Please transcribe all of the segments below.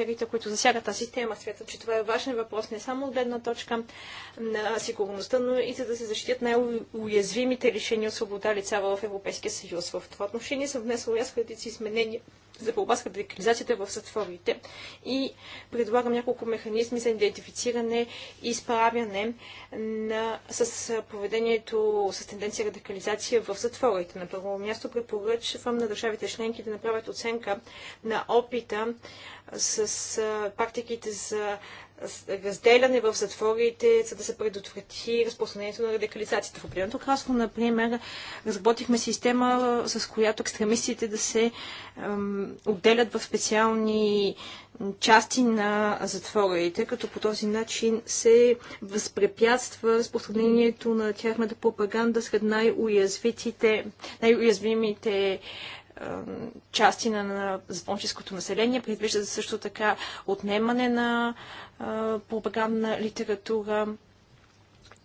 сферите, които засягат тази тема. Смятам, че това е важен въпрос не само от гледна точка на сигурността, но и за да се защитят най-уязвимите решения от свобода лица в Европейския съюз. В това отношение съм внесла ясходици изменения за борба с радикализацията в сътворите и предлагам няколко механизми за идентифициране и справяне на, с поведението с тенденция радикализация в затворите. На първо място препоръчвам на държавите членки да направят оценка на опита с практиките за разделяне в затворите, за да се предотврати разпространението на радикализацията. В определеното кралство, например, разработихме система, с която екстремистите да се ем, отделят в специални части на затворите, като по този начин се възпрепятства разпространението на тяхната пропаганда сред най-уязвимите най части на, на запонческото население. Предвижда също така отнемане на пропагандна литература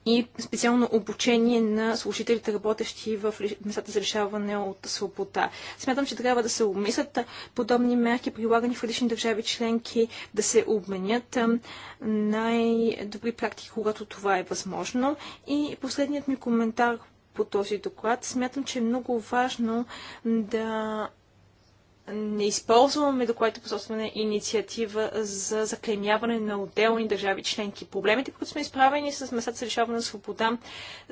и специално обучение на служителите, работещи в местата за решаване от свобода. Смятам, че трябва да се обмислят подобни мерки, прилагани в различни държави членки, да се обменят най-добри практики, когато това е възможно. И последният ми коментар по този доклад. Смятам, че е много важно да не използваме докладите по собствена инициатива за заклемяване на отделни държави членки. Проблемите, които сме изправени с местата за решаване на свобода,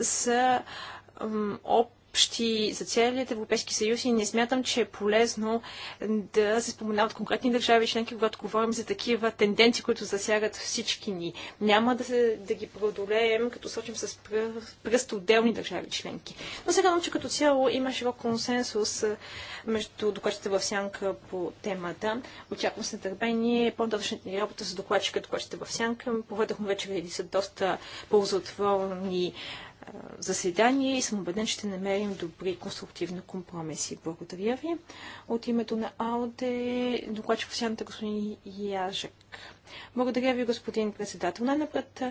са общи за целият Европейски съюз и не смятам, че е полезно да се споменават конкретни държави членки, когато говорим за такива тенденции, които засягат всички ни. Няма да, се, да ги преодолеем, като сочим с пръст отделни държави членки. Но сега че като цяло има широк консенсус между докладчите в сянка по темата. Очаквам с нетърпение по дължната ни работа с докладчика, докладчите в сянка. Поведахме вече са доста ползотворни заседание и съм убеден, че ще намерим добри конструктивни компромиси. Благодаря ви. От името на АОД докладчик в сянта господин Яжек. Благодаря ви, господин председател. Най-напред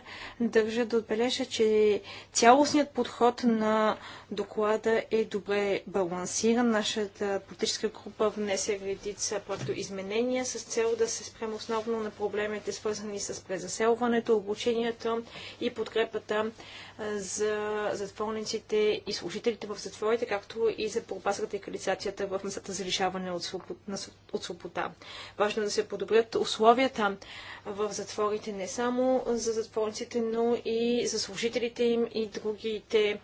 държа да отбележа, че цялостният подход на доклада е добре балансиран. Нашата политическа група внесе редица проекто изменения с цел да се спрем основно на проблемите, свързани с презаселването, обучението и подкрепата за затворниците и служителите в затворите, както и за борба с радикализацията в местата за лишаване от свобода. Важно е да се подобрят условията в затворите не само за затворниците, но и за служителите им и другите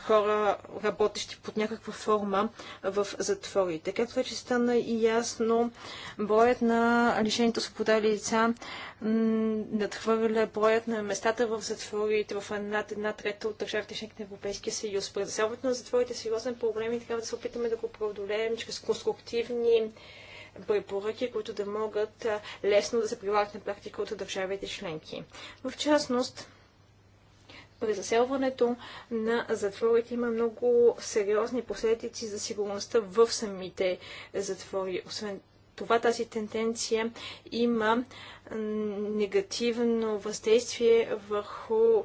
хора, работещи под някаква форма в затворите. Както вече стана и ясно, броят на лишените свобода лица надхвърля броят на местата в затворите в над една трета от държавите членки на Европейския съюз. Презаселването на затворите е сериозен проблем и трябва да се опитаме да го преодолеем чрез конструктивни препоръки, които да могат лесно да се прилагат на практика от държавите членки. В частност, при заселването на затворите има много сериозни последици за сигурността в самите затвори. Освен това тази тенденция има негативно въздействие върху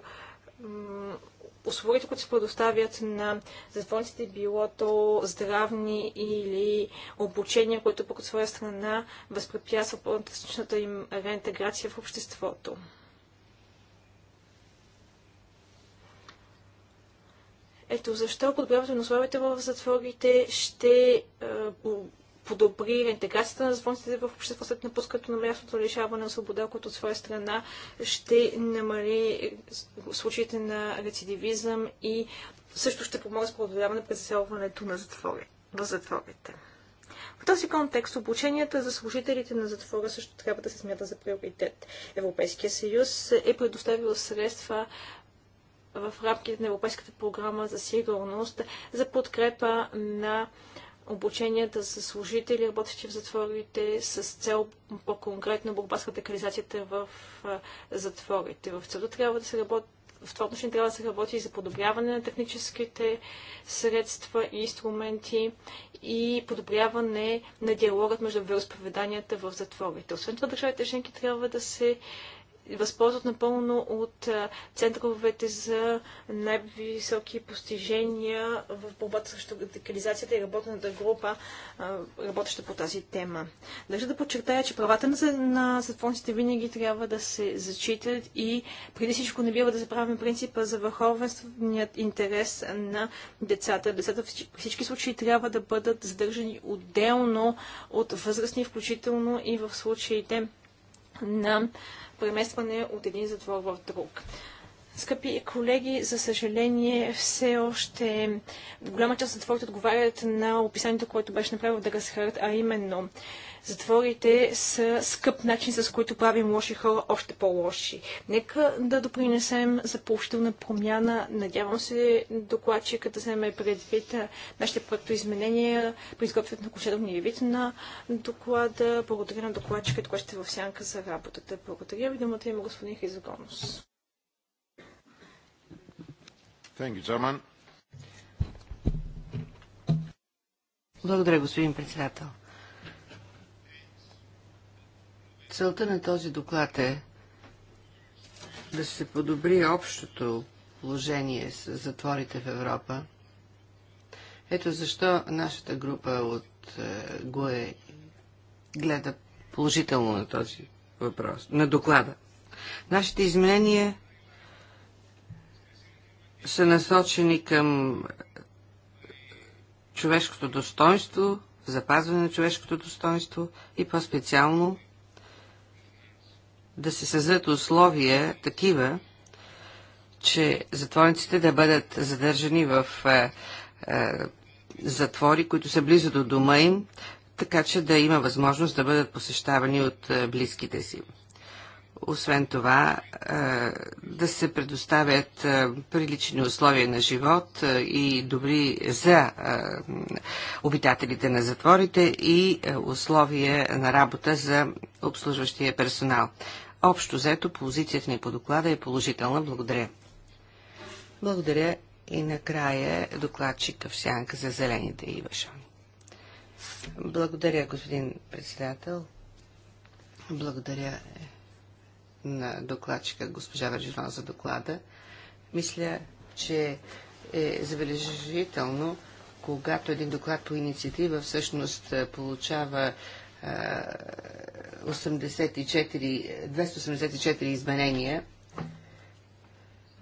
услугите, които се предоставят на затворниците, било то здравни или обучения, които пък от своя страна възпрепятства по-нататъчната им реинтеграция в обществото. Ето защо подобряването на условията в затворите ще е, подобри интеграцията на звънците в обществото след напускането на мястото лишаване на свобода, което от своя страна ще намали случаите на рецидивизъм и също ще помогне с продължаване през заселването на затвори, в затворите. В този контекст обученията за служителите на затвора също трябва да се смята за приоритет. Европейския съюз е предоставил средства в рамките на Европейската програма за сигурност за подкрепа на обученията за служители, работещи в затворите, с цел по конкретно борба с катекализацията в затворите. В целта трябва да се работи в това отношение трябва да се работи и за подобряване на техническите средства и инструменти и подобряване на диалогът между вероисповеданията в затворите. Освен това, държавите членки трябва да се възползват напълно от центровете за най-високи постижения в борбата срещу радикализацията и работната група, работеща по тази тема. Държа да подчертая, че правата на затворниците винаги трябва да се зачитат и преди всичко не бива да забравяме принципа за върховенственият интерес на децата. Децата в всички случаи трябва да бъдат задържани отделно от възрастни, включително и в случаите на преместване от един затвор в друг. Скъпи колеги, за съжаление, все още голяма част от затворите отговарят на описанието, което беше направил Дръсхърт, а именно Затворите са скъп начин, с който правим лоши хора още по-лоши. Нека да допринесем за поощрителна промяна. Надявам се докладчика да вземе предвид нашите проектоизменения при изготвянето на окончателния вид на доклада. Благодаря на докладчика, ще е в сянка за работата. Благодаря ви. Думата има господин Хизагонос. Thank you, Благодаря, господин председател. Целта на този доклад е да се подобри общото положение с затворите в Европа. Ето защо нашата група от ГОЕ гледа положително на този въпрос, на доклада. Нашите изменения са насочени към човешкото достоинство, запазване на човешкото достоинство и по-специално да се създадат условия такива, че затворниците да бъдат задържани в е, е, затвори, които са близо до дома им, така че да има възможност да бъдат посещавани от е, близките си. Освен това, е, да се предоставят е, прилични условия на живот е, и добри за обитателите на затворите и условия на работа за обслужващия персонал. Общо взето позицията ни по доклада е положителна. Благодаря. Благодаря и накрая докладчика в сянка за зелените и Вашони. Благодаря, господин председател. Благодаря на докладчика госпожа Вържинова за доклада. Мисля, че е забележително, когато един доклад по инициатива всъщност получава 284 изменения.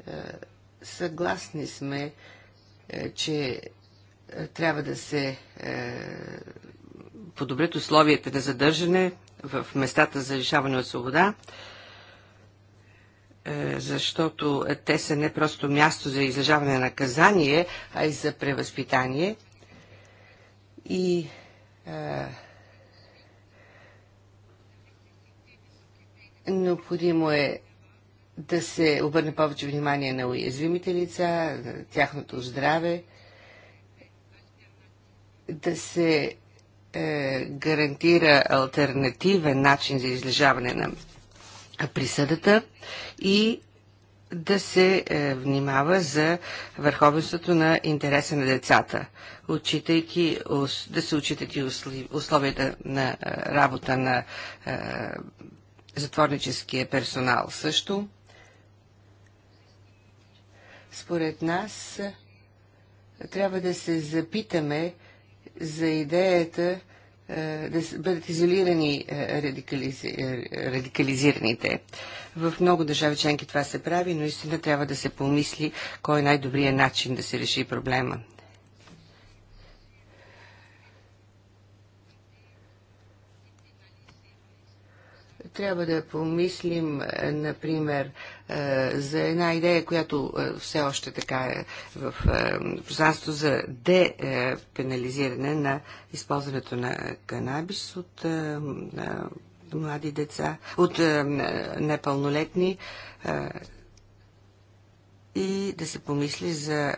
Е, съгласни сме, е, че е, трябва да се подобрят условията на задържане в местата за лишаване от свобода, защото те са не просто място за излежаване на наказание, а и за превъзпитание. И Необходимо е да се обърне повече внимание на уязвимите лица, на тяхното здраве, да се е, гарантира альтернативен начин за излежаване на присъдата и да се е, внимава за върховенството на интереса на децата, отчитайки, да се отчитат и условията на е, работа на е, затворническия персонал също. Според нас е, трябва да се запитаме за идеята е, да бъдат изолирани е, радикализи... радикализираните. В много държави членки това се прави, но истина трябва да се помисли кой е най-добрият начин да се реши проблема. трябва да помислим, е, например, е, за една идея, която е, все още така е в пространството за депенализиране на използването на канабис от млади деца, от непълнолетни и да се помисли за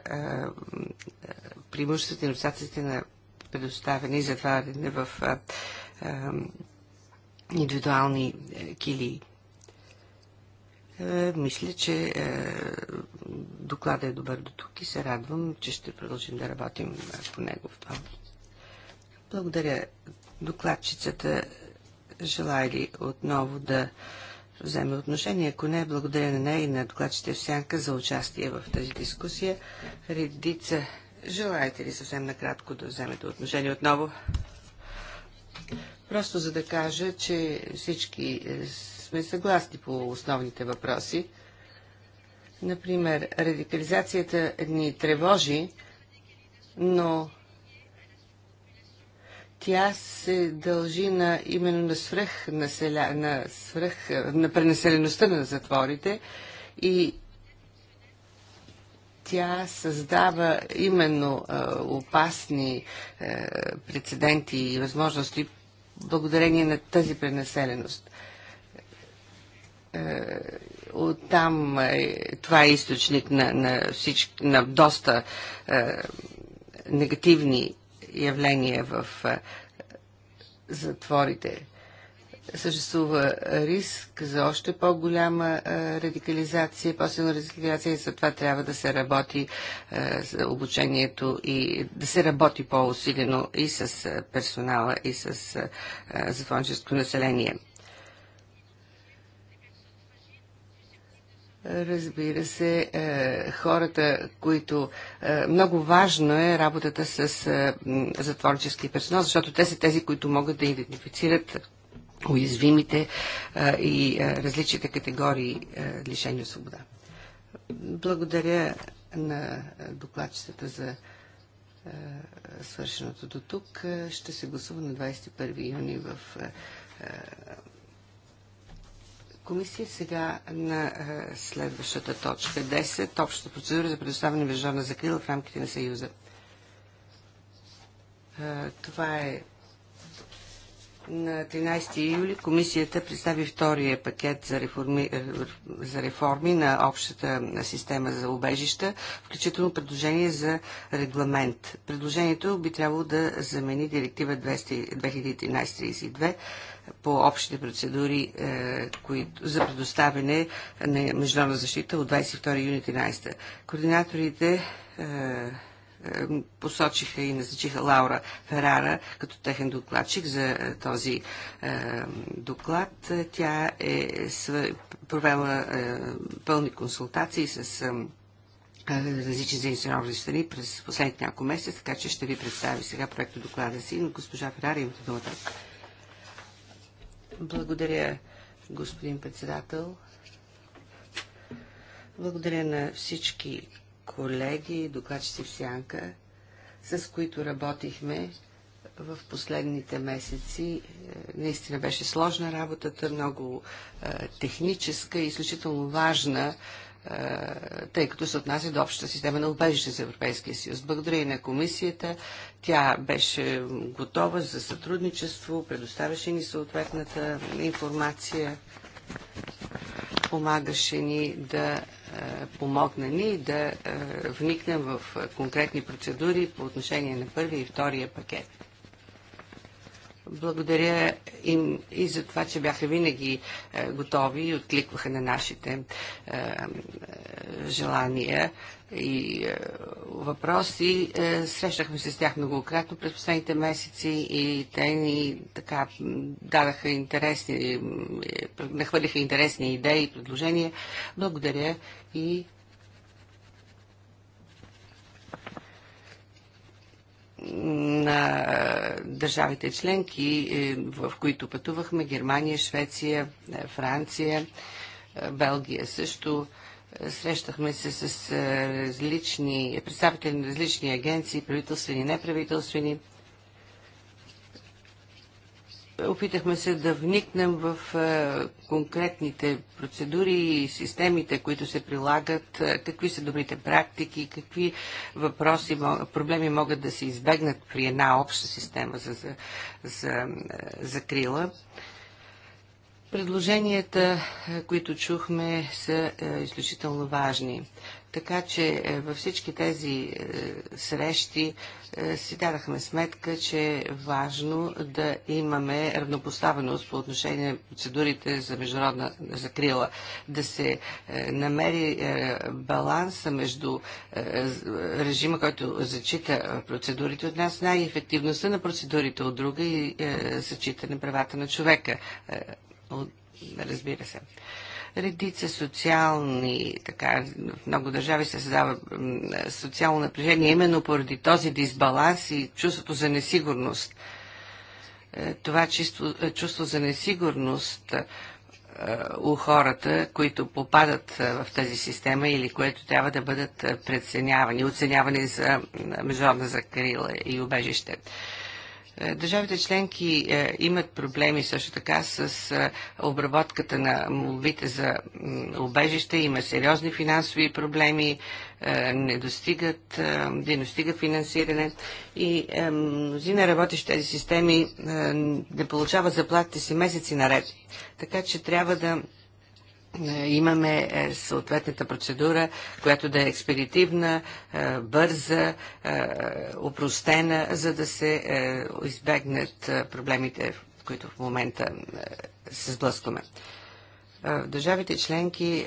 преимуществата и на предоставяне и затваряне в индивидуални е, килии. Е, мисля, че е, докладът е добър до тук и се радвам, че ще продължим да работим по него в това. Благодаря. Докладчицата желая ли отново да вземе отношение. Ако не, благодаря на нея и на докладчите в Сянка за участие в тази дискусия. Редица, желаете ли съвсем накратко да вземете отношение отново? Просто за да кажа, че всички е, сме съгласни по основните въпроси. Например, радикализацията ни тревожи, но тя се дължи на, именно на свръх, населя, на, свръх, е, на пренаселеността на затворите и тя създава именно е, опасни прецеденти и възможности благодарение на тази пренаселеност. Е, там, е, това е източник на, на, всички, на доста е, негативни явления в е, затворите съществува риск за още по-голяма радикализация, по-силна радикализация и затова трябва да се работи за обучението и да се работи по-усилено и с персонала, и с е, затворническо население. Разбира се, хората, които... много важно е работата с затворнически персонал, защото те са тези, които могат да идентифицират уязвимите и различните категории лишени от свобода. Благодаря на докладчетата за свършеното до тук. Ще се гласува на 21 юни в комисия. Сега на следващата точка 10. Общата процедура за предоставяне на международна закрила в рамките на Съюза. Това е на 13 юли комисията представи втория пакет за реформи, е, за реформи на общата система за убежища, включително предложение за регламент. Предложението би трябвало да замени директива 2013-32 по общите процедури е, които, за предоставяне на международна защита от 22 юни 13. Координаторите е, посочиха и назначиха Лаура Ферара като техен докладчик за е, този доклад. Тя е провела е, пълни консултации с е, различни заинтересовани страни през последните няколко месеца, така че ще ви представи сега проекта доклада си. Но госпожа Ферара, имате думата. Благодаря, господин председател. Благодаря на всички колеги, докладчици в Сянка, с които работихме в последните месеци. Е, наистина беше сложна работата, много е, техническа и изключително важна, е, тъй като се отнася до общата система на убежище за Европейския съюз. Благодаря и на комисията. Тя беше готова за сътрудничество, предоставяше ни съответната информация, помагаше ни да е, помогна ни да е, вникнем в конкретни процедури по отношение на първия и втория пакет. Благодаря им и за това, че бяха винаги е, готови и откликваха на нашите желания и е, въпроси. Е, срещахме се с тях многократно през последните месеци и те ни така дадаха интересни, е, нахвърлиха интересни идеи и предложения. Благодаря и на е, държавите членки, е, в които пътувахме, Германия, Швеция, е, Франция, Белгия също Срещахме се с различни, представители на различни агенции, правителствени и неправителствени. Опитахме се да вникнем в конкретните процедури и системите, които се прилагат, какви са добрите практики, какви въпроси, проблеми могат да се избегнат при една обща система за, за, за закрила. За Предложенията, е, които чухме, са е, изключително важни. Така че е, във всички тези срещи си дадахме сметка, че е важно да имаме равнопоставеност по отношение на процедурите за международна закрила, да се намери баланса между режима, който зачита процедурите от нас, най-ефективността на процедурите от друга и зачита на правата на човека разбира се. Редица социални, така, в много държави се създава социално напрежение, именно поради този дисбаланс и чувството за несигурност. Е, това чувство, е, чувство за несигурност е, у хората, които попадат в тази система или което трябва да бъдат преценявани, оценявани за международна закрила и убежище. Е, държавите членки е, имат проблеми също така с е, обработката на молбите за убежище. Има сериозни финансови проблеми, не достигат, не достига финансиране и мнозина работещи тези системи не получават заплатите си месеци наред. Така че трябва да е, имаме е, съответната процедура, която да е експедитивна, е, бърза, упростена, за да се избегнат проблемите, които в момента се сблъскваме. Държавите членки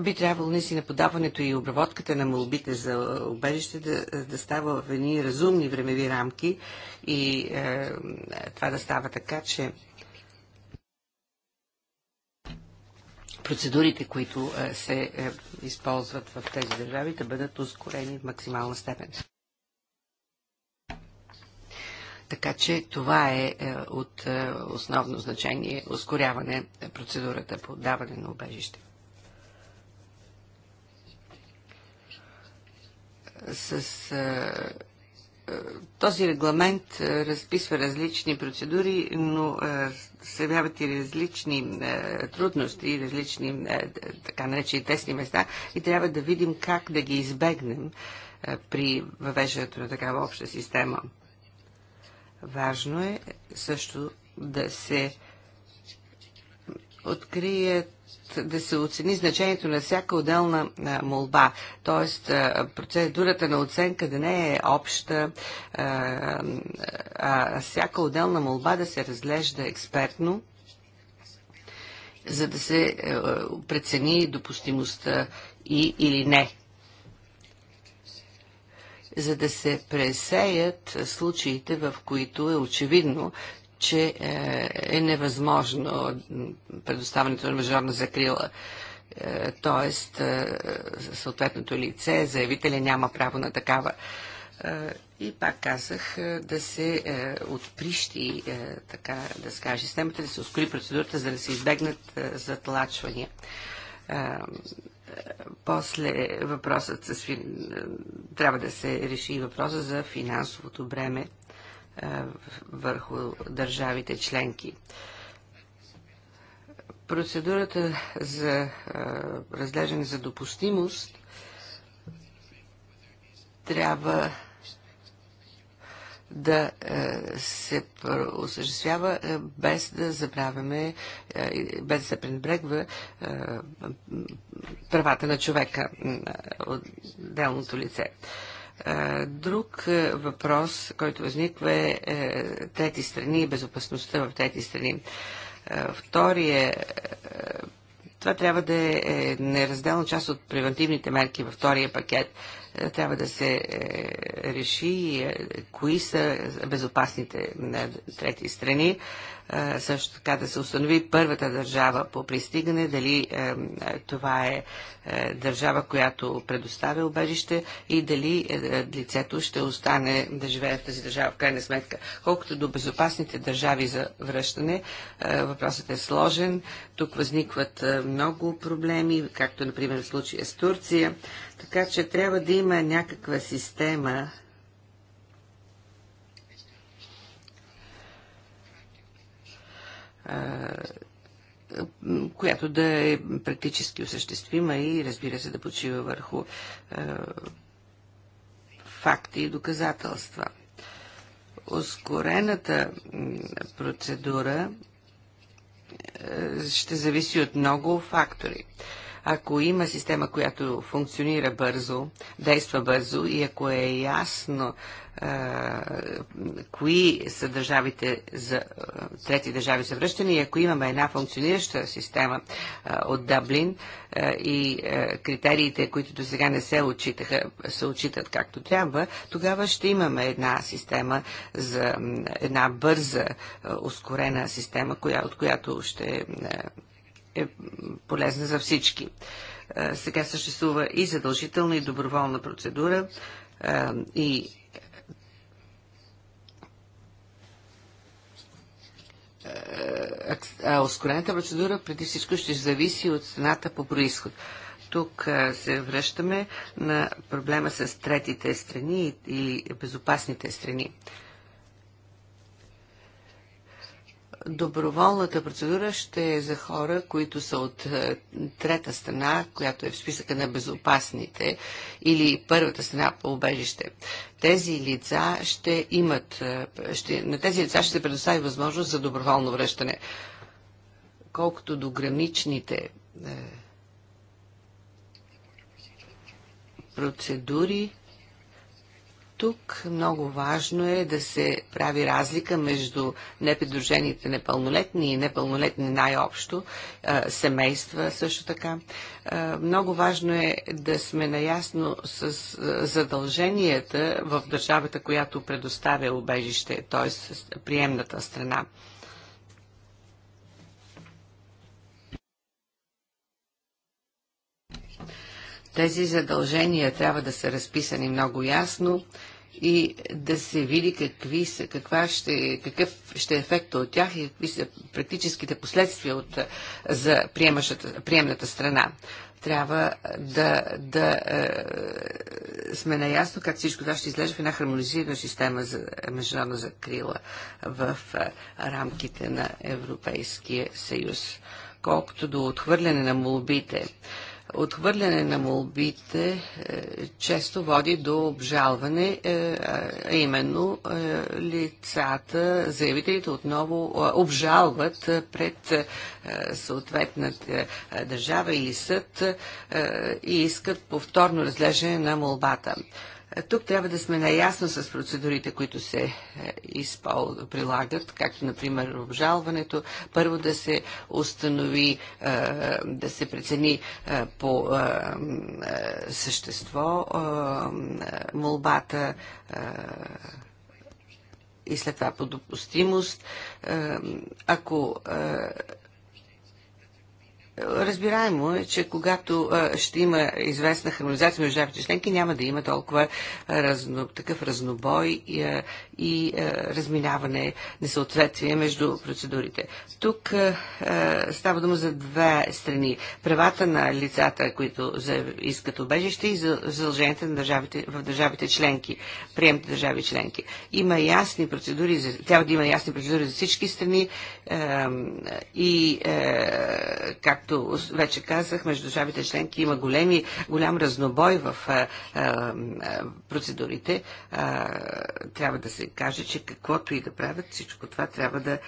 би трябвало наистина подаването и обработката на молбите за убежище да, да става в едни разумни времеви рамки и е, това да става така, че процедурите, които е, се е, използват в тези държави, да бъдат ускорени в максимална степен. Така че това е, е от основно значение ускоряване на процедурата по даване на убежище. С този регламент е, разписва различни процедури, но е, се явяват и различни е, трудности, различни така наречени тесни места и трябва да видим как да ги избегнем при въвеждането на такава обща система. Важно е също да се открият да се оцени значението на всяка отделна молба. Тоест, процедурата на оценка да не е обща, а всяка отделна молба да се разглежда експертно, за да се е, прецени допустимостта и или не за да се пресеят случаите, в които е очевидно, че е, е невъзможно предоставането на мажорна закрила. Е, тоест, е, съответното лице, заявителя няма право на такава. И пак казах да се отприщи, така да се каже, системата, да се ускори процедурата, за да се избегнат затлачвания. После въпросът с, трябва да се реши въпроса за финансовото бреме е, върху държавите членки. Процедурата за е, разглеждане за допустимост трябва да е, се осъществява без да забравяме, без да се пренебрегва правата на човека, отделното лице. Друг въпрос, който възниква е, е трети страни и безопасността в трети страни. Втория е, това трябва да е, е неразделна част от превентивните мерки във втория пакет. Трябва да се реши кои са безопасните на трети страни също така да се установи първата държава по пристигане, дали е, е, това е, е държава, която предоставя убежище и дали лицето ще остане да живее в тази държава в крайна сметка. Колкото до безопасните държави за връщане, въпросът е сложен. Тук възникват много проблеми, както например в случая с Турция. Така че трябва да има някаква система която да е практически осъществима и разбира се да почива върху факти и доказателства. Ускорената процедура ще зависи от много фактори. Ако има система, която функционира бързо, действа бързо и ако е ясно кои са държавите за трети държави за връщане и ако имаме една функционираща система от Даблин и критериите, които до сега не се отчитаха, се отчитат както трябва, тогава ще имаме една система за една бърза, ускорена система, от която ще е полезна за всички. Сега съществува и задължителна и доброволна процедура и а е, е, е, ускорената процедура преди всичко ще зависи от цената по происход. Тук се връщаме на проблема с третите страни и безопасните страни. Доброволната процедура ще е за хора, които са от е, трета страна, която е в списъка на безопасните, или първата страна по убежище. Тези лица ще имат, е, ще, на тези лица ще се предостави възможност за доброволно връщане. Колкото до граничните е, процедури, тук много важно е да се прави разлика между непридружените непълнолетни и непълнолетни най-общо, семейства също така. Много важно е да сме наясно с задълженията в държавата, която предоставя убежище, т.е. приемната страна. Тези задължения трябва да са разписани много ясно и да се види какви са, каква ще, какъв ще е ефекта от тях и какви са практическите последствия от, за приемната страна. Трябва да, да е, сме наясно как всичко това ще излежа в една хармонизирана система за международна закрила в е, рамките на Европейския съюз. Колкото до отхвърляне на молбите, е, Отхвърляне на молбите е, често води до обжалване, е, а именно е, лицата, заявителите отново обжалват пред съответната държава или съд и искат повторно разглеждане на молбата. Тук трябва да сме наясно с процедурите, които се е, изпол... прилагат, както например обжалването. Първо да се установи, е, да се прецени е, по същество молбата и след това по допустимост. Ако Разбираемо е, че когато ще има известна хармонизация между държавите членки, няма да има толкова разно, такъв разнобой и е, разминаване, несъответствие между процедурите. Тук е, е, става дума за две страни. Правата на лицата, които искат убежище и задълженията на държавите, в държавите членки, приемните държави членки. Има ясни процедури, за, трябва да има ясни процедури за всички страни е, и, е, както вече казах, между държавите членки има големи, голям разнобой в е, е, процедурите. Е, трябва да се се каже, че каквото и да правят, всичко това трябва да,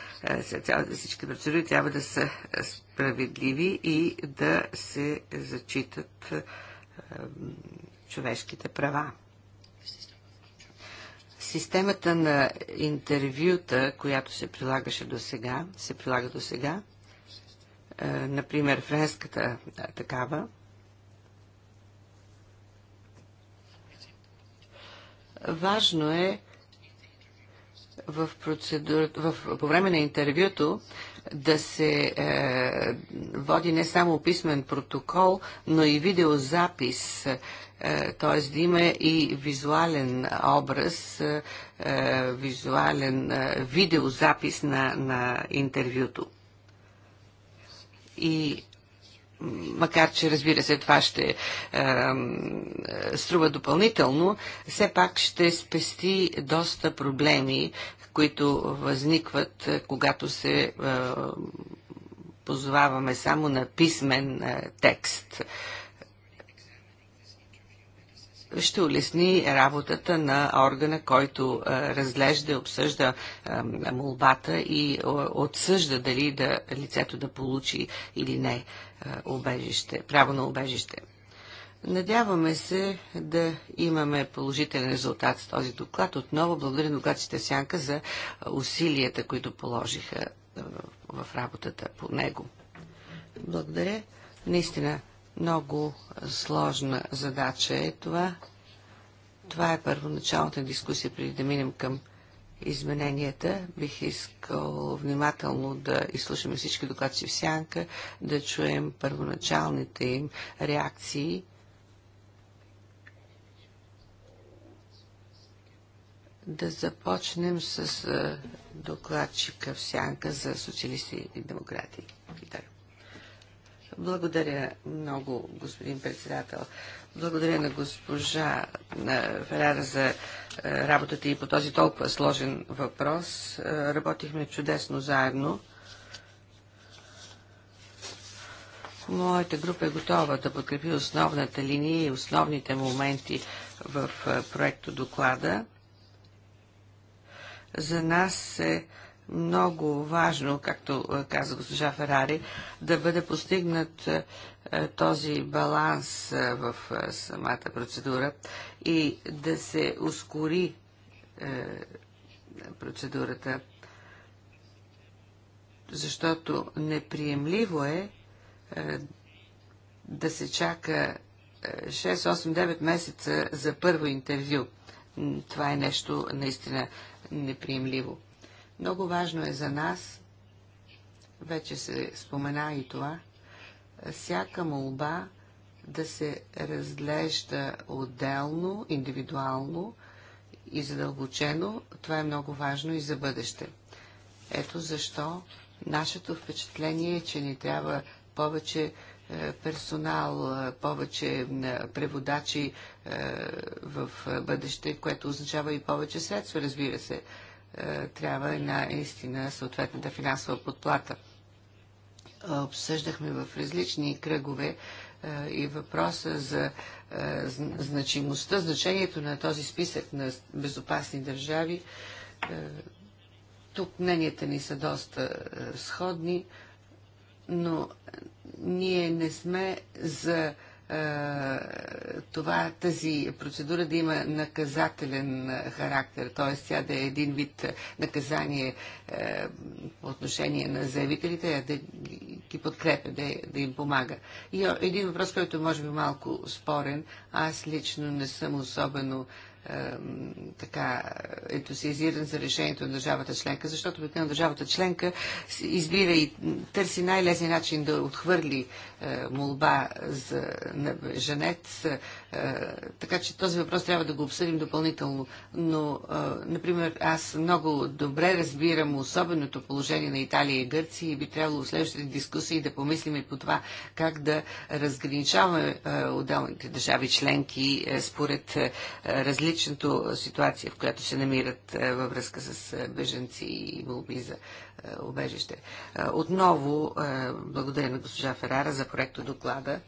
е, всички процедури трябва да са справедливи и да се зачитат е, човешките права. Системата на интервюта, която се прилагаше до сега, се прилага до сега, е, например френската такава, важно е в, процедур... в... по време на интервюто да се е, води не само писмен протокол, но и видеозапис, е, т.е. да има и визуален образ, е, е визуален е, видеозапис на, на интервюто. И макар че разбира се това ще е, струва допълнително, все пак ще спести доста проблеми, които възникват, е, когато се е, позоваваме само на писмен е, текст ще улесни работата на органа, който разглежда, обсъжда молбата и отсъжда дали да, лицето да получи или не убежище, право на убежище. Надяваме се да имаме положителен резултат с този доклад. Отново благодаря на докладчите Сянка за усилията, които положиха в работата по него. Благодаря. Наистина, много сложна задача е това. Това е първоначалната дискусия, преди да минем към измененията. Бих искал внимателно да изслушаме всички докладчи в сянка, да чуем първоначалните им реакции. Да започнем с докладчика в сянка за социалисти и демократи. Питаю. Благодаря много, господин председател. Благодаря на госпожа Феляра за е, работата и по този толкова сложен въпрос. Е, работихме чудесно заедно. Моята група е готова да подкрепи основната линия и основните моменти в е, проекто доклада. За нас е много важно, както е, каза госпожа Ферари, да бъде постигнат е, е, този баланс в самата процедура и да се ускори процедурата, защото неприемливо е да се чака 6-8-9 месеца за първо интервю. Това е нещо наистина неприемливо. Много важно е за нас, вече се спомена и това, всяка молба да се разглежда отделно, индивидуално и задълбочено. Това е много важно и за бъдеще. Ето защо нашето впечатление е, че ни трябва повече е, персонал, е, повече е, преводачи в бъдеще, което означава и повече средства, разбира се. Е, трябва една истина съответната финансова подплата. Обсъждахме в различни кръгове е, и въпроса за е, значимостта, значението на този списък на безопасни държави. Тук мненията ни са доста сходни, но ние не сме за е, това, тази процедура да има наказателен е, характер, т.е. тя да е един вид наказание е, по отношение на заявителите, а да ги подкрепя, да, да им помага. И един въпрос, който може би малко спорен, аз лично не съм особено така ентусиазиран за решението на държавата членка, защото обикновено държавата членка избира и търси най-лесния начин да отхвърли е, молба за на женец. Е, така че този въпрос трябва да го обсъдим допълнително. Но, е, например, аз много добре разбирам особеното положение на Италия и Гърция и би трябвало в следващите дискусии да помислим и по това как да разграничаваме отделните държави членки според различни различното ситуация, в която се намират във връзка с беженци и молби за убежище. Отново благодаря на госпожа Ферара за проекта доклада.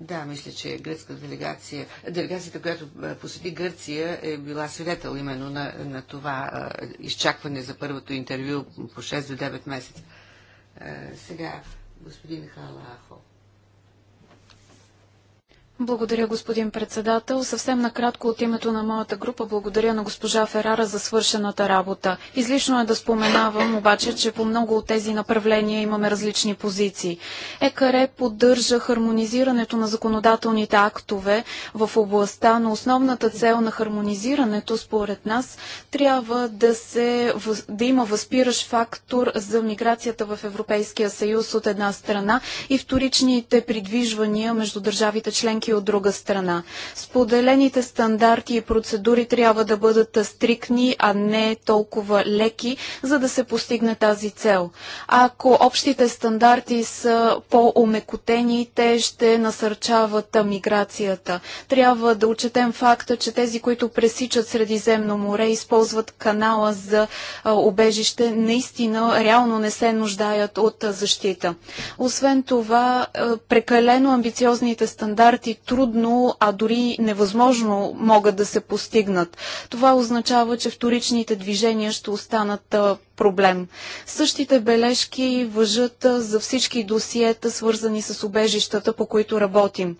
Да, мисля, че гръцка делегация, делегацията, която посети Гърция, е била свидетел именно на, на това изчакване за първото интервю по 6 до 9 месеца. сега, господин Халахо. Благодаря, господин председател. Съвсем накратко от името на моята група благодаря на госпожа Ферара за свършената работа. Излишно е да споменавам обаче, че по много от тези направления имаме различни позиции. ЕКАРЕ поддържа хармонизирането на законодателните актове в областта, но основната цел на хармонизирането според нас трябва да, се, да има възпиращ фактор за миграцията в Европейския съюз от една страна и вторичните придвижвания между държавите членки от друга страна. Споделените стандарти и процедури трябва да бъдат стрикни, а не толкова леки, за да се постигне тази цел. Ако общите стандарти са по-омекотени, те ще насърчават миграцията. Трябва да учетем факта, че тези, които пресичат Средиземно море, използват канала за обежище, наистина реално не се нуждаят от защита. Освен това, прекалено амбициозните стандарти трудно, а дори невъзможно могат да се постигнат. Това означава, че вторичните движения ще останат проблем. Същите бележки въжат за всички досиета, свързани с убежищата, по които работим.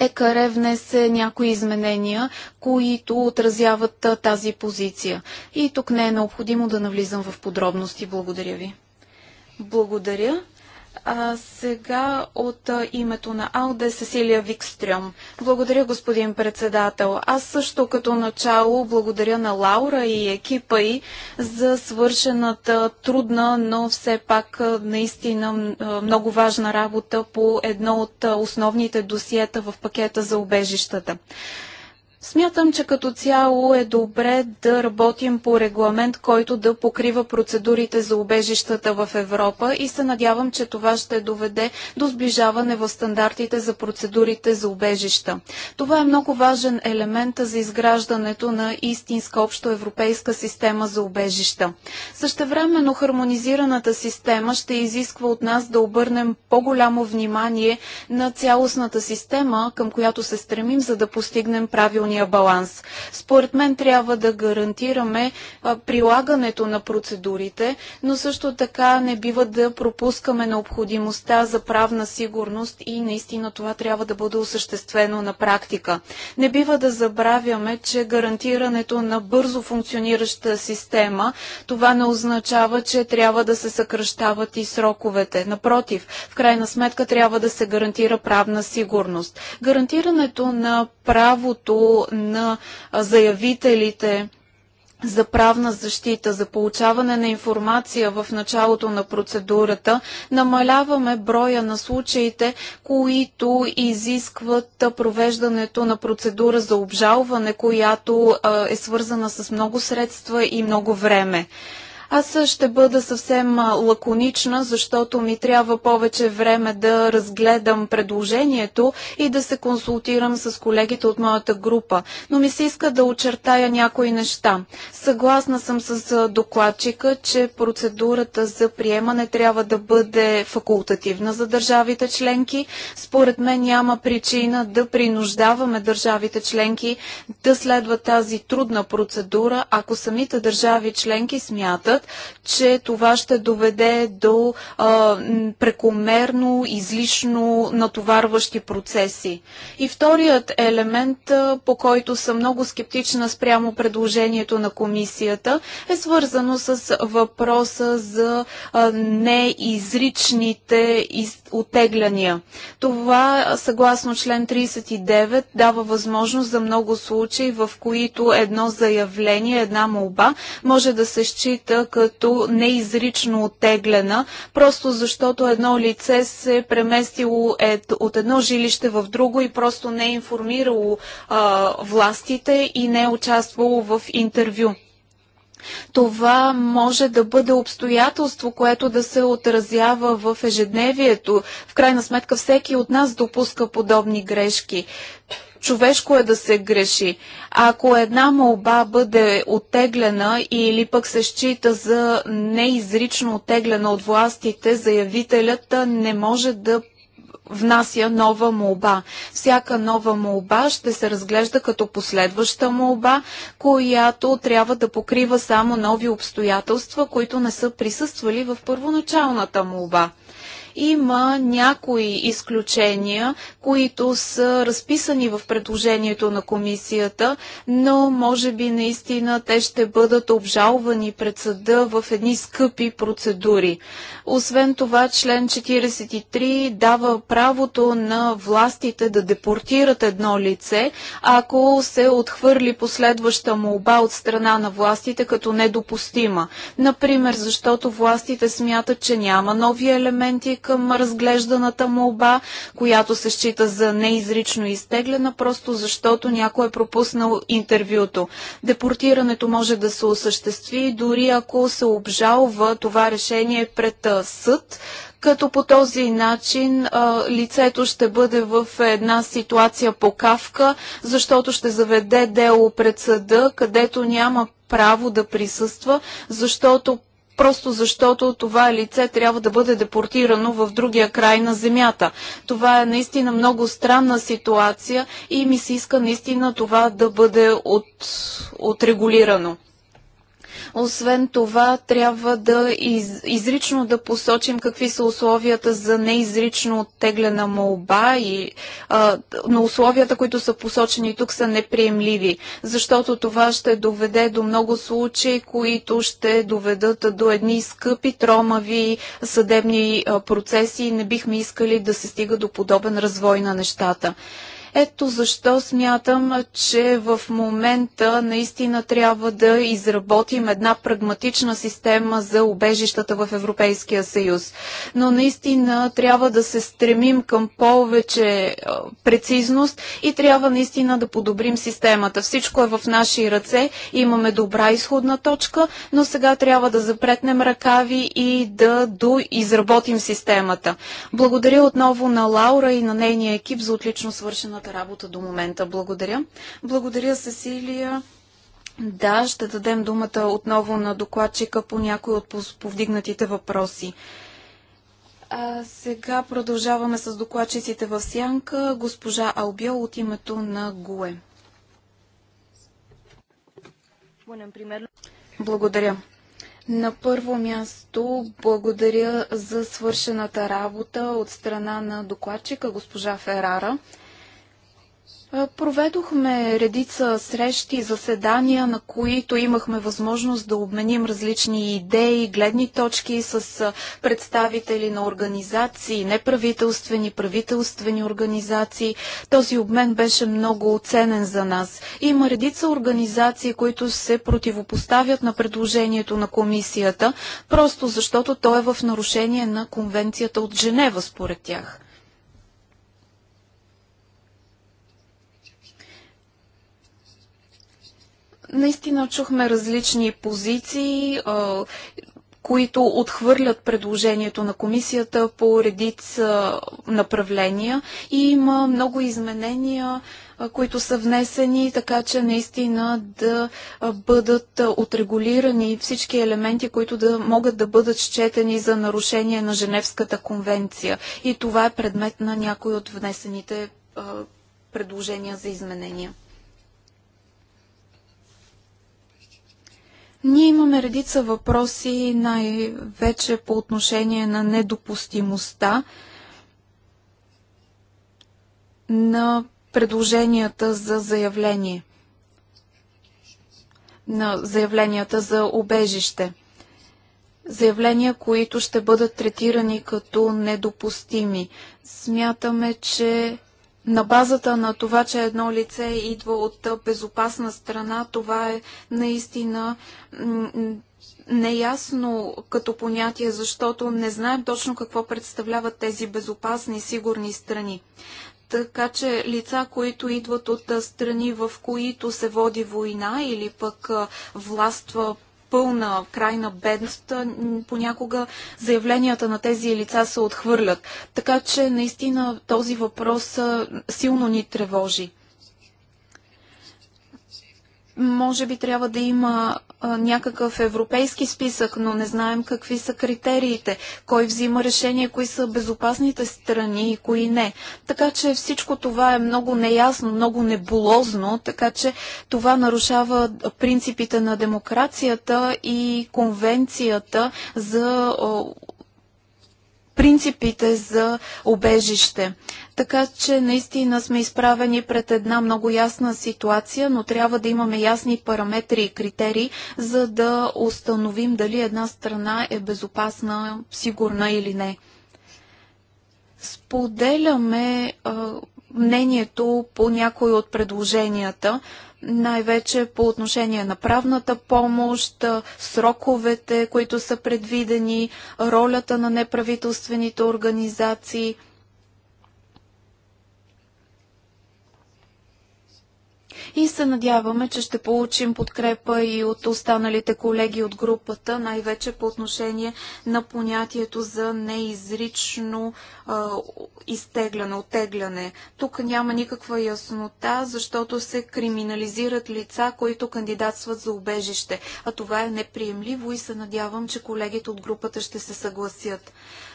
ЕКР внесе някои изменения, които отразяват тази позиция. И тук не е необходимо да навлизам в подробности. Благодаря ви. Благодаря. А сега от името на АЛДЕ Сесилия Викстрюм. Благодаря, господин председател. Аз също като начало благодаря на Лаура и екипа й за свършената трудна, но все пак наистина много важна работа по едно от основните досиета в пакета за убежищата. Смятам, че като цяло е добре да работим по регламент, който да покрива процедурите за убежищата в Европа и се надявам, че това ще доведе до сближаване в стандартите за процедурите за убежища. Това е много важен елемент за изграждането на истинска общоевропейска система за убежища. Същевременно хармонизираната система ще изисква от нас да обърнем по-голямо внимание на цялостната система, към която се стремим, за да постигнем правилно правилния баланс. Според мен трябва да гарантираме прилагането на процедурите, но също така не бива да пропускаме необходимостта за правна сигурност и наистина това трябва да бъде осъществено на практика. Не бива да забравяме, че гарантирането на бързо функционираща система, това не означава, че трябва да се съкръщават и сроковете. Напротив, в крайна сметка трябва да се гарантира правна сигурност. Гарантирането на правото на заявителите за правна защита, за получаване на информация в началото на процедурата, намаляваме броя на случаите, които изискват провеждането на процедура за обжалване, която е свързана с много средства и много време. Аз ще бъда съвсем лаконична, защото ми трябва повече време да разгледам предложението и да се консултирам с колегите от моята група. Но ми се иска да очертая някои неща. Съгласна съм с докладчика, че процедурата за приемане трябва да бъде факултативна за държавите членки. Според мен няма причина да принуждаваме държавите членки да следват тази трудна процедура, ако самите държави членки смятат, считат, че това ще доведе до а, прекомерно, излишно натоварващи процеси. И вторият елемент, а, по който съм много скептична спрямо предложението на комисията, е свързано с въпроса за а, неизричните из... отегляния. Това, съгласно член 39, дава възможност за много случаи, в които едно заявление, една молба може да се счита като неизрично оттеглена, просто защото едно лице се е преместило от едно жилище в друго и просто не е информирало а, властите и не е участвало в интервю. Това може да бъде обстоятелство, което да се отразява в ежедневието. В крайна сметка всеки от нас допуска подобни грешки човешко е да се греши. Ако една молба бъде оттеглена или пък се счита за неизрично отеглена от властите, заявителят не може да внася нова молба. Всяка нова молба ще се разглежда като последваща молба, която трябва да покрива само нови обстоятелства, които не са присъствали в първоначалната молба. Има някои изключения, които са разписани в предложението на комисията, но може би наистина те ще бъдат обжалвани пред съда в едни скъпи процедури. Освен това, член 43 дава правото на властите да депортират едно лице, ако се отхвърли последваща молба от страна на властите като недопустима. Например, защото властите смятат, че няма нови елементи, към разглежданата молба, която се счита за неизрично изтеглена, просто защото някой е пропуснал интервюто. Депортирането може да се осъществи дори ако се обжалва това решение пред съд, като по този начин а, лицето ще бъде в една ситуация по кавка, защото ще заведе дело пред съда, където няма право да присъства, защото просто защото това лице трябва да бъде депортирано в другия край на земята. Това е наистина много странна ситуация и ми се иска наистина това да бъде от, отрегулирано. Освен това, трябва да из, изрично да посочим какви са условията за неизрично оттеглена молба, и, а, но условията, които са посочени тук, са неприемливи, защото това ще доведе до много случаи, които ще доведат до едни скъпи, тромави съдебни процеси и не бихме искали да се стига до подобен развой на нещата. Ето защо смятам, че в момента наистина трябва да изработим една прагматична система за убежищата в Европейския съюз. Но наистина трябва да се стремим към повече е, прецизност и трябва наистина да подобрим системата. Всичко е в наши ръце, имаме добра изходна точка, но сега трябва да запретнем ръкави и да доизработим системата. Благодаря отново на Лаура и на нейния екип за отлично свършената твоята работа до момента. Благодаря. Благодаря, Сесилия. Да, ще дадем думата отново на докладчика по някои от повдигнатите въпроси. А сега продължаваме с докладчиците в сянка. Госпожа Албио от името на ГУЕ. Благодаря. На първо място благодаря за свършената работа от страна на докладчика госпожа Ферара. Е, проведохме редица срещи, заседания, на които имахме възможност да обменим различни идеи, гледни точки с е, представители на организации, неправителствени, правителствени организации. Този обмен беше много ценен за нас. Има редица организации, които се противопоставят на предложението на комисията, просто защото то е в нарушение на конвенцията от Женева, според тях. Наистина чухме различни позиции, които отхвърлят предложението на комисията по редица направления и има много изменения, които са внесени, така че наистина да бъдат отрегулирани всички елементи, които да могат да бъдат счетени за нарушение на Женевската конвенция. И това е предмет на някои от внесените предложения за изменения. Ние имаме редица въпроси, най-вече по отношение на недопустимостта на предложенията за заявление, на заявленията за обежище. Заявления, които ще бъдат третирани като недопустими. Смятаме, че на базата на това, че едно лице идва от безопасна страна, това е наистина неясно като понятие, защото не знаем точно какво представляват тези безопасни, сигурни страни. Така че лица, които идват от страни, в които се води война или пък властва пълна, крайна бедност, понякога заявленията на тези лица се отхвърлят. Така че наистина този въпрос силно ни тревожи. Може би трябва да има а, някакъв европейски списък, но не знаем какви са критериите, кой взима решение, кои са безопасните страни и кои не. Така че всичко това е много неясно, много небулозно, така че това нарушава принципите на демокрацията и конвенцията за принципите за обежище. Така че наистина сме изправени пред една много ясна ситуация, но трябва да имаме ясни параметри и критерии, за да установим дали една страна е безопасна, сигурна или не. Споделяме а, мнението по някои от предложенията, най-вече по отношение на правната помощ, сроковете, които са предвидени, ролята на неправителствените организации – и се надяваме, че ще получим подкрепа и от останалите колеги от групата, най-вече по отношение на понятието за неизрично а, изтегляне, отегляне. Тук няма никаква яснота, защото се криминализират лица, които кандидатстват за убежище, а това е неприемливо и се надявам, че колегите от групата ще се съгласят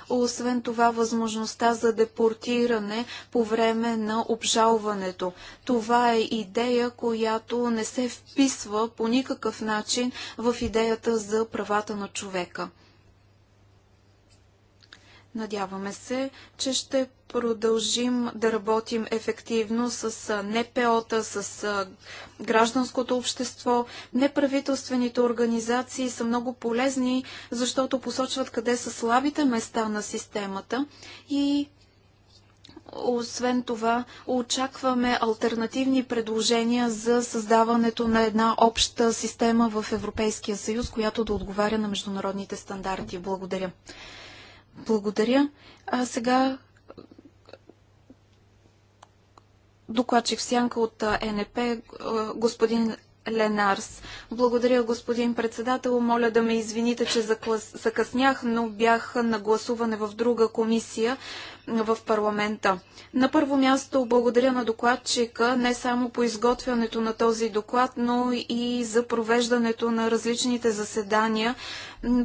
освен това възможността за депортиране по време на обжалването. Това е идея, която не се вписва по никакъв начин в идеята за правата на човека. Надяваме се, че ще продължим да работим ефективно с НПО-та, с гражданското общество. Неправителствените организации са много полезни, защото посочват къде са слабите места на системата и освен това, очакваме альтернативни предложения за създаването на една обща система в Европейския съюз, която да отговаря на международните стандарти. Благодаря. Благодаря. А сега докладчик в сянка от НП, господин Ленарс. Благодаря, господин председател. Моля да ме извините, че закъснях, но бях на гласуване в друга комисия в парламента. На първо място благодаря на докладчика не само по изготвянето на този доклад, но и за провеждането на различните заседания,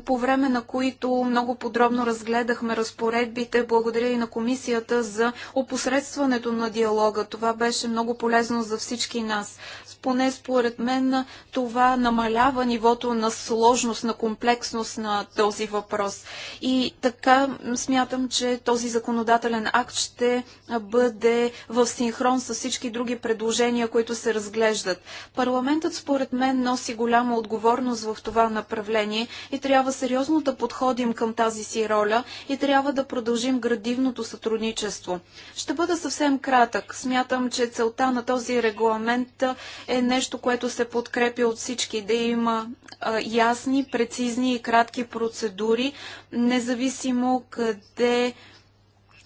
по време на които много подробно разгледахме разпоредбите. Благодаря и на комисията за опосредстването на диалога. Това беше много полезно за всички нас поне според мен това намалява нивото на сложност, на комплексност на този въпрос. И така смятам, че този законодателен акт ще бъде в синхрон с всички други предложения, които се разглеждат. Парламентът според мен носи голяма отговорност в това направление и трябва сериозно да подходим към тази си роля и трябва да продължим градивното сътрудничество. Ще бъда съвсем кратък. Смятам, че целта на този регламент е нещо, което се подкрепя от всички. Да има а, ясни, прецизни и кратки процедури, независимо къде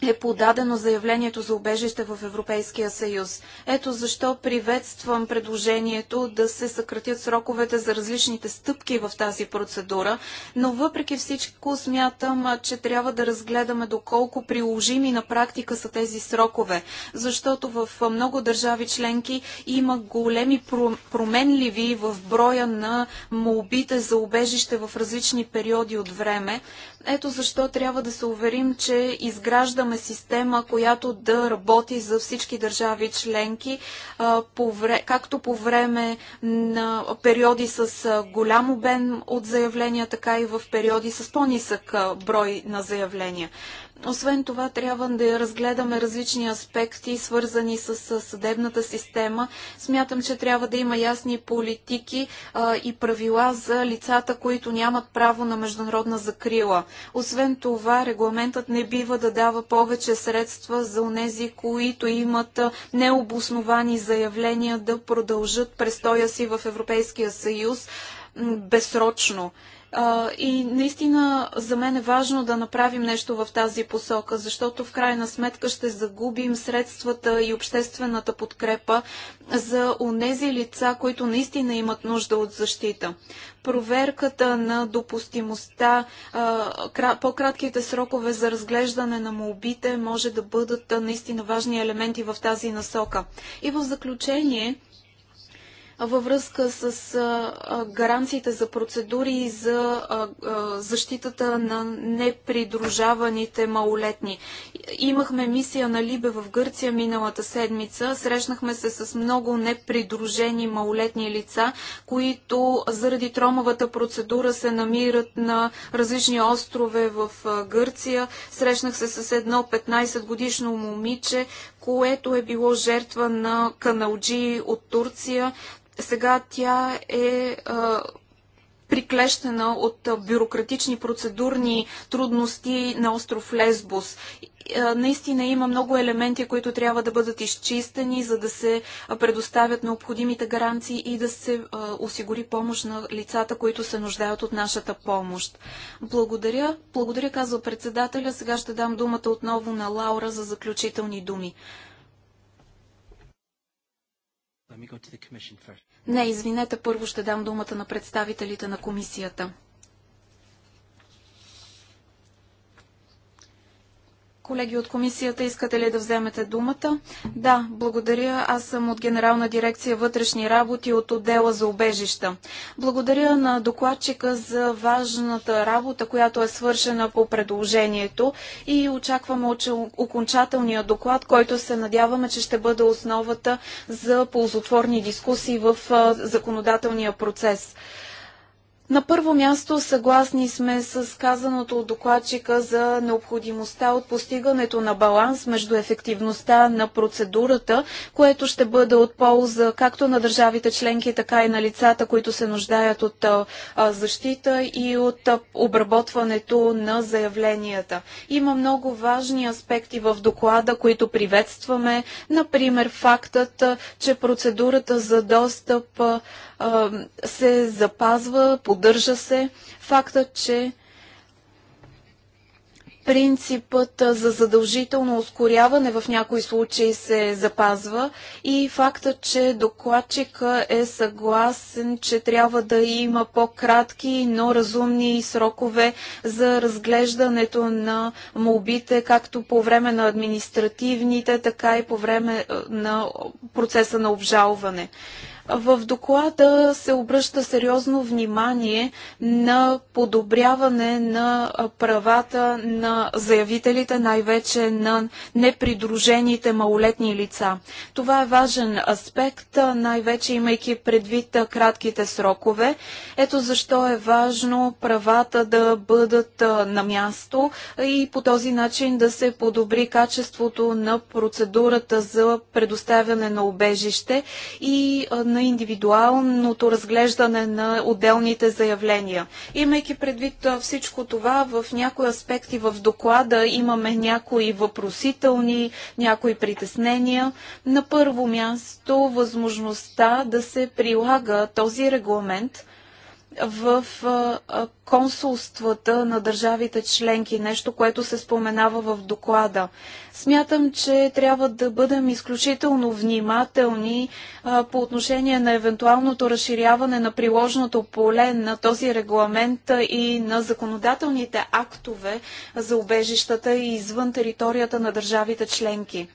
е подадено заявлението за убежище в Европейския съюз. Ето защо приветствам предложението да се съкратят сроковете за различните стъпки в тази процедура, но въпреки всичко смятам, че трябва да разгледаме доколко приложими на практика са тези срокове, защото в много държави членки има големи променливи в броя на молбите за убежище в различни периоди от време. Ето защо трябва да се уверим, че изграждаме имаме система, която да работи за всички държави членки, както по време на периоди с голям обем от заявления, така и в периоди с по-нисък брой на заявления. Освен това, трябва да разгледаме различни аспекти, свързани с съдебната система. Смятам, че трябва да има ясни политики а, и правила за лицата, които нямат право на международна закрила. Освен това, регламентът не бива да дава повече средства за онези, които имат необосновани заявления да продължат престоя си в Европейския съюз безсрочно. И наистина за мен е важно да направим нещо в тази посока, защото в крайна сметка ще загубим средствата и обществената подкрепа за онези лица, които наистина имат нужда от защита. Проверката на допустимостта, по-кратките срокове за разглеждане на молбите може да бъдат наистина важни елементи в тази насока. И в заключение, във връзка с гаранциите за процедури и за защитата на непридружаваните малолетни. Имахме мисия на Либе в Гърция миналата седмица. Срещнахме се с много непридружени малолетни лица, които заради тромовата процедура се намират на различни острове в Гърция. Срещнах се с едно 15 годишно момиче, което е било жертва на каналджи от Турция. Сега тя е приклещена от бюрократични процедурни трудности на остров Лесбос. Наистина има много елементи, които трябва да бъдат изчистени, за да се предоставят необходимите гаранции и да се осигури помощ на лицата, които се нуждаят от нашата помощ. Благодаря. Благодаря, казва председателя. Сега ще дам думата отново на Лаура за заключителни думи. Не, извинете, първо ще дам думата на представителите на комисията. Колеги от комисията, искате ли да вземете думата? Да, благодаря. Аз съм от Генерална дирекция вътрешни работи от отдела за обежища. Благодаря на докладчика за важната работа, която е свършена по предложението и очакваме окончателния доклад, който се надяваме, че ще бъде основата за ползотворни дискусии в законодателния процес. На първо място съгласни сме с казаното от докладчика за необходимостта от постигането на баланс между ефективността на процедурата, което ще бъде от полза както на държавите членки, така и на лицата, които се нуждаят от защита и от обработването на заявленията. Има много важни аспекти в доклада, които приветстваме, например фактът, че процедурата за достъп се запазва, поддържа се факта, че принципът за задължително ускоряване в някои случаи се запазва и факта, че докладчика е съгласен, че трябва да има по-кратки, но разумни срокове за разглеждането на молбите, както по време на административните, така и по време на процеса на обжалване. В доклада се обръща сериозно внимание на подобряване на правата на заявителите, най-вече на непридружените малолетни лица. Това е важен аспект, най-вече имайки предвид кратките срокове. Ето защо е важно правата да бъдат на място и по този начин да се подобри качеството на процедурата за предоставяне на обежище и на индивидуалното разглеждане на отделните заявления. Имайки предвид всичко това, в някои аспекти в доклада имаме някои въпросителни, някои притеснения. На първо място възможността да се прилага този регламент в консулствата на държавите членки, нещо, което се споменава в доклада. Смятам, че трябва да бъдем изключително внимателни а, по отношение на евентуалното разширяване на приложното поле на този регламент и на законодателните актове за убежищата и извън територията на държавите членки.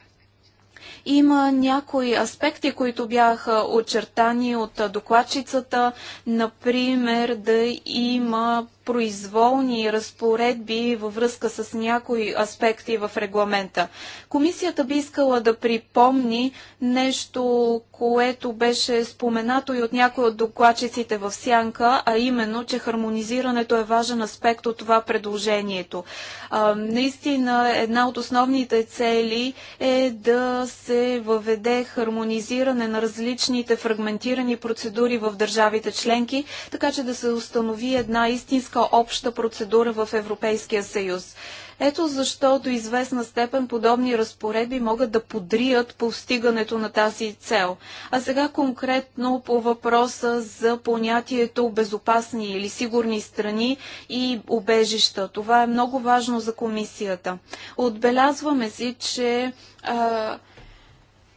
Има някои аспекти, които бяха очертани от докладчицата, например да има произволни разпоредби във връзка с някои аспекти в регламента. Комисията би искала да припомни нещо, което беше споменато и от някои от докладчиците в Сянка, а именно, че хармонизирането е важен аспект от това предложението. А, наистина, една от основните цели е да се въведе хармонизиране на различните фрагментирани процедури в държавите членки, така че да се установи една истинска всяка обща процедура в Европейския съюз. Ето защо до известна степен подобни разпоредби могат да подрият постигането на тази цел. А сега конкретно по въпроса за понятието безопасни или сигурни страни и убежища. Това е много важно за комисията. Отбелязваме си, че а,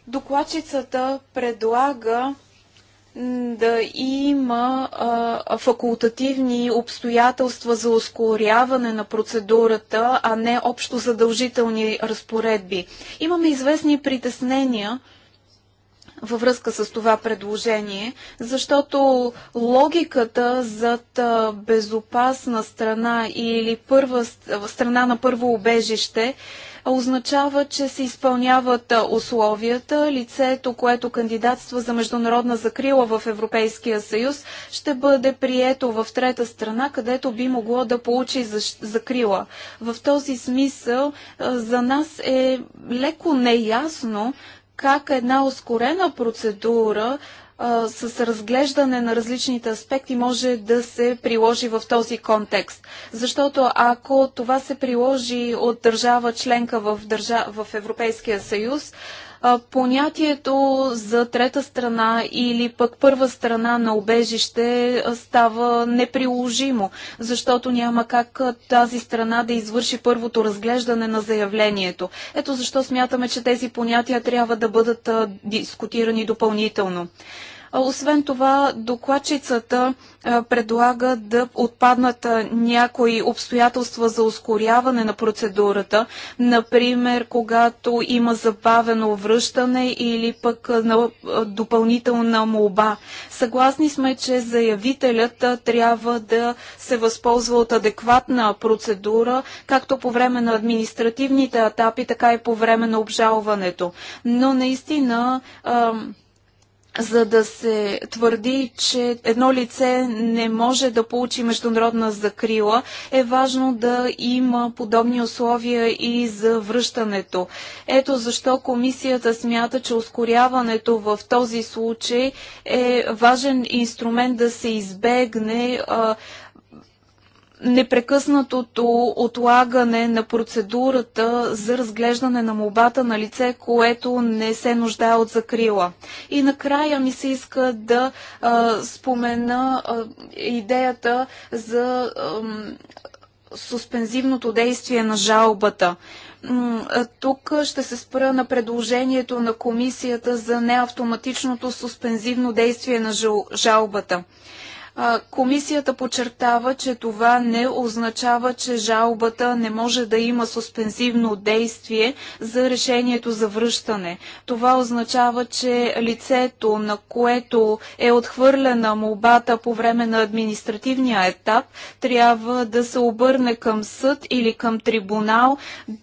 докладчицата предлага да има а, факултативни обстоятелства за ускоряване на процедурата, а не общо задължителни разпоредби. Имаме известни притеснения във връзка с това предложение, защото логиката зад безопасна страна или първа страна на първо убежище означава, че се изпълняват условията. Лицето, което кандидатства за международна закрила в Европейския съюз, ще бъде прието в трета страна, където би могло да получи закрила. В този смисъл за нас е леко неясно как една ускорена процедура а, с разглеждане на различните аспекти може да се приложи в този контекст. Защото ако това се приложи от държава членка в, държа... в Европейския съюз, понятието за трета страна или пък първа страна на обежище става неприложимо, защото няма как тази страна да извърши първото разглеждане на заявлението. Ето защо смятаме, че тези понятия трябва да бъдат дискутирани допълнително. Освен това, докладчицата предлага да отпаднат някои обстоятелства за ускоряване на процедурата, например, когато има забавено връщане или пък на допълнителна молба. Съгласни сме, че заявителят трябва да се възползва от адекватна процедура, както по време на административните етапи, така и по време на обжалването. Но наистина за да се твърди, че едно лице не може да получи международна закрила, е важно да има подобни условия и за връщането. Ето защо комисията смята, че ускоряването в този случай е важен инструмент да се избегне а, непрекъснатото отлагане на процедурата за разглеждане на молбата на лице, което не се нуждае от закрила. И накрая ми се иска да а, спомена а, идеята за а, суспензивното действие на жалбата. Тук ще се спра на предложението на комисията за неавтоматичното суспензивно действие на жалбата. Комисията подчертава, че това не означава, че жалбата не може да има суспензивно действие за решението за връщане. Това означава, че лицето, на което е отхвърлена молбата по време на административния етап, трябва да се обърне към съд или към трибунал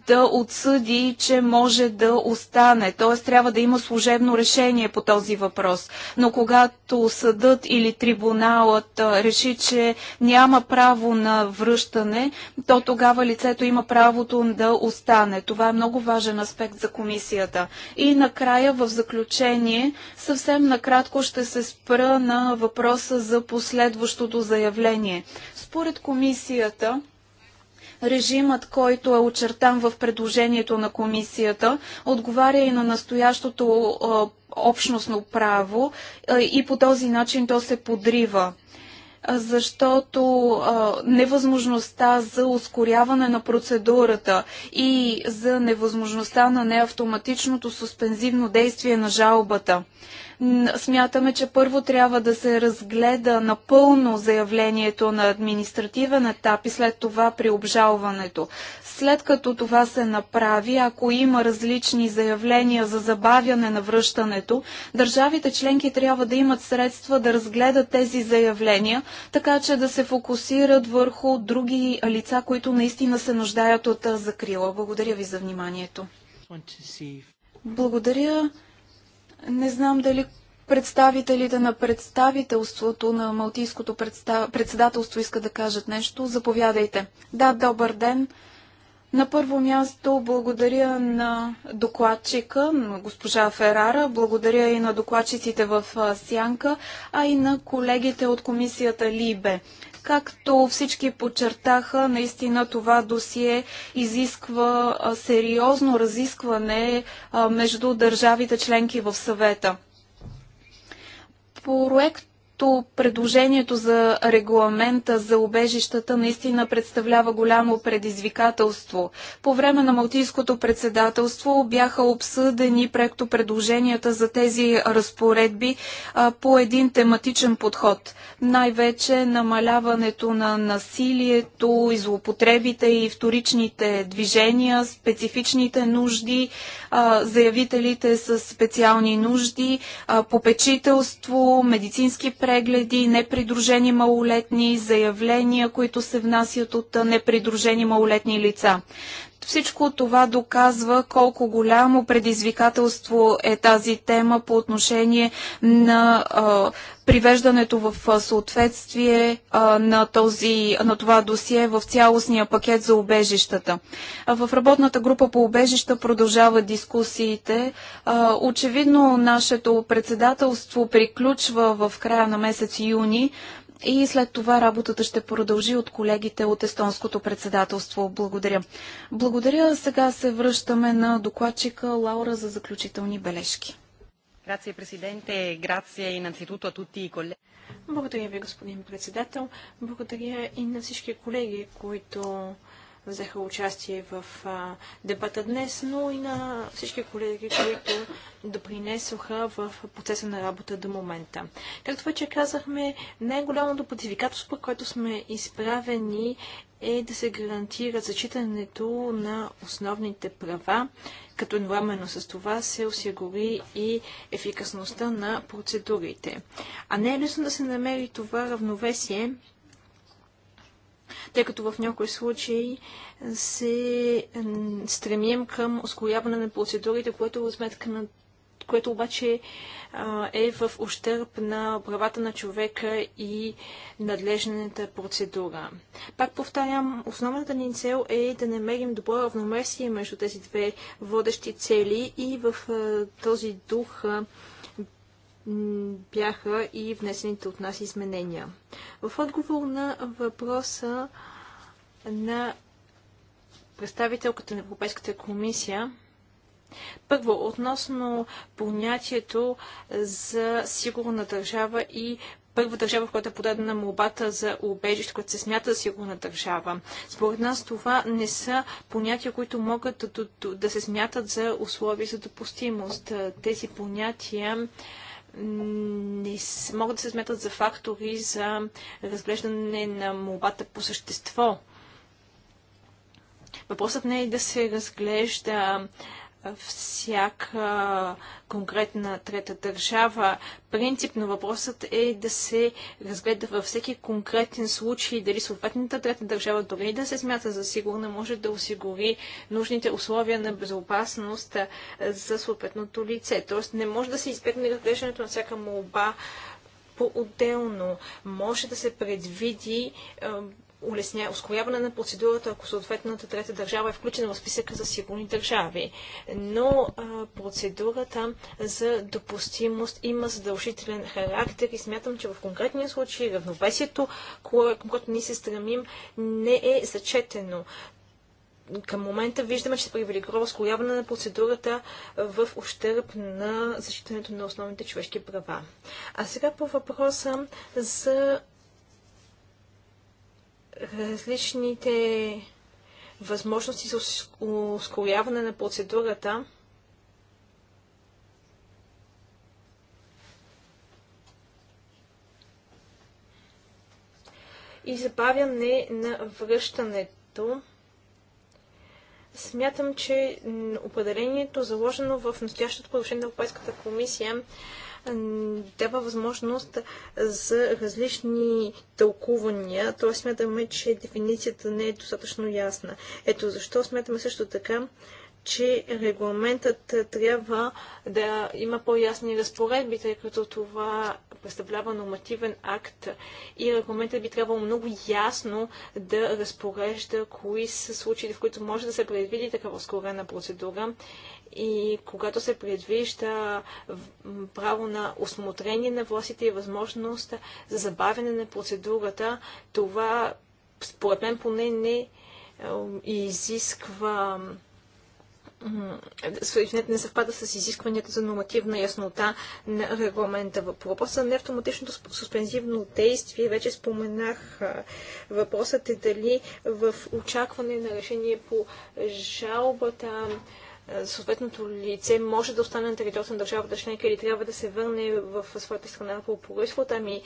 да отсъди, че може да остане. Тоест, трябва да има служебно решение по този въпрос. Но когато съдът или трибунала съдът реши, че няма право на връщане, то тогава лицето има правото да остане. Това е много важен аспект за комисията. И накрая, в заключение, съвсем накратко ще се спра на въпроса за последващото заявление. Според комисията, режимът, който е очертан в предложението на комисията, отговаря и на настоящото общностно право и по този начин то се подрива защото а, невъзможността за ускоряване на процедурата и за невъзможността на неавтоматичното суспензивно действие на жалбата. Смятаме, че първо трябва да се разгледа напълно заявлението на административен етап и след това при обжалването. След като това се направи, ако има различни заявления за забавяне на връщането, държавите членки трябва да имат средства да разгледат тези заявления, така че да се фокусират върху други лица, които наистина се нуждаят от закрила. Благодаря ви за вниманието. Благодаря. Не знам дали представителите на представителството на Малтийското председателство искат да кажат нещо. Заповядайте. Да, добър ден. На първо място благодаря на докладчика, на госпожа Ферара, благодаря и на докладчиците в Сянка, а и на колегите от комисията Либе. Както всички подчертаха, наистина това досие изисква сериозно разискване между държавите членки в съвета. Проект като предложението за регламента за убежищата наистина представлява голямо предизвикателство. По време на Малтийското председателство бяха обсъдени проекто предложенията за тези разпоредби а, по един тематичен подход. Най-вече намаляването на насилието, злоупотребите и вторичните движения, специфичните нужди, а, заявителите с специални нужди, а, попечителство, медицински прегледи, непридружени малолетни, заявления, които се внасят от непридружени малолетни лица. Всичко това доказва колко голямо предизвикателство е тази тема по отношение на а, привеждането в съответствие а, на, този, на това досие в цялостния пакет за обежищата. А, в работната група по обежища продължава дискусиите. А, очевидно нашето председателство приключва в края на месец юни, и след това работата ще продължи от колегите от естонското председателство. Благодаря. Благодаря. Сега се връщаме на докладчика Лаура за заключителни бележки. Благодаря ви, господин председател. Благодаря и на всички колеги, които взеха участие в а, дебата днес, но и на всички колеги, които допринесоха в процеса на работа до момента. Както вече казахме, най-голямото предизвикателство, което сме изправени е да се гарантира зачитането на основните права, като едновременно с това се осигури и ефикасността на процедурите. А не е лесно да се намери това равновесие тъй като в някои случаи се стремим към ускоряване на процедурите, което сметка на което обаче е в ущърп на правата на човека и надлежната процедура. Пак повтарям, основната ни цел е да намерим добро равномесие между тези две водещи цели и в този дух бяха и внесените от нас изменения. В отговор на въпроса на представителката на Европейската комисия, първо, относно понятието за сигурна държава и първа държава, в която е подадена молбата за убежище, което се смята за сигурна държава. Според нас това не са понятия, които могат да, да, да се смятат за условия за допустимост. Тези понятия не могат да се сметат за фактори за разглеждане на молбата по същество. Въпросът не е да се разглежда всяка конкретна трета държава. Принципно въпросът е да се разгледа във всеки конкретен случай дали съответната трета държава, дори да се смята за сигурна, може да осигури нужните условия на безопасност за съответното лице. Тоест не може да се избегне разглеждането на всяка молба по-отделно. Може да се предвиди улесня, ускоряване на процедурата, ако съответната трета държава е включена в списъка за сигурни държави. Но а, процедурата за допустимост има задължителен характер и смятам, че в конкретния случай равновесието, към което ние се стремим, не е зачетено към момента виждаме, че се привилегирува разколяване на процедурата в ущърп на защитането на основните човешки права. А сега по въпроса за различните възможности за ускоряване на процедурата. И забавяне на връщането. Смятам, че определението, заложено в настоящото положение на Европейската комисия, дава възможност за различни тълкувания, т.е. смятаме, че дефиницията не е достатъчно ясна. Ето защо смятаме също така, че регламентът трябва да има по-ясни разпоредби, тъй като това представлява нормативен акт и регламентът би трябвало много ясно да разпорежда кои са случаите, в които може да се предвиди такава ускорена процедура и когато се предвижда право на осмотрение на властите и възможност за забавяне на процедурата, това според мен поне не е, изисква не съвпада с изискванията за нормативна яснота на регламента. въпроса на автоматичното суспензивно действие вече споменах. Въпросът е дали в очакване на решение по жалбата е, съответното лице може да остане на територията на държавата членка или трябва да се върне в своята страна по происход, ами е,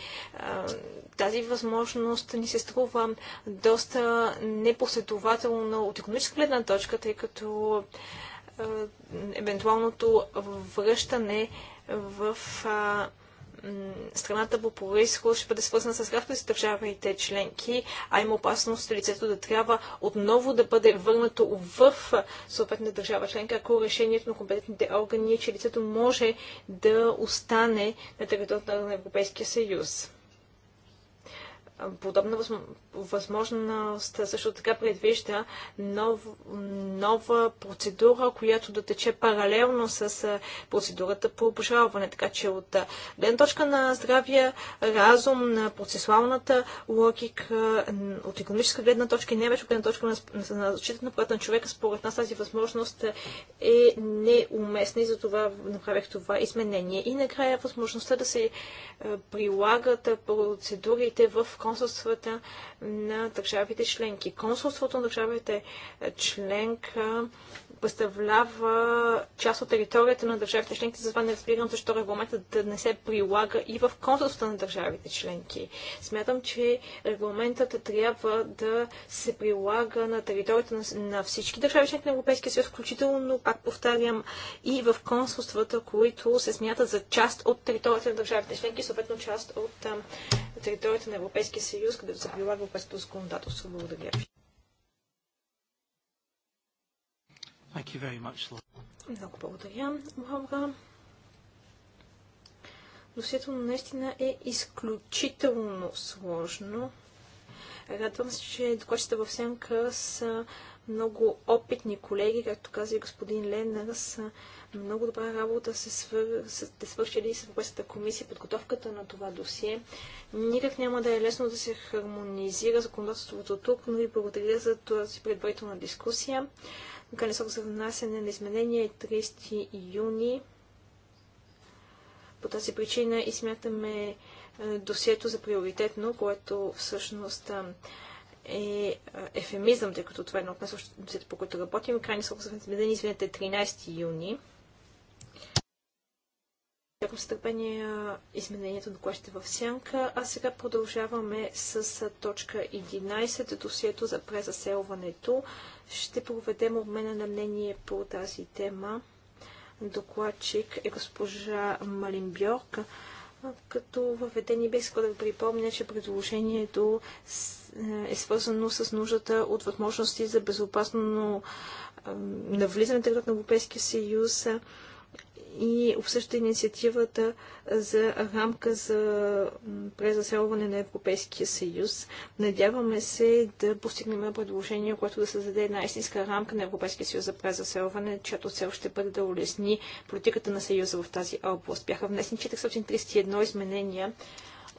тази възможност ни се струва доста непоследователно от економическа гледна точка, тъй като е, евентуалното връщане в а, страната по происход ще бъде свързана с графта с държавите членки, а има опасност лицето да трябва отново да бъде върнато в съответната държава членка, ако решението на компетентните органи е, че лицето може да остане на територията на Европейския съюз. Подобна възможност възможност също така предвижда нов, нова процедура, която да тече паралелно с процедурата по обжалване. Така че от гледна точка на здравия разум, на процесуалната логика, от економическа гледна точка и не вече от гледна точка на, защита на правата на човека, според нас тази възможност е неуместна и затова направих това изменение. И накрая възможността да се прилагат процедурите в консулствата на държавите членки. Консулството на държавите членка представлява част от територията на държавите членки, затова не разбирам защо регламентът да не се прилага и в консулствата на държавите членки. Смятам, че регламентът трябва да се прилага на територията на, всички държави членки на Европейския съюз, включително, пак повтарям, и в консулствата, които се смятат за част от територията на държавите членки, съответно част от територията на Европейския съюз, където се прилага европейското законодателство. Благодаря ви. Thank you very much, Много благодаря, Лаура. Досието наистина е изключително сложно. Радвам се, че докладчите в Сенка са много опитни колеги, както каза и господин Ленър, са много добра работа се свър... сте свършили с Европейската комисия подготовката на това досие. Никак няма да е лесно да се хармонизира законодателството тук, но ви благодаря за тази предварителна дискусия. Крайен срок за внасяне на изменения е 30 юни. По тази причина и смятаме е, досието за приоритетно, което всъщност е, е ефемизъм, тъй като това е едно от най по което работим. Крайният срок за изменение, е 13 юни. Чакам с изменението на докладите в сянка, а сега продължаваме с точка 11, досието за презаселването. Ще проведем обмена на мнение по тази тема. Докладчик е госпожа Малин Бьорк. Като въведение бих искала да припомня, че предложението е свързано с нуждата от възможности за безопасно навлизане на Европейския съюз, и обсъжда инициативата за рамка за презаселване на Европейския съюз. Надяваме се да постигнем предложение, което да създаде една истинска рамка на Европейския съюз за презаселване, чиято цел ще бъде да улесни политиката на съюза в тази област. Бяха внесени 431 изменения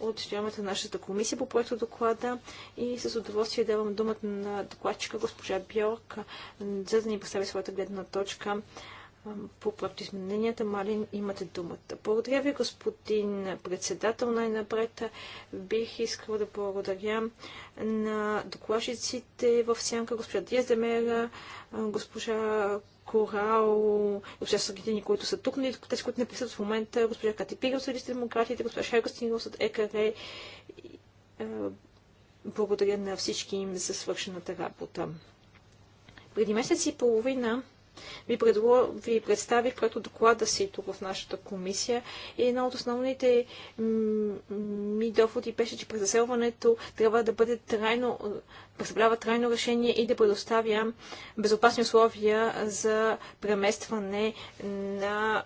от членовете на нашата комисия по проекта доклада и с удоволствие давам думата на докладчика госпожа Бьорк, за да ни представи своята гледна точка по правдоизмененията. Малин, имате думата. Благодаря ви, господин председател. Най-напред бих искала да благодаря на докладчиците в сянка госпожа Диездемера, госпожа Корал, госпожа Съргитини, които са тук, но нали, тези, които не присъстват в момента, госпожа Катепига от демократите, госпожа Шайкостин от ЕКР. Е, благодаря на всички им за свършената работа. Преди месец и половина ви, предло... ви представих проекто доклада си тук в нашата комисия и една от основните ми доводи беше, че презаселването трябва да бъде трайно, представлява трайно решение и да предоставя безопасни условия за преместване на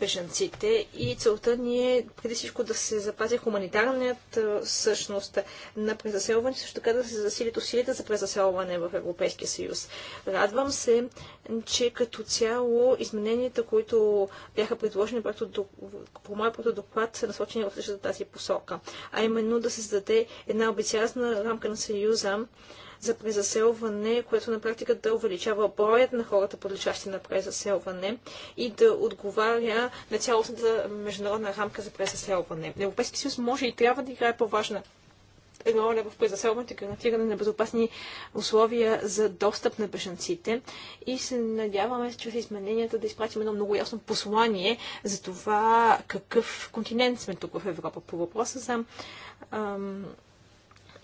бежанците и целта ни е преди всичко да се запази хуманитарният същност на презаселване, също така да се засилят усилията за презаселване в Европейския съюз. Радвам се, че като цяло измененията, които бяха предложени по моя прото доклад, са насочени в същата тази посока, а именно да се създаде една обицязна рамка на съюза, за презаселване, което на практика да увеличава броят на хората, подлежащи на презаселване и да отговаря на цялостната международна рамка за презаселване. Европейски съюз може и трябва да играе по-важна роля в презаселването и гарантиране на безопасни условия за достъп на бежанците. И се надяваме че с измененията да изпратим едно много ясно послание за това какъв континент сме тук в Европа. По въпроса за ам,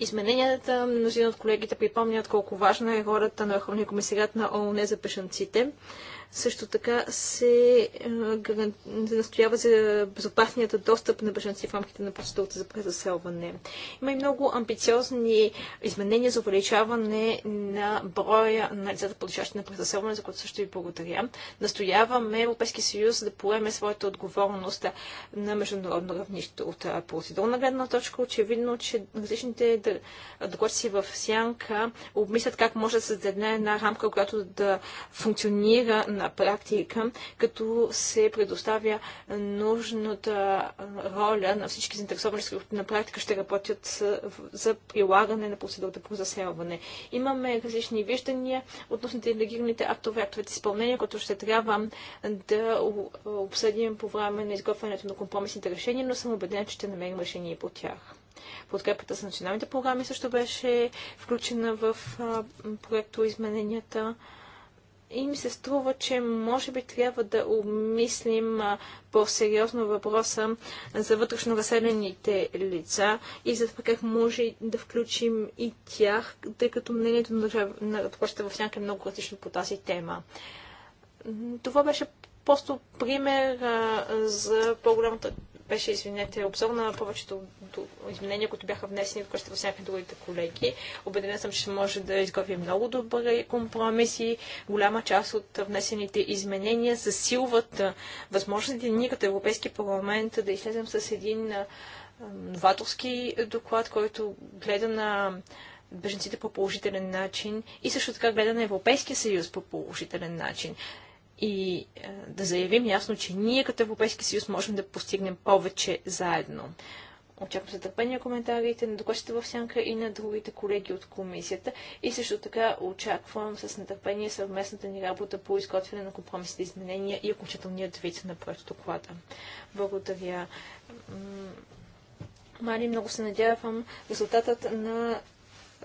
измененията. Мнозина от колегите припомнят колко важна е ролята на Върховния комисарят на ООН за бешенците. Също така е, се настоява за безопасният достъп на бежанци в рамките на процедурата за презаселване. Има и много амбициозни изменения за увеличаване на броя на лицата, подлежащи на презаселване, за което също ви благодаря. Настояваме Европейския съюз да поеме своята отговорност на международно равнище от процедурна гледна точка. Очевидно, че различните докладчици в Сянка обмислят как може да създаде една рамка, която да функционира на практика, като се предоставя нужната роля на всички заинтересовани, които на практика ще работят за прилагане на процедурата по заселване. Имаме различни виждания относно делегираните актове, актовете изпълнение, които ще трябва да обсъдим по време на изготвянето на компромисните решения, но съм убедена, че ще намерим решение по тях. Подкрепата за националните програми също беше включена в проекто измененията и ми се струва, че може би трябва да обмислим по-сериозно въпроса за вътрешно разселените лица и за това как може да включим и тях, тъй като мнението на, държав... в някакъв е много различно по тази тема. Това беше просто пример за по-голямата беше, извинете, обзор на повечето изменения, които бяха внесени в къща всяка другите колеги. Обеден съм, че може да изготви много добри компромиси. Голяма част от внесените изменения засилват възможностите ние като Европейски парламент да излезем с един новаторски доклад, който гледа на беженците по положителен начин и също така гледа на Европейския съюз по положителен начин и е, да заявим ясно, че ние като Европейски съюз можем да постигнем повече заедно. Очаквам за търпение коментарите на докосите в сянка и на другите колеги от комисията. И също така очаквам с нетърпение съвместната ни работа по изготвяне на компромисните изменения и окончателният вид на проект доклада. Благодаря. Мали, много се надявам резултатът на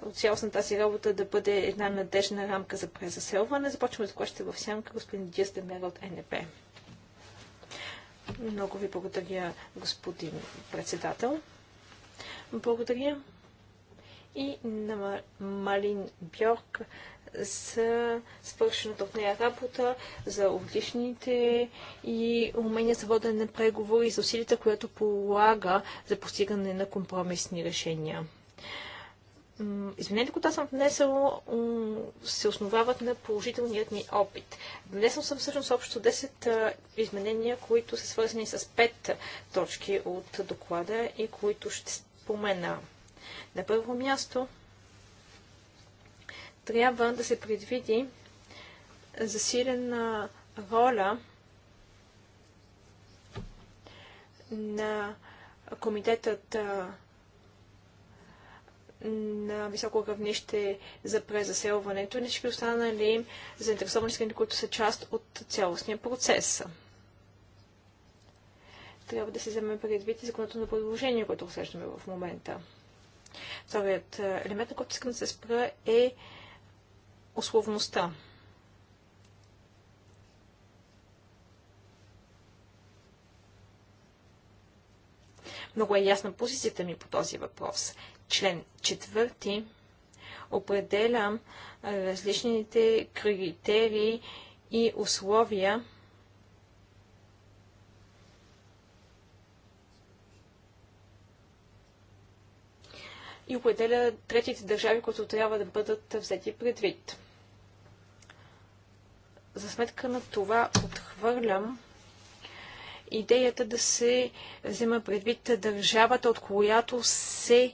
от цялостната си работа да бъде една надежна рамка за презаселване. Започваме с гостите в сянка, господин Диас от НП. Много ви благодаря, господин председател. Благодаря и на Малин Бьорк за свършената от нея работа, за отличните и умения за водене на преговори, за усилията, която полага за постигане на компромисни решения измененията, които аз съм внесъл, се основават на положителният ми опит. Внесъл съм всъщност общо 10 изменения, които са свързани с 5 точки от доклада и които ще спомена. На първо място трябва да се предвиди засилена роля на комитетът на високо равнище за презаселването и на всички останали заинтересовани страни, които са част от цялостния процес. Трябва да се вземе предвид и законодателно предложение, което обсъждаме в момента. Вторият елемент, на който искам да се спра, е условността. Много е ясна позицията ми по този въпрос. Член четвърти определя различните критерии и условия, и определя третите държави, които трябва да бъдат взети предвид. За сметка на това отхвърлям идеята да се взема предвид държавата, от която се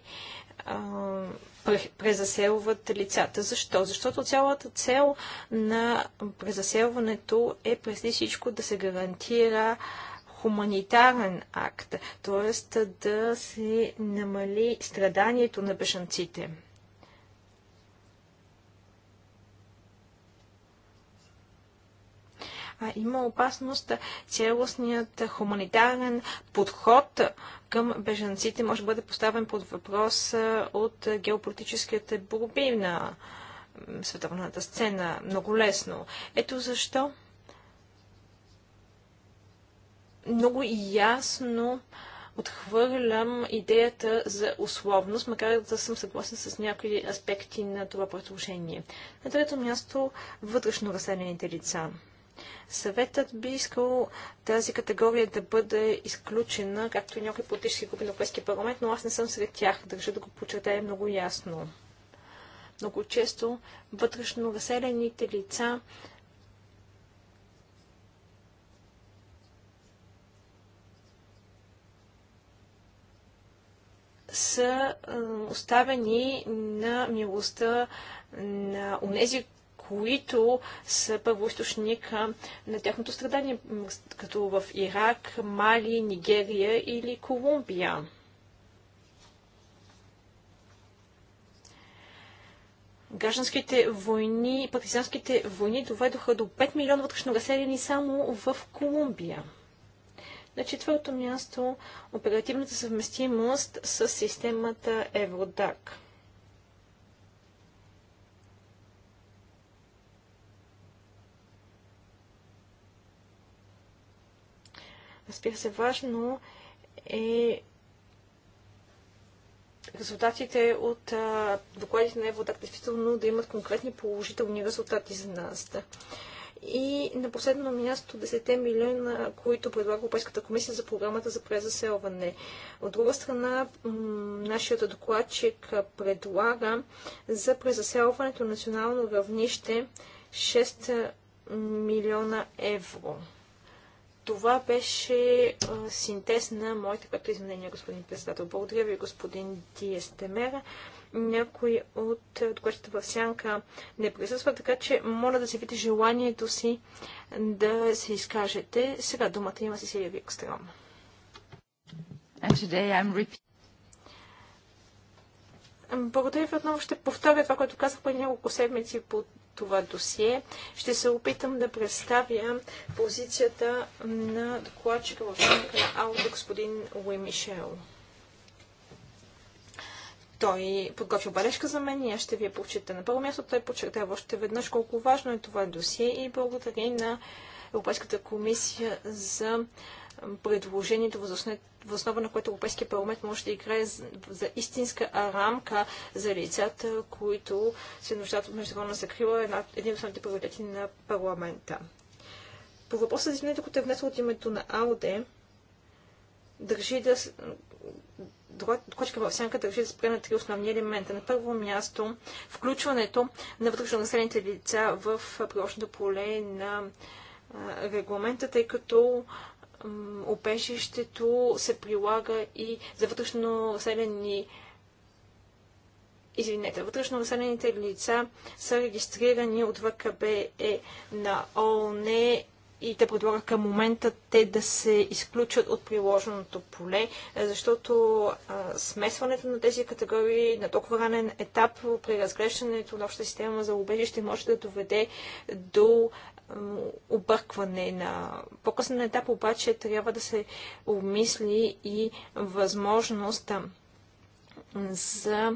презаселват лицата. Защо? Защото цялата цел на презаселването е преди всичко да се гарантира хуманитарен акт, т.е. да се намали страданието на бешанците. а има опасност цялостният хуманитарен подход към бежанците може да бъде поставен под въпрос от геополитическите борби на световната сцена много лесно. Ето защо много ясно отхвърлям идеята за условност, макар да съм съгласен с някои аспекти на това предложение. На трето място вътрешно разселените лица. Съветът би искал тази категория да бъде изключена, както и някои политически групи на Европейския парламент, но аз не съм сред тях. Държа да го подчертая много ясно. Много често вътрешно разселените лица са оставени на милостта на унези, които са първоисточника на тяхното страдание, като в Ирак, Мали, Нигерия или Колумбия. гражданските войни, партизанските войни доведоха до 5 милиона вътрешно разселени само в Колумбия. На четвърто място оперативната съвместимост с системата Евродак. Разбира се, важно е резултатите от а, докладите на Евродак действително да имат конкретни положителни резултати за нас. И на последно място 10 милиона, които предлага Европейската комисия за програмата за презаселване. От друга страна, нашият докладчик предлага за презаселването национално равнище 6 милиона евро. Това беше а, синтез на моите пето изменения, господин председател. Благодаря ви, господин Диестемера. Някой от което в сянка не присъства, така че моля да се видите желанието си да се изкажете. Сега думата има Сесилия Викстром. Благодаря ви отново. Ще повторя това, което казах преди няколко седмици по това досие. Ще се опитам да представя позицията на докладчика в рамка на Аудо, господин Луи Мишел. Той подготвил бележка за мен и аз ще ви я прочита. На първо място той подчертава още веднъж колко важно е това досие и благодаря на Европейската комисия за предложението, в основа на което Европейския парламент може да играе за истинска рамка за лицата, които се нуждаят от международна закрила, е един от основните приоритети на парламента. По въпроса за изменението, което е внесло от името на АОДЕ, държи да кочка в сянка държи да спре на три основни елемента. На първо място, включването на вътрешно населените лица в приложното поле на регламента, тъй като обежището се прилага и за вътрешно населени Извинете, вътрешно населените лица са регистрирани от ВКБЕ на ООН и те предлагат към момента те да се изключат от приложеното поле, защото а, смесването на тези категории на толкова ранен етап при разглеждането на общата система за убежище може да доведе до объркване. На по-късен етап обаче трябва да се обмисли и възможност за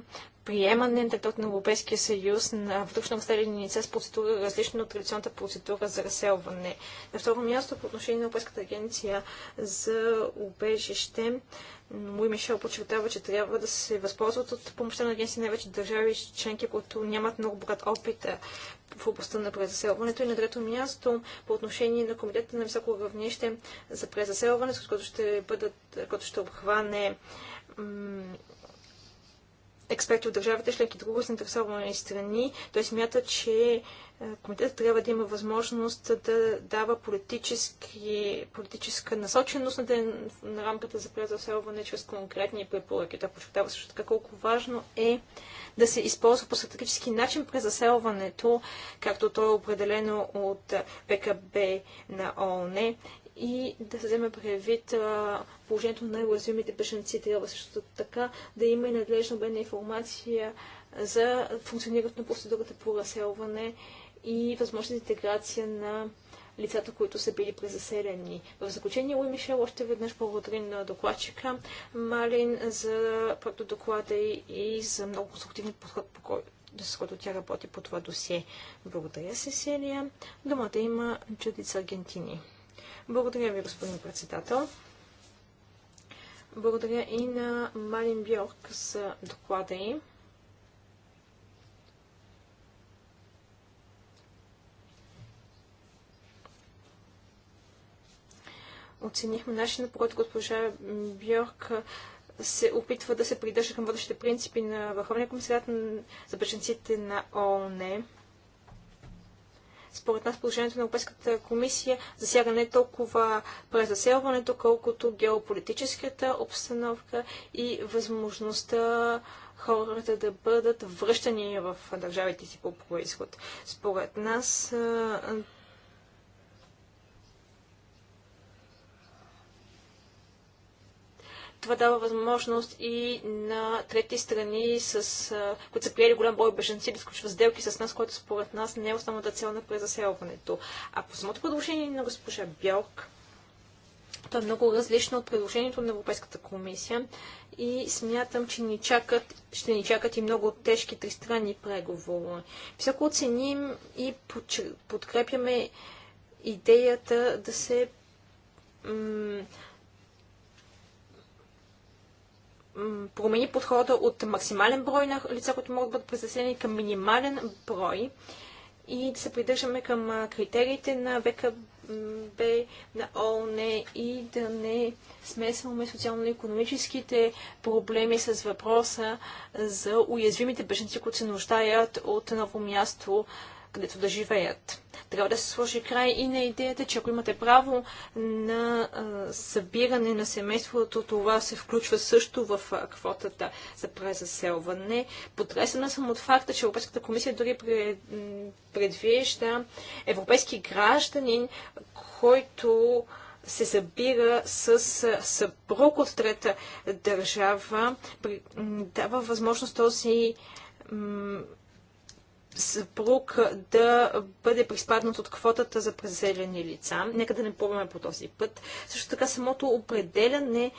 приемане на на Европейския съюз на вътрешно разселени лица с процедура различна от традиционната процедура за разселване. На второ място по отношение на Европейската агенция за убежище, Мой Мишел подчертава, че трябва да се възползват от помощта на агенция най-вече държави членки, които нямат много богат опит в областта на презаселването и на трето място по отношение на комитета на високо равнище за презаселване, с който ще, бъдат, който ще обхване експерти от държавите членки, друго заинтересовани страни. Той смята, че е, комитетът трябва да има възможност да дава политическа насоченост на, ден, на рамката за презаселване чрез конкретни препоръки. Той подчертава също така колко важно е да се използва по стратегически начин през заселването, както то е определено от ПКБ на ООН е и да се вземе предвид положението на уязвимите бежанци, Трябва също така да има и надлежно бедна информация за функционирането на процедурата по разселване и възможна интеграция на лицата, които са били презаселени. В заключение Луи Мишел още веднъж благодарим на докладчика Малин за проекто доклада и за много конструктивен подход, по който с който тя работи по това досие. Благодаря, Сесилия. Думата има Джудица Аргентини. Благодаря ви, господин председател. Благодаря и на Малин Бьорк за доклада им. Оценихме начина, по който госпожа Бьорк се опитва да се придържа към водещите принципи на Върховния комисарят за беженците на ООН. Според нас положението на Европейската комисия засяга не толкова презаселването, колкото геополитическата обстановка и възможността хората да бъдат връщани в държавите си по происход. Според нас това дава възможност и на трети страни, с, които са приели голям бой беженци, да сключват сделки с нас, което според нас не е основната цел на презаселването. А по самото предложение на госпожа Бьорк, то е много различно от предложението на Европейската комисия и смятам, че ни чакат, ще ни чакат и много тежки тристранни преговори. Всяко оценим и подкрепяме идеята да се промени подхода от максимален брой на лица, които могат да бъдат преследени към минимален брой и да се придържаме към критериите на ВКБ, на ООН и да не смесваме социално-економическите проблеми с въпроса за уязвимите беженци, които се нуждаят от ново място където да живеят. Трябва да се сложи край и на идеята, че ако имате право на събиране на семейството, това се включва също в квотата за презаселване. Потресена съм от факта, че Европейската комисия дори предвижда европейски гражданин, който се събира с съпруг от трета държава, дава възможност този съпруг да бъде приспаднат от квотата за презаселени лица. Нека да не пробваме по този път. Също така самото определяне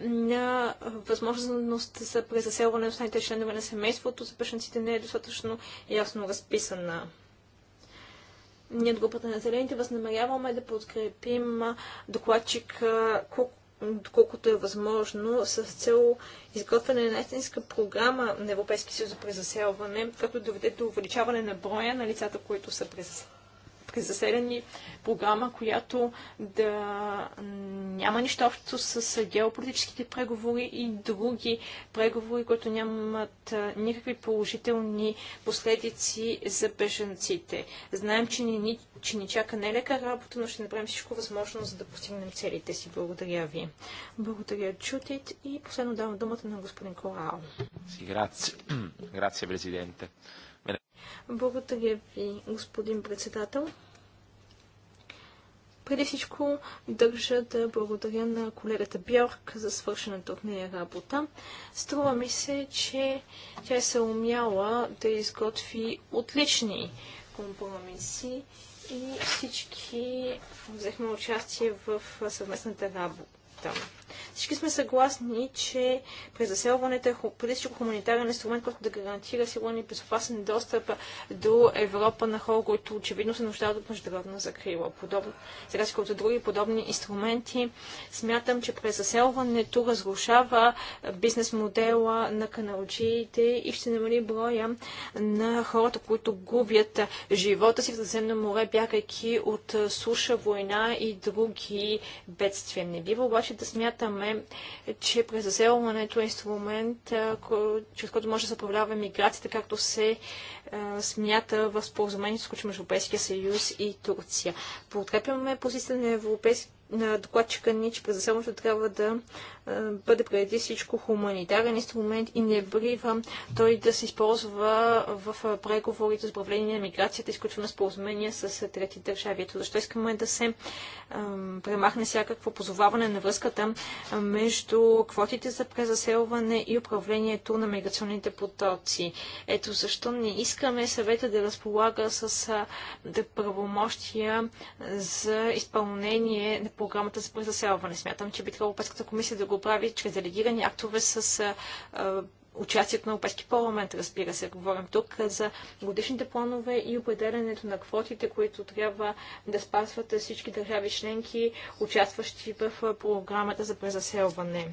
на възможност за презаселване на останалите членове на семейството за бежанците не е достатъчно ясно разписана. Ние от групата на зелените възнамеряваме да подкрепим докладчик Кук доколкото е възможно, с цел изготвяне на истинска програма на Европейския съюз за презаселване, като доведе до увеличаване на броя на лицата, които са презаселени презаселени програма, която да няма нищо общо с геополитическите преговори и други преговори, които нямат никакви положителни последици за беженците. Знаем, че ни, че ни чака нелека работа, но ще направим всичко възможно, за да постигнем целите си. Благодаря ви. Благодаря, Чудит. И последно давам думата на господин Корал. Си, грация. Грация, президенте. Благодаря ви, господин председател. Преди всичко държа да благодаря на колегата Бьорк за свършената от нея работа. Струва ми се, че тя е се умяла да изготви отлични компромиси и всички взехме участие в съвместната работа. Всички сме съгласни, че през заселването е преди хуманитарен инструмент, който да гарантира сигурен и безопасен достъп до Европа на хора, които очевидно се нуждаят от международна закрила. Подобно, сега си като други подобни инструменти, смятам, че през заселването разрушава бизнес модела на каналджиите и ще намали броя на хората, които губят живота си в заземно море, бягайки от суша, война и други бедствия. Не бива обаче да смятам, смятаме, че през заселването е инструмент, чрез който може да се управлява миграцията, както се смята в споразумението, с между Европейския съюз и Турция. Подкрепяме позицията на Европейския на докладчика Ничка за селото трябва да бъде преди всичко хуманитарен инструмент и не брива той да се използва в преговорите за управление на миграцията, изключване споразумения с трети държави. Ето защо искаме да се премахне всякакво позоваване на връзката между квотите за презаселване и управлението на миграционните потоци. Ето защо не искаме съвета да разполага с правомощия за изпълнение на програмата за презаселване. Смятам, че би трябвало Европейската комисия да го прави чрез делегирани актове с участието на Европейски парламент, разбира се. Говорим тук за годишните планове и определенето на квотите, които трябва да спазват всички държави членки, участващи в програмата за презаселване.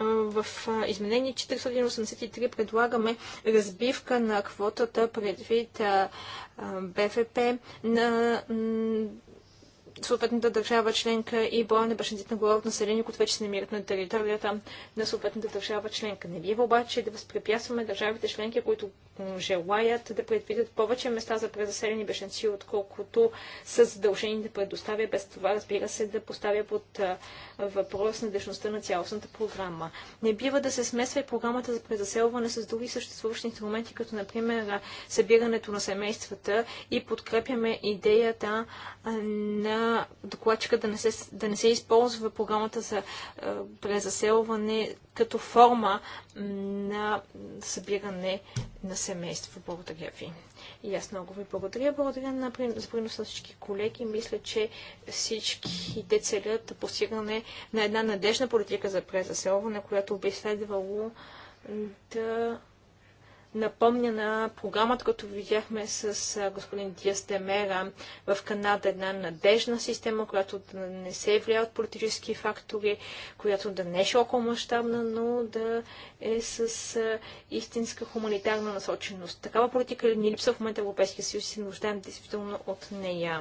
В изменение 483 предлагаме разбивка на квотата предвид БФП на съответната държава членка и броя на бешенците на глава от населението, които вече се намират на територията на съответната държава членка. Не бива обаче да възпрепятстваме държавите членки, които желаят да предвидят повече места за презаселени бешенци, отколкото са задължени да предоставя, без това, разбира се, да поставя под въпрос надежността на цялостната програма. Не бива да се смесва и програмата за презаселване с други съществуващи инструменти, като например събирането на семействата и подкрепяме идеята на докладчика да не се, да не се използва програмата за е, презаселване като форма на събиране на семейство. Благодаря ви. И аз много ви благодаря. Благодаря на, за приноса на всички колеги. Мисля, че всички те целят постигане на една надежна политика за презаселване, която би следвало да напомня на програмата, като видяхме с господин Диастемера в Канада, една надежна система, която да не се влия от политически фактори, която да не е широко мащабна, но да е с истинска хуманитарна насоченост. Такава политика ни липсва в момента Европейския съюз и се нуждаем действително от нея.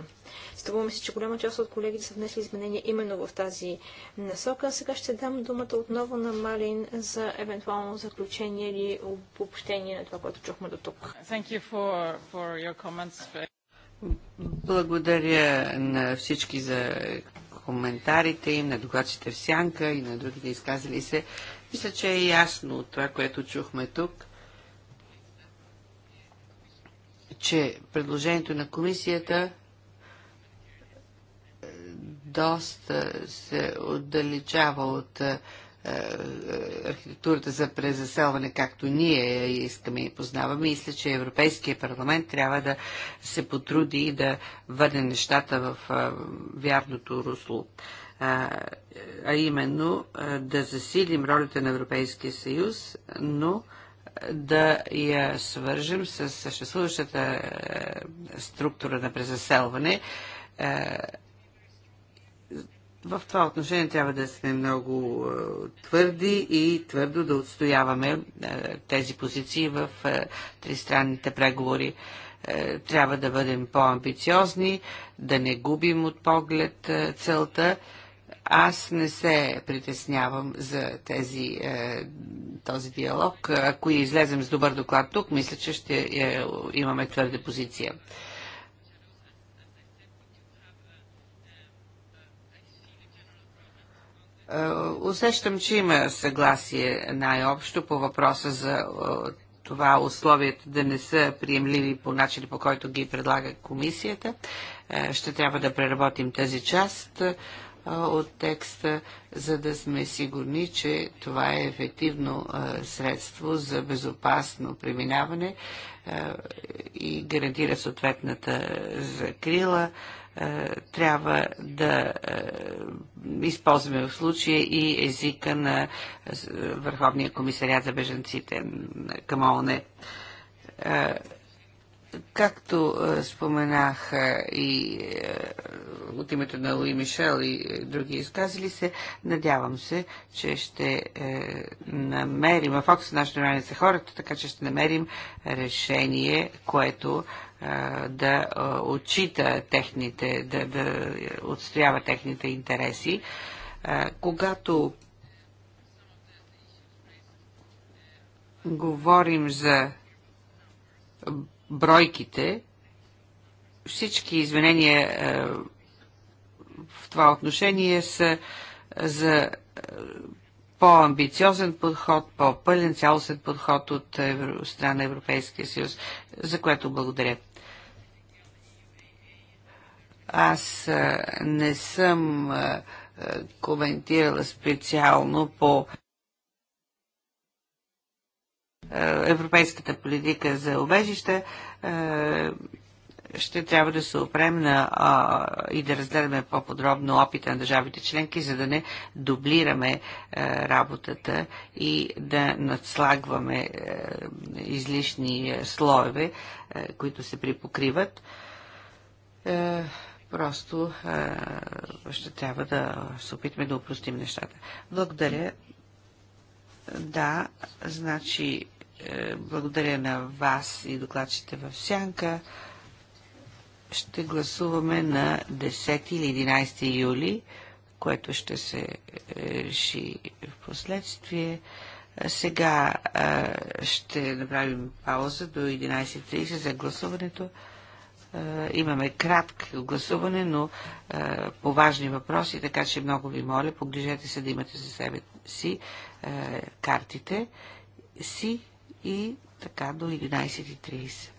Струваме се, че голяма част от колегите са внесли изменения именно в тази насока. Сега ще дам думата отново на Малин за евентуално заключение или обобщение на това, което чухме до тук. Благодаря на всички за коментарите им, на докладчите в сянка и на другите изказали се. Мисля, че е ясно от това, което чухме тук, че предложението на комисията доста се отдалечава от е, е, архитектурата за презаселване, както ние я искаме и познаваме. Мисля, че Европейския парламент трябва да се потруди и да върне нещата в е, вярното русло. А именно да засилим ролята на Европейския съюз, но да я свържем с съществуващата структура на презаселване, в това отношение трябва да сме много е, твърди и твърдо да отстояваме е, тези позиции в е, тристранните преговори. Трябва да бъдем по-амбициозни, да не губим от поглед целта. Аз не се притеснявам за тези, този диалог. Ако излезем с добър доклад тук, мисля, че ще имаме твърда позиция. Е, усещам, че има съгласие най-общо по въпроса за е, това условията да не са приемливи по начин, по който ги предлага комисията. Е, ще трябва да преработим тази част от текста, за да сме сигурни, че това е ефективно средство за безопасно преминаване и гарантира съответната закрила е, трябва да е, използваме в случая и езика на е, Върховния комисарят за беженците към ОНЕ. Както споменах и от името на Луи Мишел и други изказали се, надявам се, че ще намерим, а фокус на нашето внимание са хората, така че ще намерим решение, което да отчита техните, да, да отстоява техните интереси. Когато говорим за бройките, всички извинения в това отношение са за по-амбициозен подход, по-пълен цялостен подход от страна на Европейския съюз, за което благодаря. Аз не съм коментирала специално по европейската политика за обежища ще трябва да се опрем на, а, и да разгледаме по-подробно опита на държавите членки, за да не дублираме а, работата и да надслагваме а, излишни слоеве, а, които се припокриват. А, Просто а, ще трябва да се опитаме да упростим нещата. Благодаря. Да, значи, е, благодаря на вас и докладчите в Сянка. Ще гласуваме на 10 или 11 юли, което ще се е, реши в последствие. Сега е, ще направим пауза до 11.30 за гласуването. Е, имаме кратко гласуване, но е, по важни въпроси, така че много ви моля, погрижете се да имате за себе си е, картите си и така до 11.30.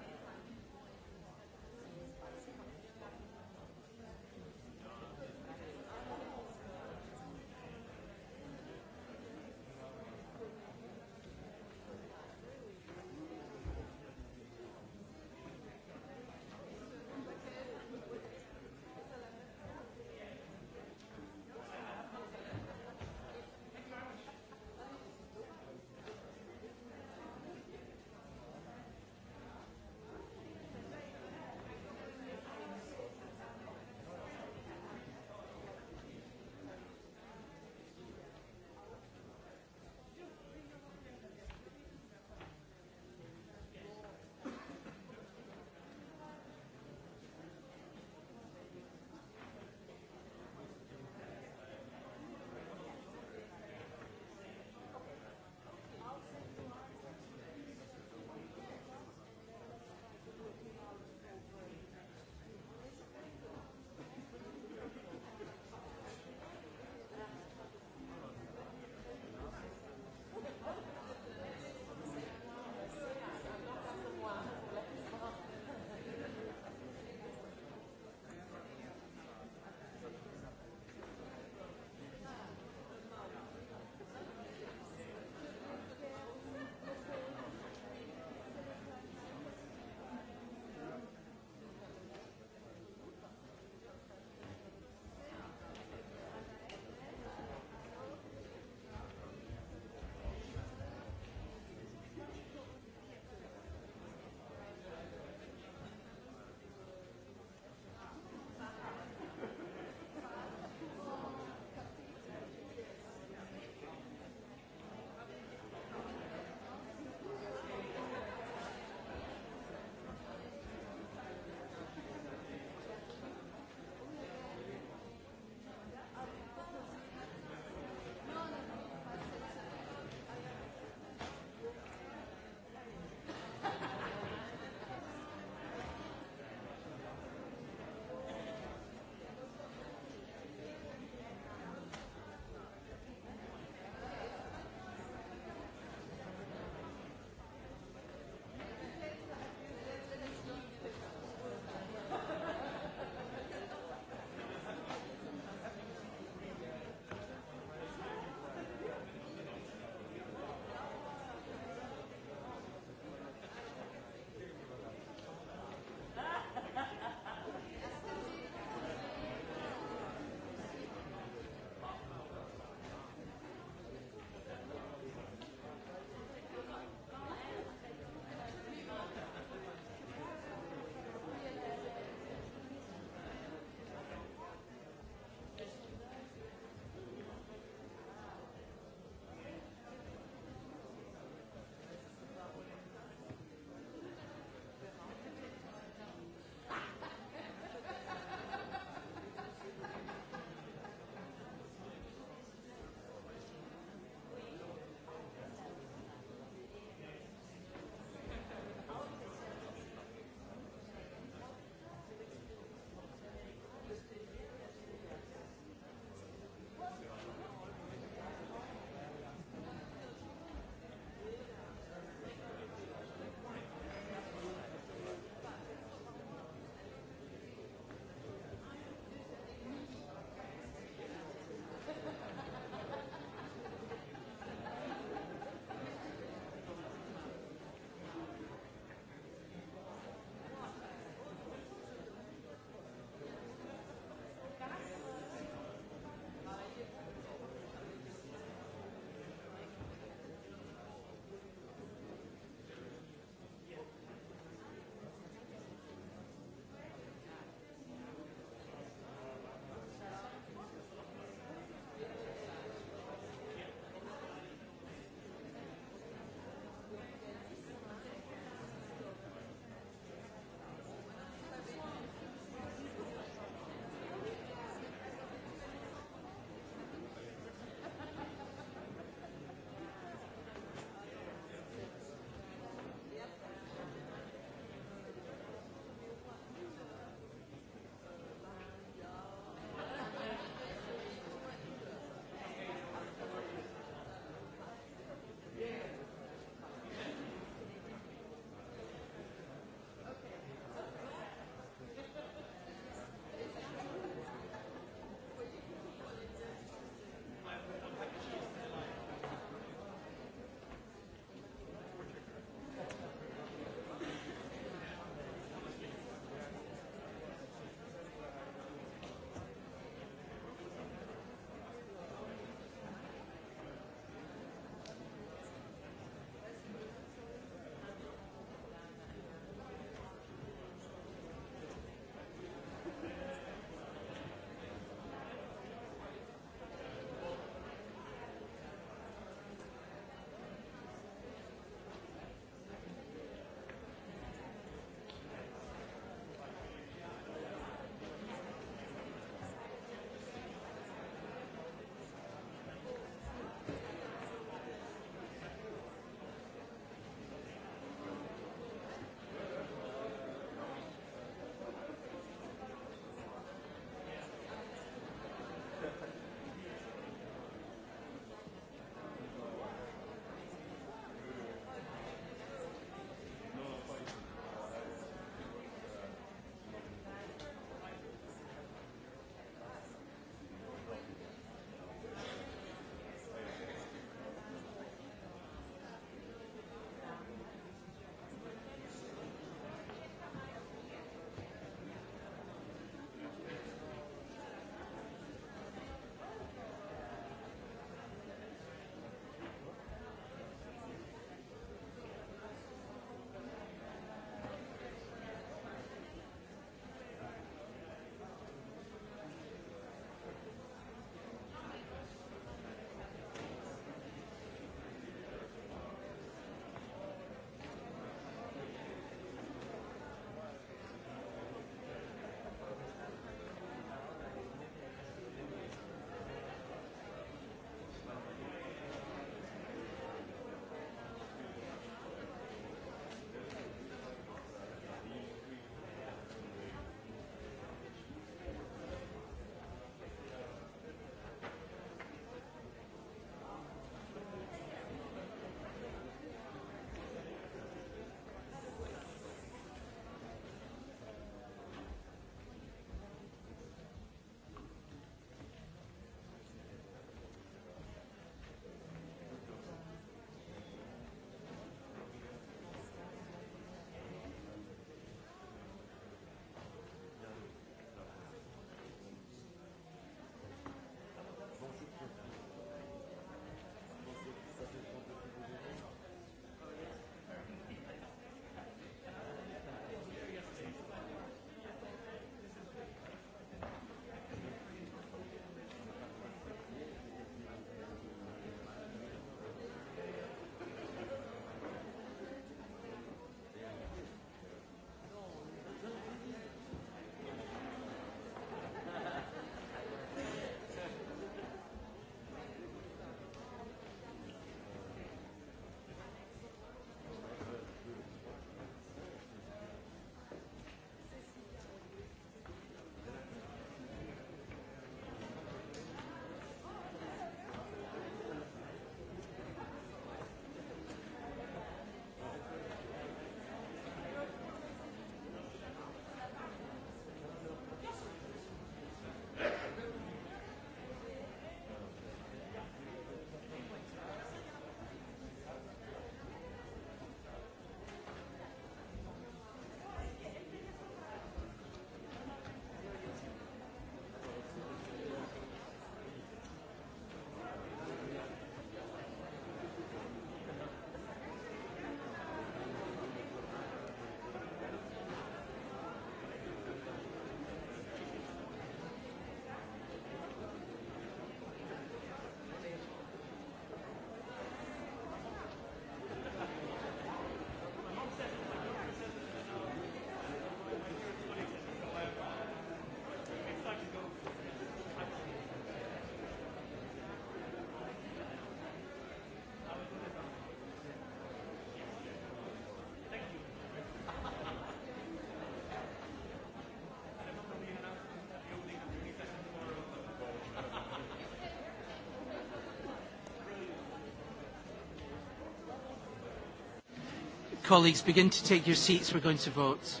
Colleagues, begin to take your seats. We're going to vote.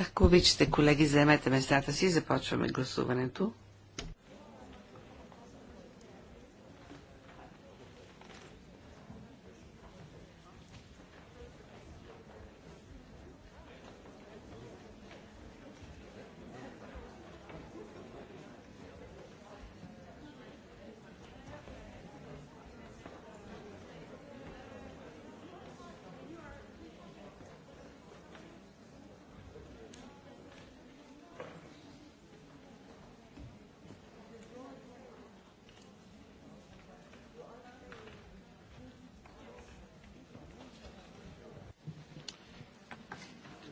Ако обичате, колеги, заемете местата си. Започваме гласуването.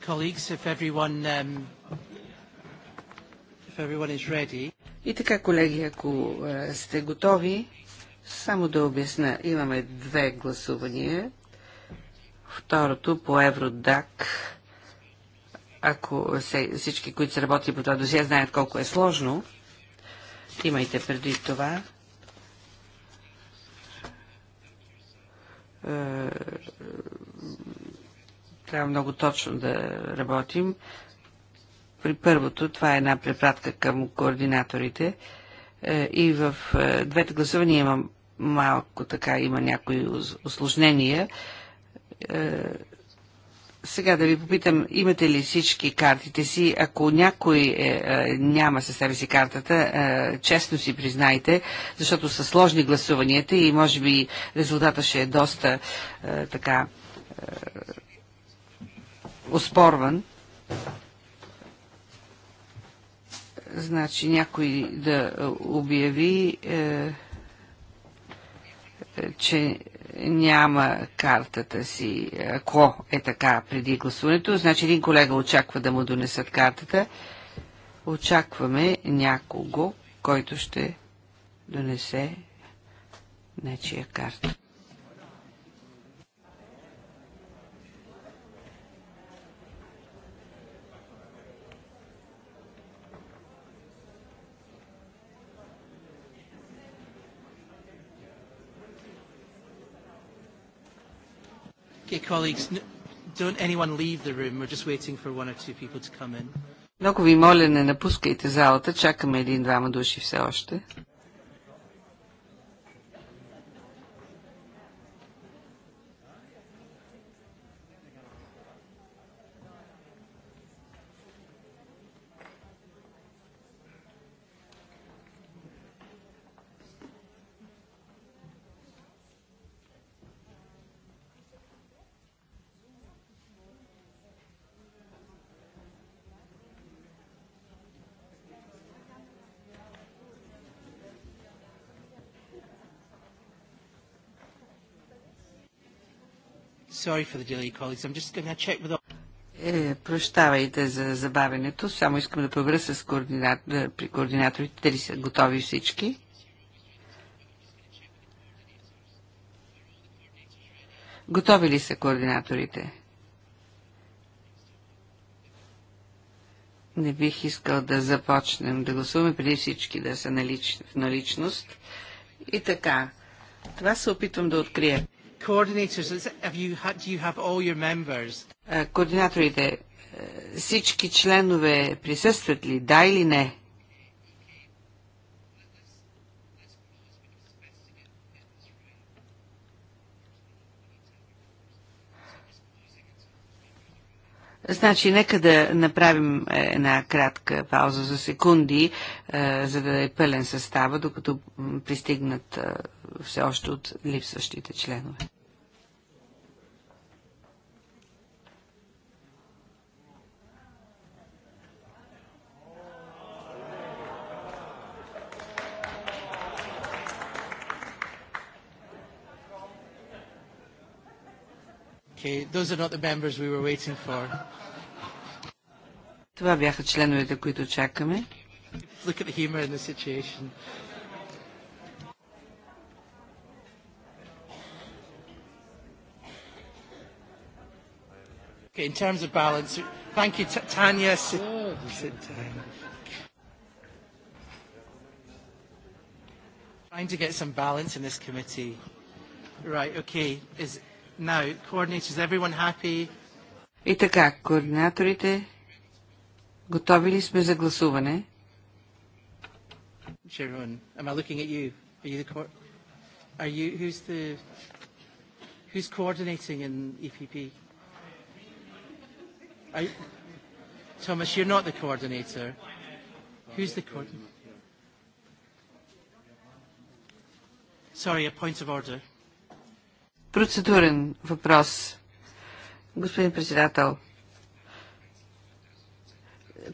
Colleagues, if everyone, um, if everyone is ready. И така, колеги, ако е, сте готови, само да обясня, имаме две гласувания. Второто по Евродак. Ако се, всички, които са работили по това досия, знаят колко е сложно, имайте преди това. трябва много точно да работим. При първото, това е една препратка към координаторите. Е, и в е, двете гласувания има малко така, има някои осложнения. Е, сега да ви попитам, имате ли всички картите си? Ако някой е, е, няма със себе си картата, е, честно си признайте, защото са сложни гласуванията и може би резултата ще е доста е, така е, оспорван. Значи някой да обяви, е, е, че няма картата си, ако е така преди гласуването. Значи един колега очаква да му донесат картата. Очакваме някого, който ще донесе нечия карта. Okay, colleagues, don't anyone leave the room. We're just waiting for one or two people to come in. Много ви моля, не напускайте залата. Чакаме един-двама души все още. Sorry for the delay, colleagues. I'm just going to check with... Е, прощавайте за забавенето. Само искам да проверя с координаторите. при координаторите са готови всички. Готови ли са координаторите? Не бих искал да започнем да гласуваме преди всички да са налич... в наличност. И така, това се опитвам да открия. Координаторите, всички членове присъстват ли, да или не? Значи, нека да направим е, една кратка пауза за секунди, е, за да е пълен състава, докато пристигнат е, все още от липсващите членове. Okay, those are not the members we were waiting for. Това бяха членовете, които чакаме. Look at the humor in the situation. Okay, in terms of balance, thank you, t- Tanya. Sit, sit down. Trying to get some balance in this committee. Right, okay. Is, Now, coordinators, is everyone happy? И така, координаторите, готови ли сме за гласуване? Sharon, am I looking at you? Are you the co- Are you who's the who's coordinating in EPP? Are you, Thomas, you're not the coordinator. Who's the coordinator? Sorry, a point of order. Процедурен въпрос. Господин председател,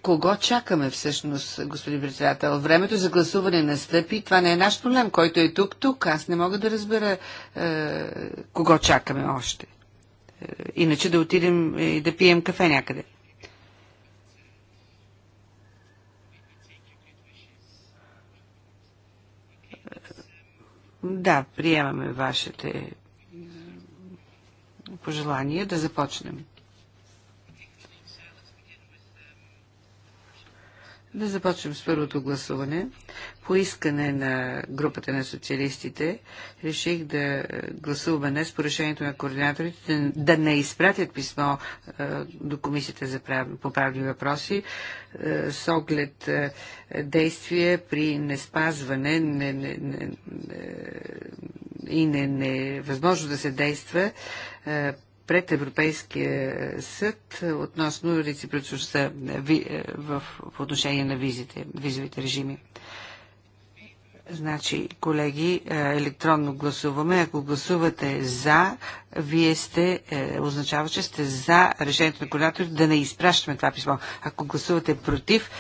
кого чакаме всъщност, господин председател? Времето за гласуване настъпи. Това не е наш проблем. Който е тук, тук. Аз не мога да разбера е, кого чакаме още. Е, иначе да отидем и да пием кафе някъде. Е, да, приемаме вашите пожелание да започнем. Да започнем с първото гласуване. По искане на групата на социалистите реших да гласуваме днес по решението на координаторите да не изпратят писмо е, до Комисията за прав... по правни въпроси е, с оглед е, действие при неспазване не, не, не, и невъзможно не, не да се действа пред Европейския съд относно реципрочността е, в отношение на визите, визовите режими. Значи, колеги, е, електронно гласуваме. Ако гласувате за, вие сте, е, означава, че сте за решението на координатор да не изпращаме това писмо. Ако гласувате против,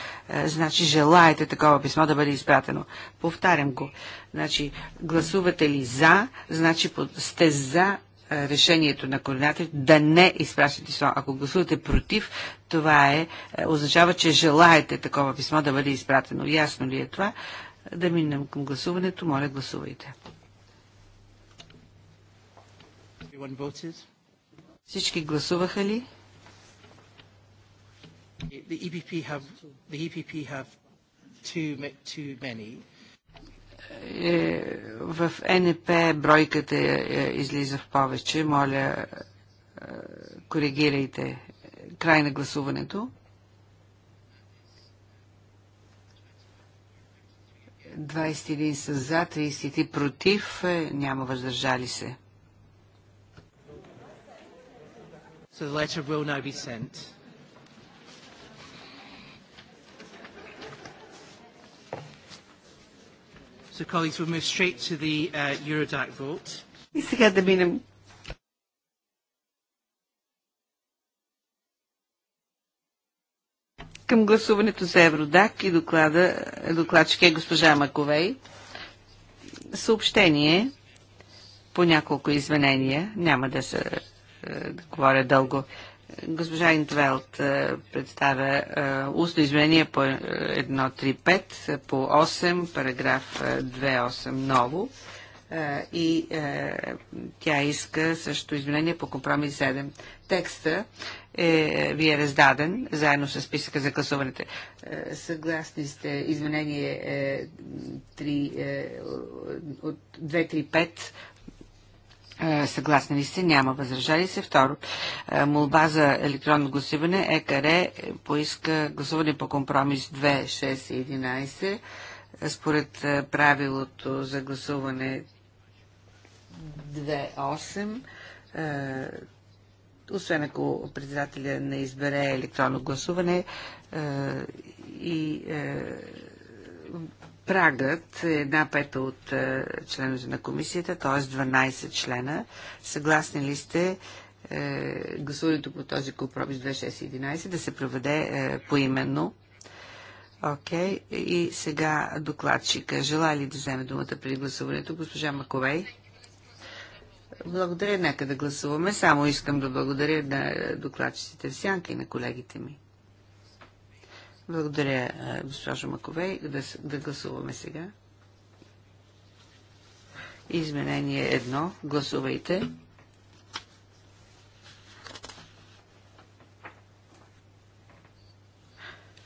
значи желаете такова писмо да бъде изпратено. Повтарям го. Значи, гласувате ли за, значи сте за е, решението на координаторите да не изпращате писмо. Ако гласувате против, това е, е, означава, че желаете такова писмо да бъде изпратено. Ясно ли е това? Да минем към гласуването. Моля, гласувайте. Всички гласуваха ли? The EPP have, the EPP have too, too many е, в НП бройката е, излиза в повече. Моля, е, коригирайте край на гласуването. 21 са за, 33 против, е, няма въздържали се. So the letter will now be sent. So colleagues, we'll move straight to the uh, Eurodac vote. И сега да минем към гласуването за Евродак и доклада, докладчик е госпожа Маковей. Съобщение по няколко изменения. Няма да се да е, говоря дълго. Госпожа Интвелт е, представя е, устно изменение по 1.3.5, по 8, параграф 2.8 е, ново и тя иска също изменение по компромис 7. Текста е, ви е раздаден, заедно с списъка за гласуването. Съгласни сте изменение 3, от 235 е, съгласни ли сте? Няма. Възражали се. Второ, е, молба за електронно гласуване. ЕКР поиска гласуване по компромис 2611. и 11. Е, според правилото за гласуване 2.8, освен ако председателя не избере електронно гласуване и прагът е една пета от е, членовете на комисията, т.е. 12 члена. Съгласни ли сте е, гласуването по този компромис 2611 да се проведе е, поименно? Окей. Okay. И сега докладчика. Желая ли да вземе думата при гласуването? Госпожа Маковей. Благодаря. Нека да гласуваме. Само искам да благодаря на докладчиците в сянка и на колегите ми. Благодаря, госпожо Маковей. Да, да гласуваме сега. Изменение едно. Гласувайте.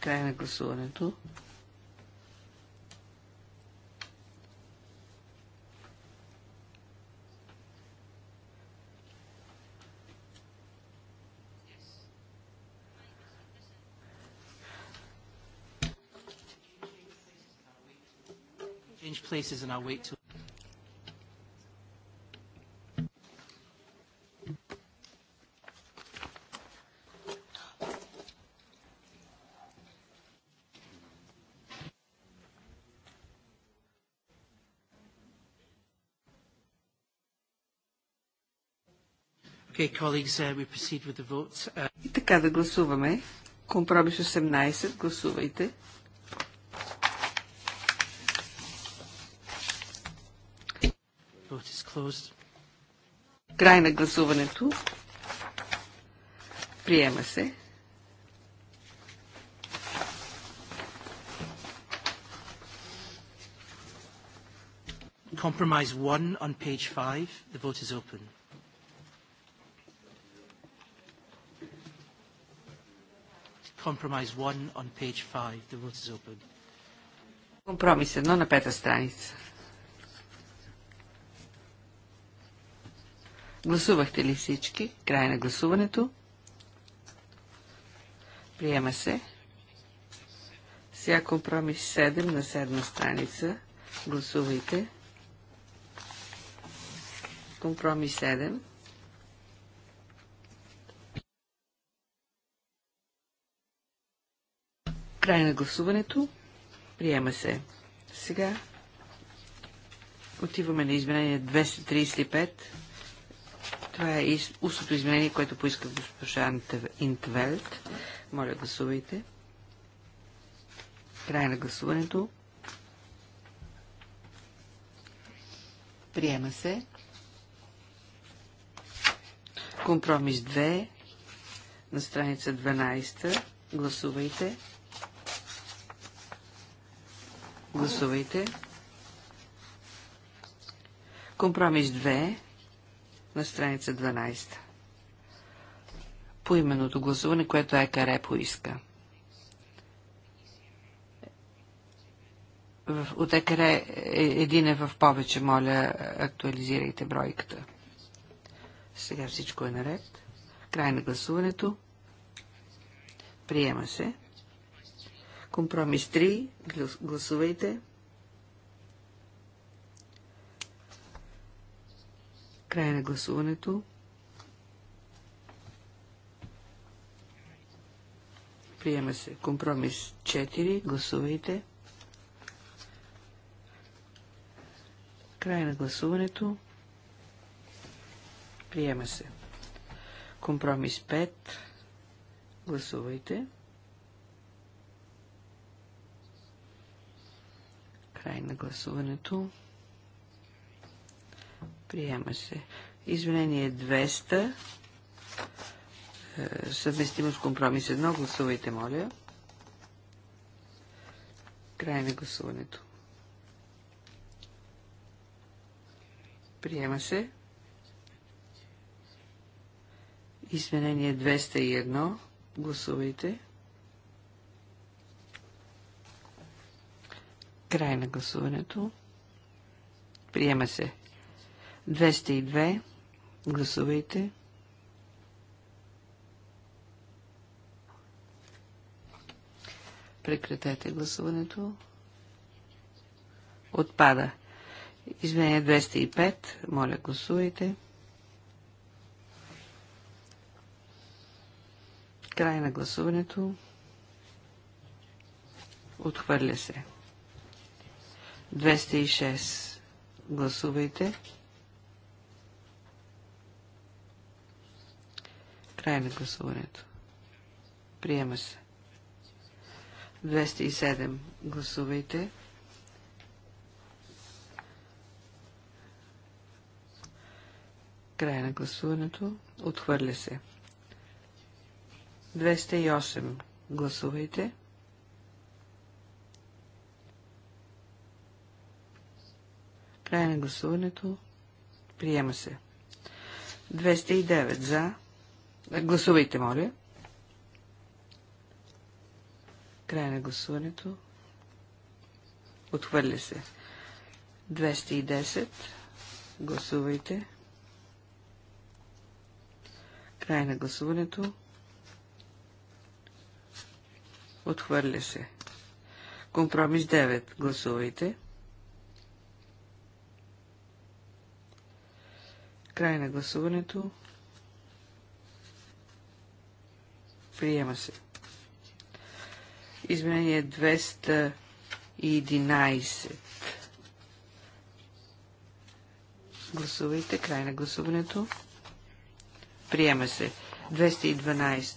Край на гласуването. change places and I'll wait till... Okay, colleagues, uh, we proceed with the vote. Uh... И така да гласуваме. Компромис 18. Гласувайте. Край на гласуването. Приема се. Compromise 1 on page 5. The vote is open. Compromise 1 on page 5. The vote is open. Компромис 1 на пета страница. Гласувахте ли всички? Край на гласуването. Приема се. Сега компромис 7 на 7 страница. Гласувайте. Компромис 7. Край на гласуването. Приема се. Сега отиваме на изменение 235. Това е устното изменение, което поиска госпожа Интвелт. Моля, гласувайте. Край на гласуването. Приема се. Компромис 2 на страница 12. Гласувайте. Гласувайте. Компромис 2 на страница 12. По именото гласуване, което ЕКР поиска. от ЕКР е, е, един е в повече, моля, актуализирайте бройката. Сега всичко е наред. Край на гласуването. Приема се. Компромис 3. Гласувайте. Край на гласуването. Приема се компромис 4. Гласувайте. Край на гласуването. Приема се. Компромис 5. Гласувайте. Край на гласуването. Приема се. Изменение 200. Е, съвместимо с компромис 1. Гласувайте, моля. Край на гласуването. Приема се. Изменение 201. Гласувайте. Край на гласуването. Приема се. 202. Гласувайте. Прекратете гласуването. Отпада. Изменение 205. Моля, гласувайте. Край на гласуването. Отхвърля се. 206. Гласувайте. Край на гласуването. Приема се. 207. Гласувайте. Край на гласуването. Отхвърля се. 208. Гласувайте. Край на гласуването. Приема се. 209 за. Гласувайте, моля. Край на гласуването. Отхвърля се. 210. Гласувайте. Край на гласуването. Отхвърля се. Компромис 9. Гласувайте. Край на гласуването. Приема се. Изменение 211. Гласувайте. Край на гласуването. Приема се. 212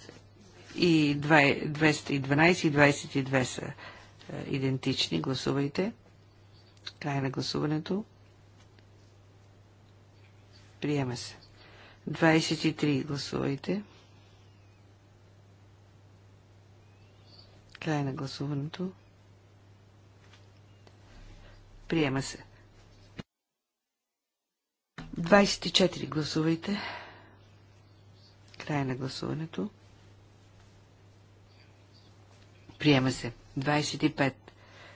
и 212 и 22 са е, идентични. Гласувайте. Край на гласуването. Приема се. 23. Гласувайте. Край на гласуването. Приема се. 24 гласувайте. Край на гласуването. Приема се. 25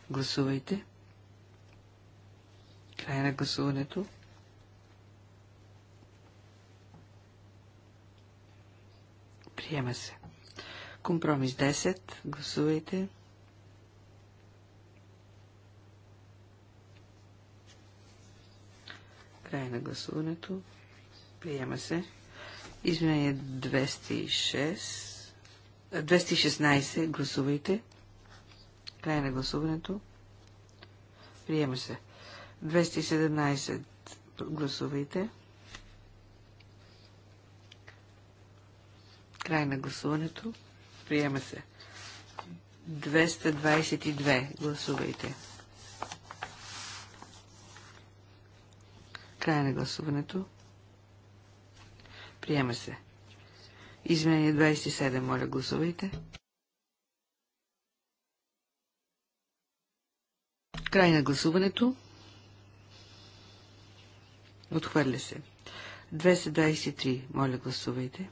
гласувайте. Край на гласуването. Приема се. Компромис 10. Гласувайте. Край на гласуването. Приема се. Изменение 206. 216. Гласувайте. Край на гласуването. Приема се. 217. Гласувайте. Край на гласуването. Приема се. 222. Гласувайте. Край на гласуването. Приема се. Изменение 27. Моля, гласувайте. Край на гласуването. Отхвърля се. 223. Моля, гласувайте.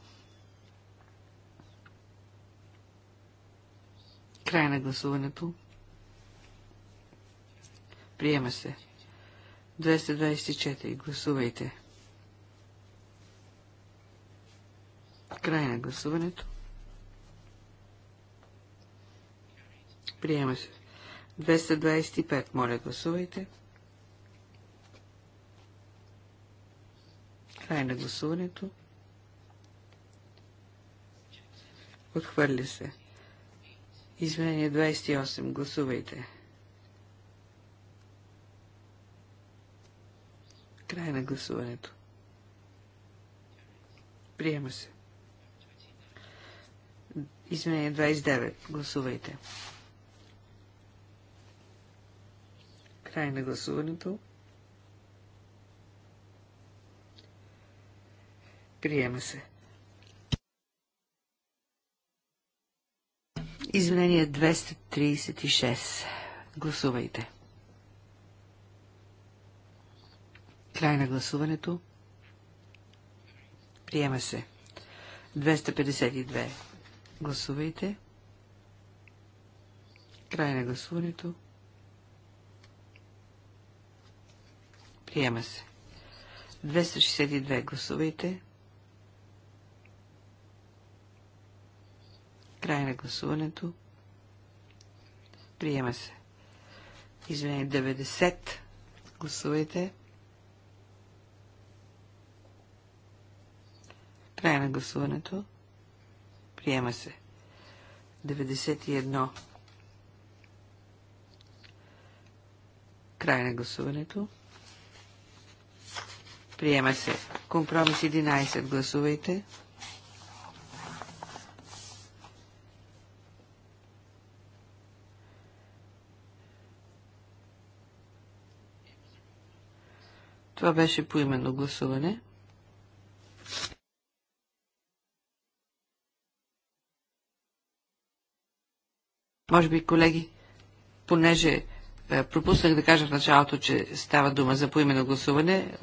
Край на гласуването. Приема се. 224. Гласувайте. Край на гласуването. Приема се. 225. Моля, гласувайте. Край на гласуването. Отхвърли се. Изменение 28. Гласувайте. Край на гласуването. Приема се. Изменение 29. Гласувайте. Край на гласуването. Приема се. Изменение 236. Гласувайте. Край на гласуването. Приема се. 252. Гласувайте. Край на гласуването. Приема се. 262. Гласувайте. Край на гласуването. Приема се. Извинение 90. Гласувайте. Край на гласуването. Приема се. 91. Край на гласуването. Приема се. Компромис 11. Гласувайте. Това беше поименно гласуване. Може би, колеги, понеже е, пропуснах да кажа в началото, че става дума за поименно гласуване,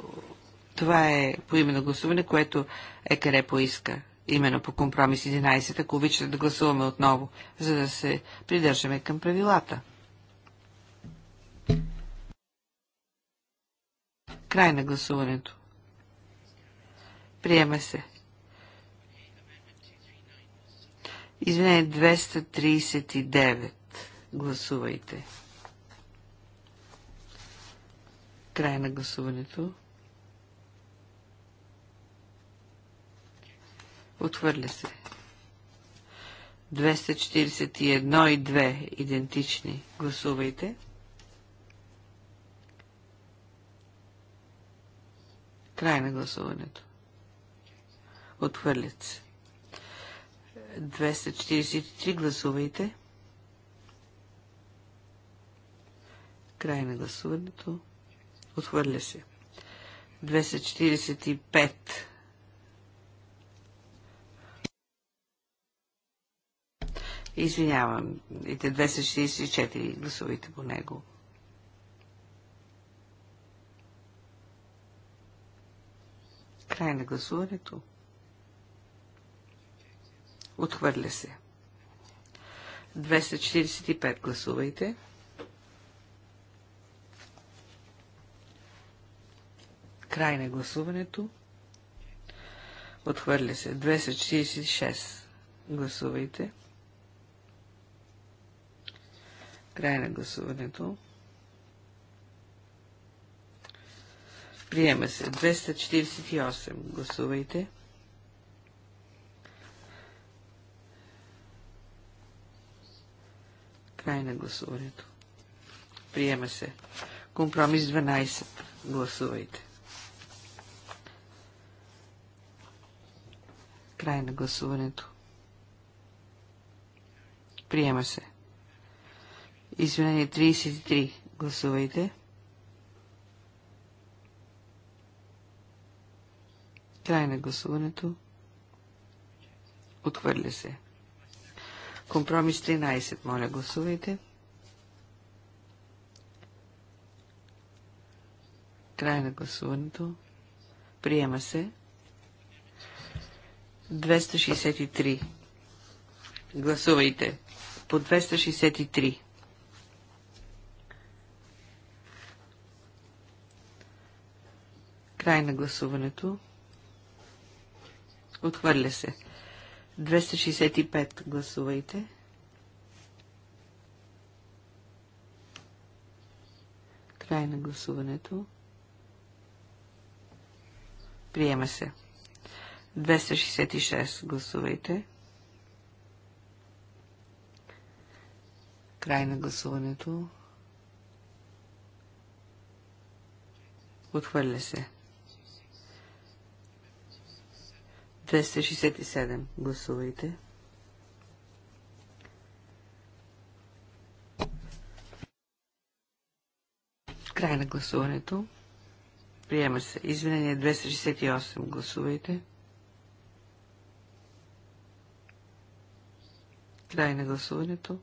това е поименно гласуване, което ЕКРЕ поиска. Именно по компромис 11, ако обичате да гласуваме отново, за да се придържаме към правилата. Край на гласуването. Приема се. Извинете, 239. Гласувайте. Край на гласуването. Отвърля се. 241 и 2 идентични. Гласувайте. Край на гласуването. Отвърлят се. 243 гласувайте. Край на гласуването. Отхвърля се. 245. Извинявам. 244 гласувайте по него. Край на гласуването. Отхвърля се. 245 гласувайте. Край на гласуването. Отхвърля се. 246 гласувайте. Край на гласуването. Приема се. 248. Гласувайте. Край на гласуването. Приема се. Компромис 12. Гласувайте. Край на гласуването. Приема се. Извинение 33. Гласувайте. Край на гласуването. Отхвърля се. Компромис 13. Моля, гласувайте. Край на гласуването. Приема се. 263. Гласувайте. По 263. Край на гласуването. Отхвърля се. 265 гласувайте. Край на гласуването. Приема се. 266 гласувайте. Край на гласуването. Отхвърля се. 267. Гласувайте. Край на гласуването. Приема се. Извинение 268. Гласувайте. Край на гласуването.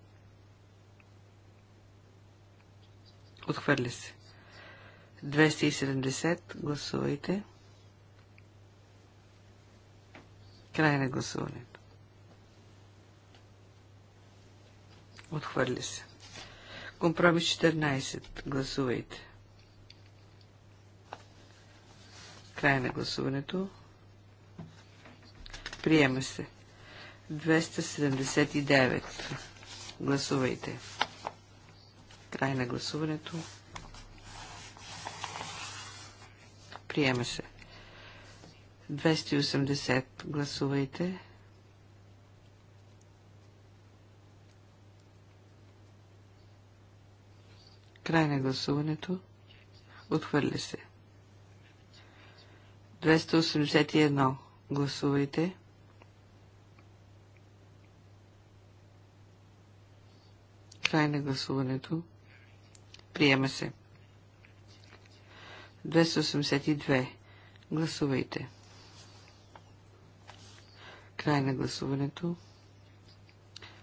Отхвърля се. 270. Гласувайте. Край на гласуването. Отхвърля се. Компромис 14. Гласувайте. Край на гласуването. Приема се. 279. Гласувайте. Край на гласуването. Приема се. 279. 280. Гласувайте. Край на гласуването. Отхвърля се. 281. Гласувайте. Край на гласуването. Приема се. 282. Гласувайте. 282 Край на гласуването.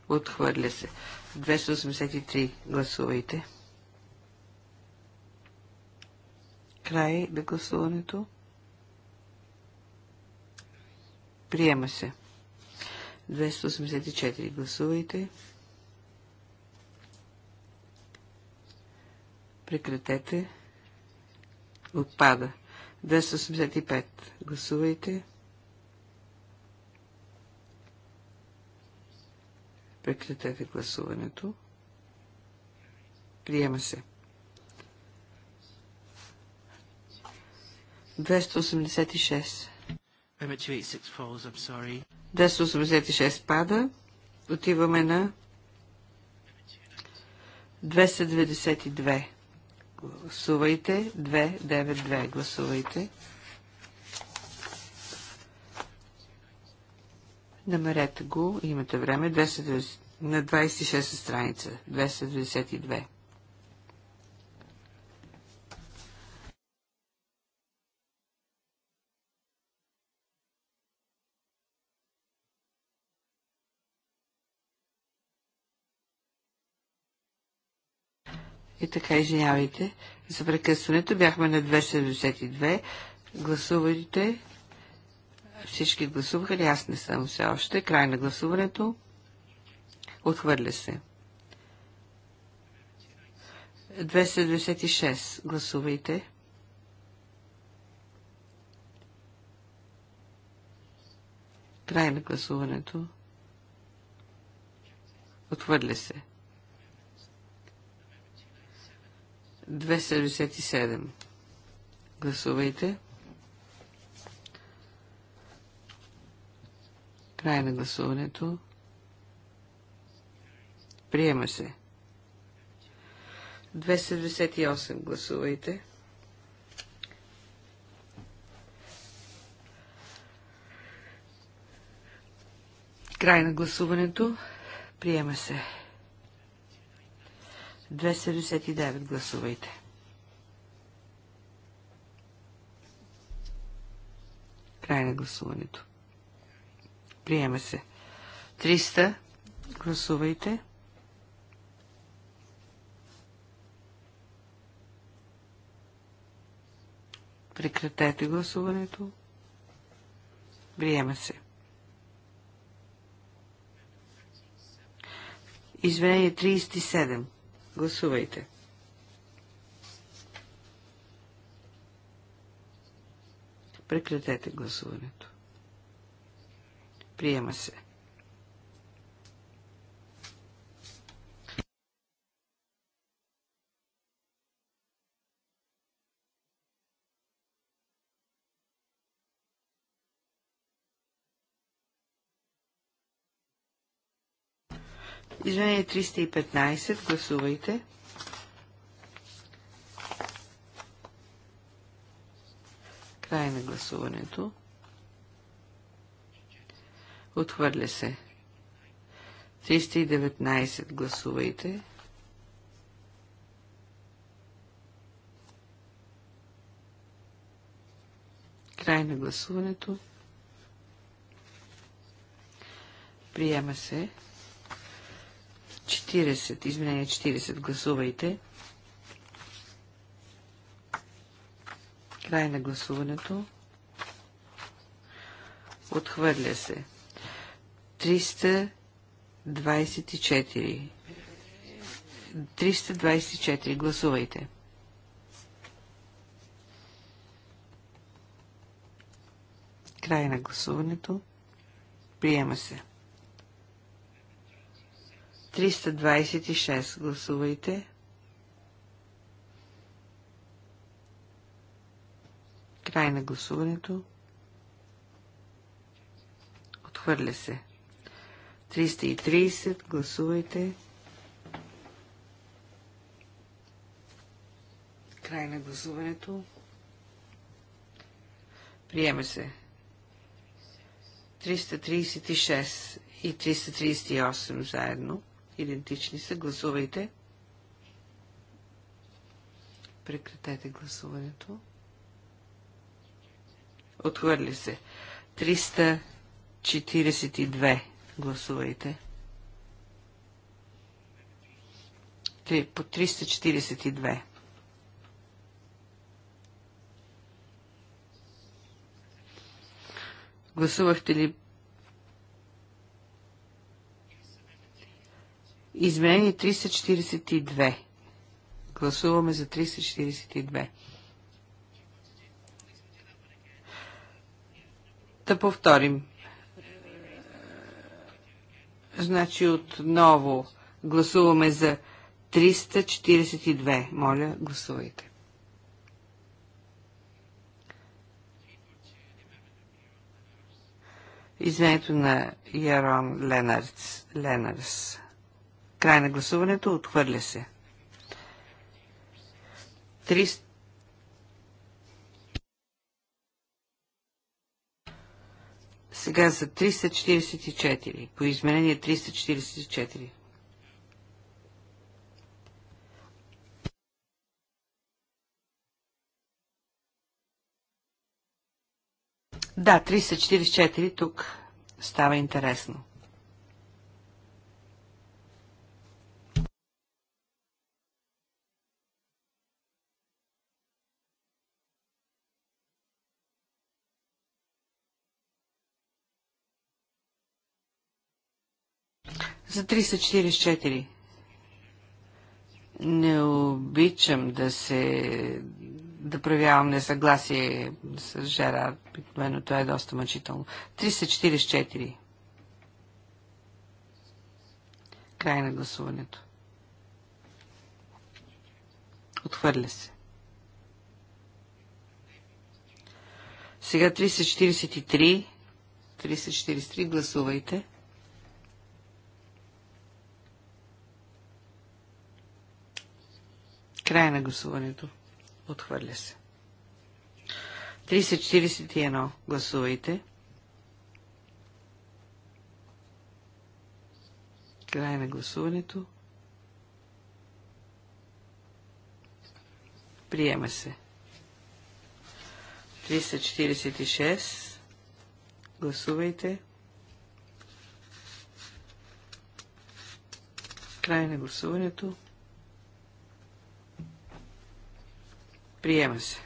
Отхвърля се. 283 гласувайте. Край на гласуването. Приема се. 284 гласувайте. Прекратете. Отпада. 285 гласувайте. Прекратете гласуването. Приема се. 286. 286 пада. Отиваме на 292. Гласувайте. 292. Гласувайте. Намерете го, имате време, 290, на 26 страница, 292. И така, извинявайте за прекъсването. Бяхме на 272. Гласувайте всички гласуваха ли? Аз не съм все още. Край на гласуването. Отхвърля се. 296. Гласувайте. Край на гласуването. Отвърля се. 277. Гласувайте. Край на гласуването. Приема се. 278, гласувайте. Край на гласуването. Приема се. 279 гласувайте. Край на гласуването. Приема се. 300. Гласувайте. Прекратете гласуването. Приема се. Извинение 37. Гласувайте. Прекратете гласуването. Приема се. Извинение 315. Гласувайте. Край на гласуването. Отхвърля се. 319 гласувайте. Край на гласуването. Приема се. 40, изменение 40, гласувайте. Край на гласуването. Отхвърля се. 319. 324. 324. Гласувайте. Край на гласуването. Приема се. 326. Гласувайте. Край на гласуването. Отхвърля се. 327. 330. Гласувайте. Край на гласуването. Приема се. 336 и 338 заедно. Идентични са. Гласувайте. Прекратете гласуването. Отхвърли се. 342. Гласувайте. Три, по 342. Гласувахте ли Изменение 342. Гласуваме за 342. Да повторим. Значи отново гласуваме за 342. Моля, гласувайте. Извинението на Ярон Ленарс. Ленарс. Край на гласуването отхвърля се. 300 Сега са 344. По изменение 344. Да, 344 тук става интересно. За 344. Не обичам да се... да проявявам несъгласие с Жера. Обикновено това е доста мъчително. 344. Край на гласуването. Отхвърля се. Сега 343. 343 гласувайте. Край на гласуването. Отхвърля се. 341. Гласувайте. Край на гласуването. Приема се. 346. Гласувайте. Край на гласуването. Приема се.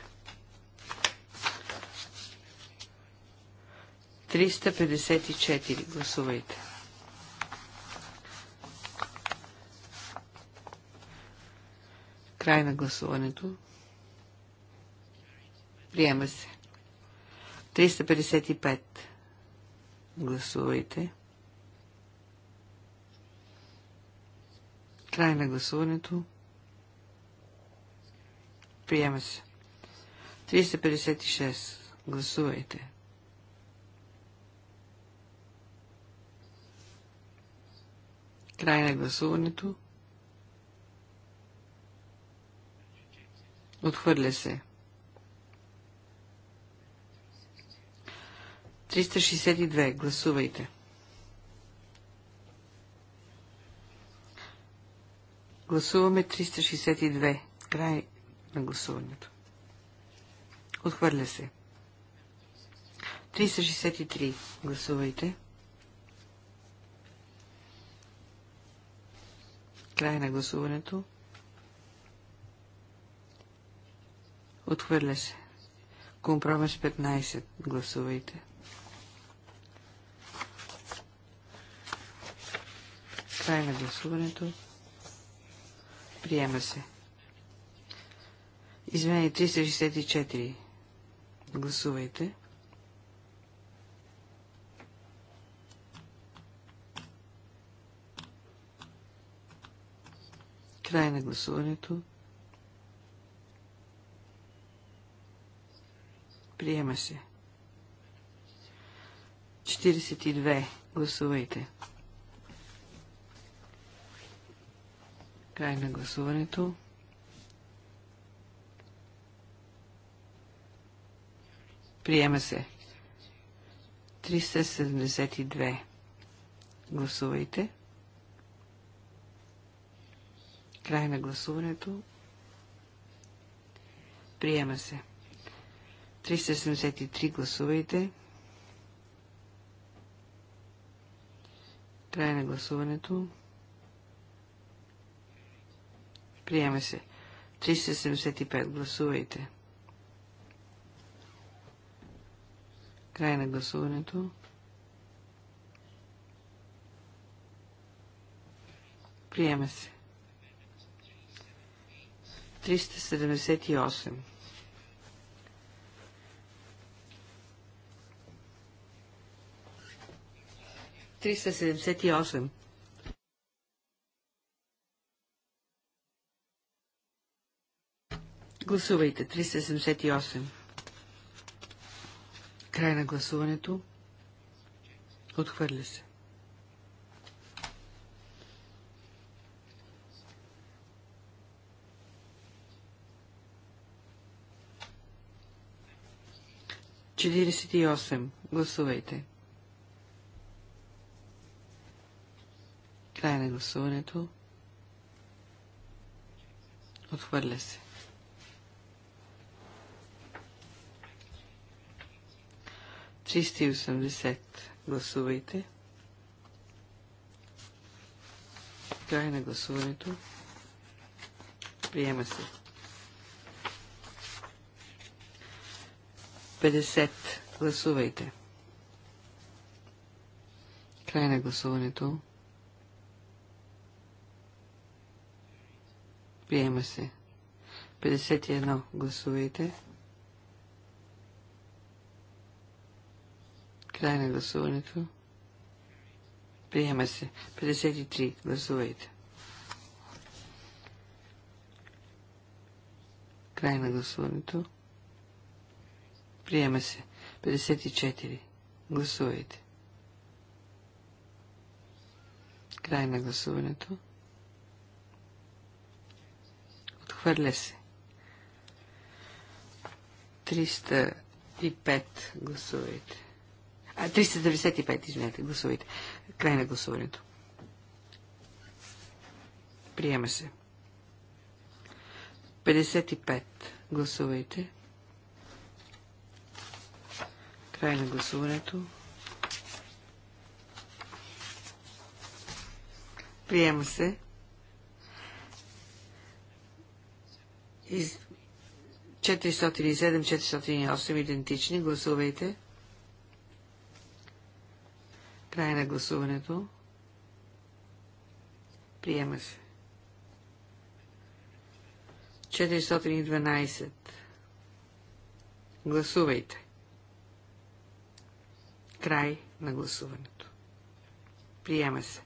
354. Гласувайте. Край на гласуването. Приема се. 355. Гласувайте. Край на гласуването. Приема се. 356. Гласувайте. Край на гласуването. Отхвърля се. 362. Гласувайте. Гласуваме 362. Край на гласуването. Отхвърля се. 363. Гласувайте. Край на гласуването. Отхвърля се. Компромис 15. Гласувайте. Край на гласуването. Приема се. Извинение 364. Гласувайте. Край на гласуването. Приема се. 42. Гласувайте. Край на гласуването. Приема се. 372. Гласувайте. Край на гласуването. Приема се. 373 гласувайте. Край на гласуването. Приема се. 375 гласувайте. Край на гласуването. Приема се. 378. Триста седемдесет Гласувайте. 378. Край на гласуването. Отхвърля се. Четиридесет и осем. Гласувайте. Край на гласуването. Отхвърля се. 380. Гласувайте. Край на гласуването. Приема се. 50. Гласувайте. Край на гласуването. Приема се. 51. Гласувайте. Край на гласуването. Приема се. 53. Гласувайте. Край на гласуването. Приема се. 54. Гласувайте. Край на гласуването. Отхвърля се. 305. Гласувайте. 395, извинете, гласувайте. Край на гласуването. Приема се. 55. Гласувайте. Край на гласуването. Приема се. Из... 407, 408 идентични. Гласувайте. Край на гласуването. Приема се. 412. Гласувайте. Край на гласуването. Приема се.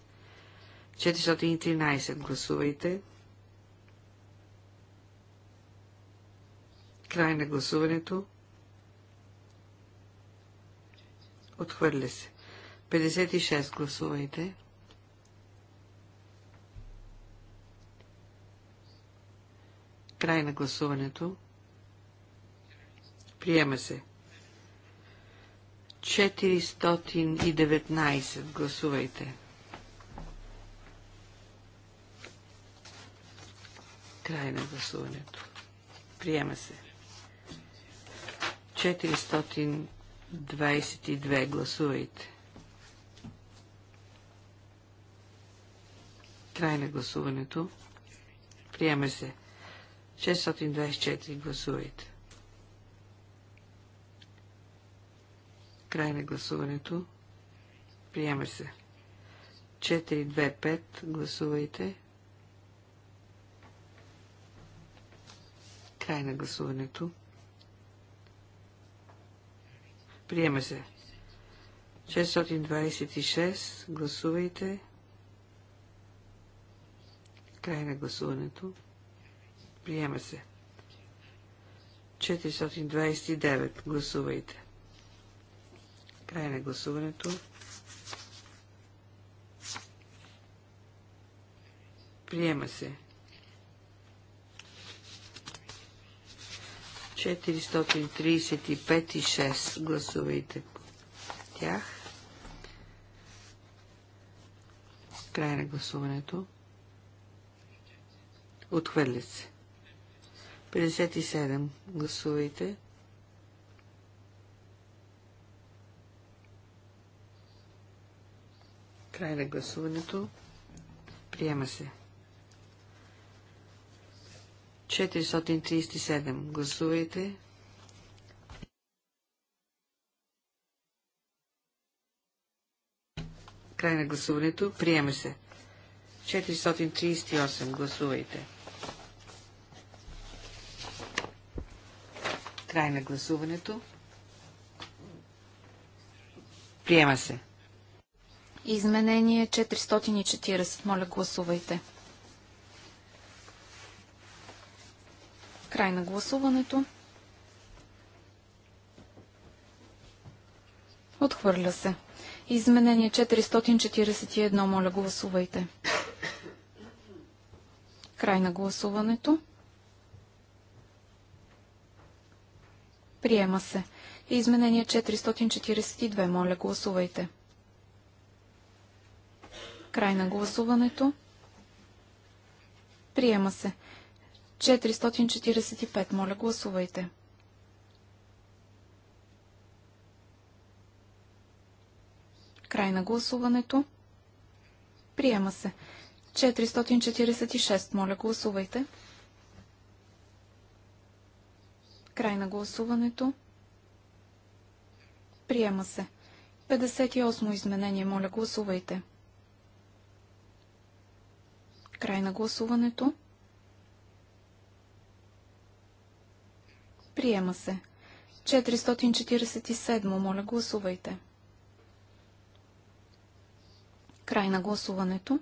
413. Гласувайте. Край на гласуването. Отхвърля се. 56 гласувайте. Край на гласуването. Приема се. 419 гласувайте. Край на гласуването. Приема се. 422 гласувайте. Край на гласуването. Приема се. 624 гласувайте. Край на гласуването. Приема се. 425 гласувайте. Край на гласуването. Приема се. 626 гласувайте. Край на гласуването. Приема се. 429. Гласувайте. Край на гласуването. Приема се. 435 и 6. Гласувайте тях. Край на гласуването. Отхвърля се. 57. Гласувайте. Край на гласуването. Приема се. 437. Гласувайте. Край на гласуването. Приема се. 438. Гласувайте. Край на гласуването. Приема се. Изменение 440. Моля, гласувайте. Край на гласуването. Отхвърля се. Изменение 441. Моля, гласувайте. Край на гласуването. Приема се. Изменение 442. Моля, гласувайте. Край на гласуването. Приема се. 445. Моля, гласувайте. Край на гласуването. Приема се. 446. Моля, гласувайте. Край на гласуването. Приема се. 58 изменение. Моля, гласувайте. Край на гласуването. Приема се. 447. Моля, гласувайте. Край на гласуването.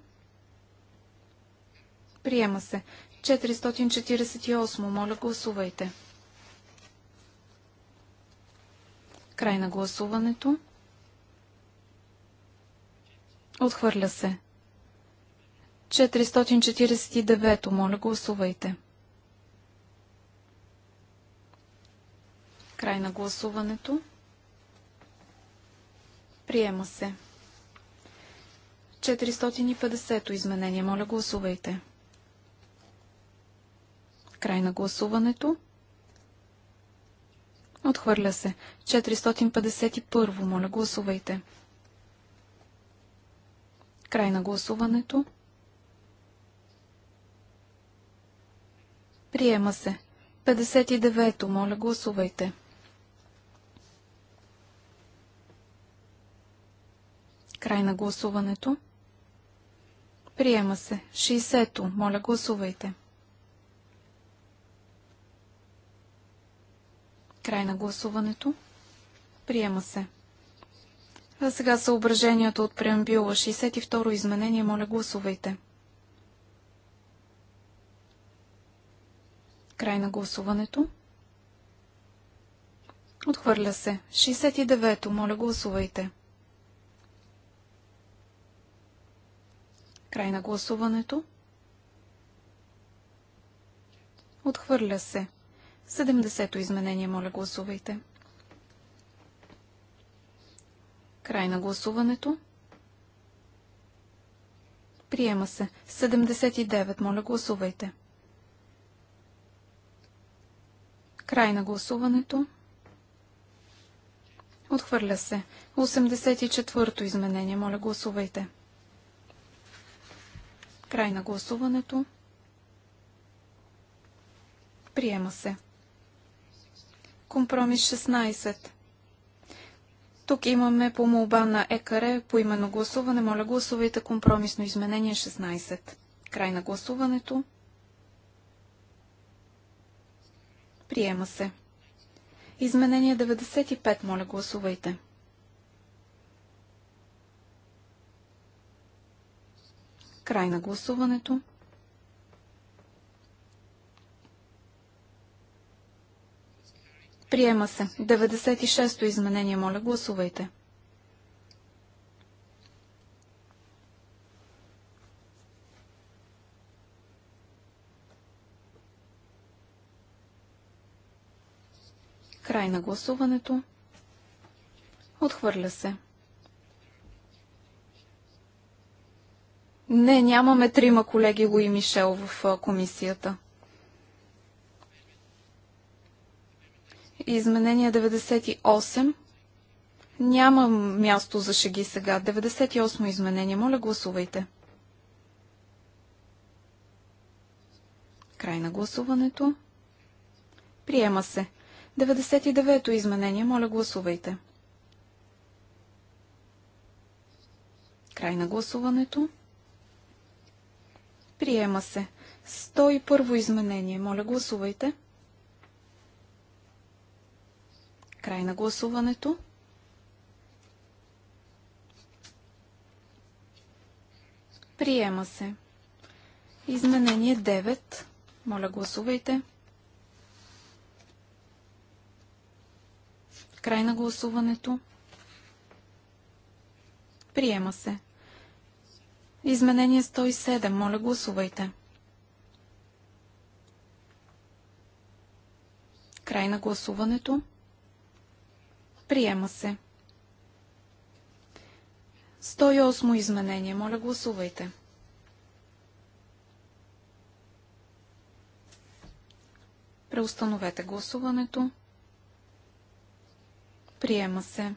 Приема се. 448. Моля, гласувайте. Край на гласуването. Отхвърля се. 449. Моля, гласувайте. Край на гласуването. Приема се. 450 изменение. Моля, гласувайте. Край на гласуването. Отхвърля се. 451. Моля, гласувайте. Край на гласуването. Приема се. 59. Моля, гласувайте. Край на гласуването. Приема се. 60. Моля, гласувайте. Край на гласуването. Приема се. А сега съображението от преамбюла 62 изменение. Моля, гласувайте. Край на гласуването. Отхвърля се. 69-то. Моля, гласувайте. Край на гласуването. Отхвърля се. 70-то изменение, моля гласувайте. Край на гласуването. Приема се. 79, моля гласувайте. Край на гласуването. Отхвърля се. 84-то изменение, моля гласувайте. Край на гласуването. Приема се. Компромис 16. Тук имаме по молба на ЕКАРЕ по именно гласуване. Моля гласувайте компромисно изменение 16. Край на гласуването. Приема се. Изменение 95. Моля гласувайте. Край на гласуването. Приема се. 96-то изменение. Моля, гласувайте. Край на гласуването. Отхвърля се. Не, нямаме трима колеги Луи Мишел в комисията. изменение 98. Няма място за шеги сега. 98 изменение. Моля, гласувайте. Край на гласуването. Приема се. 99-то изменение. Моля, гласувайте. Край на гласуването. Приема се. 101-во изменение. Моля, гласувайте. Край на гласуването. Приема се. Изменение 9. Моля, гласувайте. Край на гласуването. Приема се. Изменение 107. Моля, гласувайте. Край на гласуването. Приема се. 108 изменение. Моля, гласувайте. Преустановете гласуването. Приема се.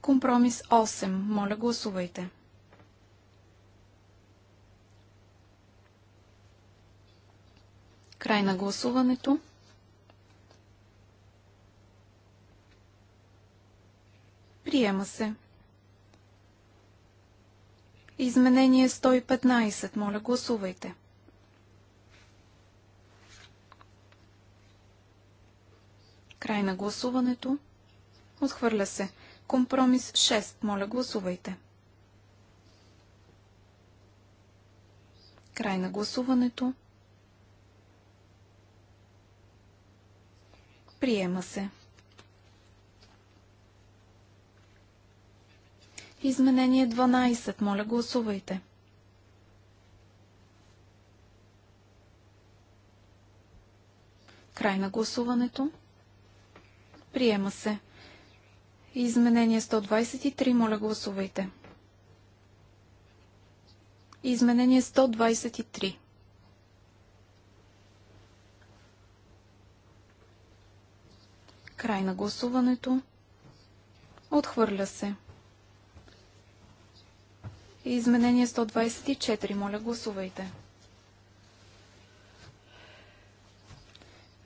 Компромис 8. Моля, гласувайте. Край на гласуването. Приема се. Изменение 115. Моля, гласувайте. Край на гласуването. Отхвърля се. Компромис 6. Моля, гласувайте. Край на гласуването. Приема се. Изменение 12. Моля, гласувайте. Край на гласуването. Приема се. Изменение 123. Моля, гласувайте. Изменение 123. Край на гласуването. Отхвърля се. Изменение 124. Моля, гласувайте.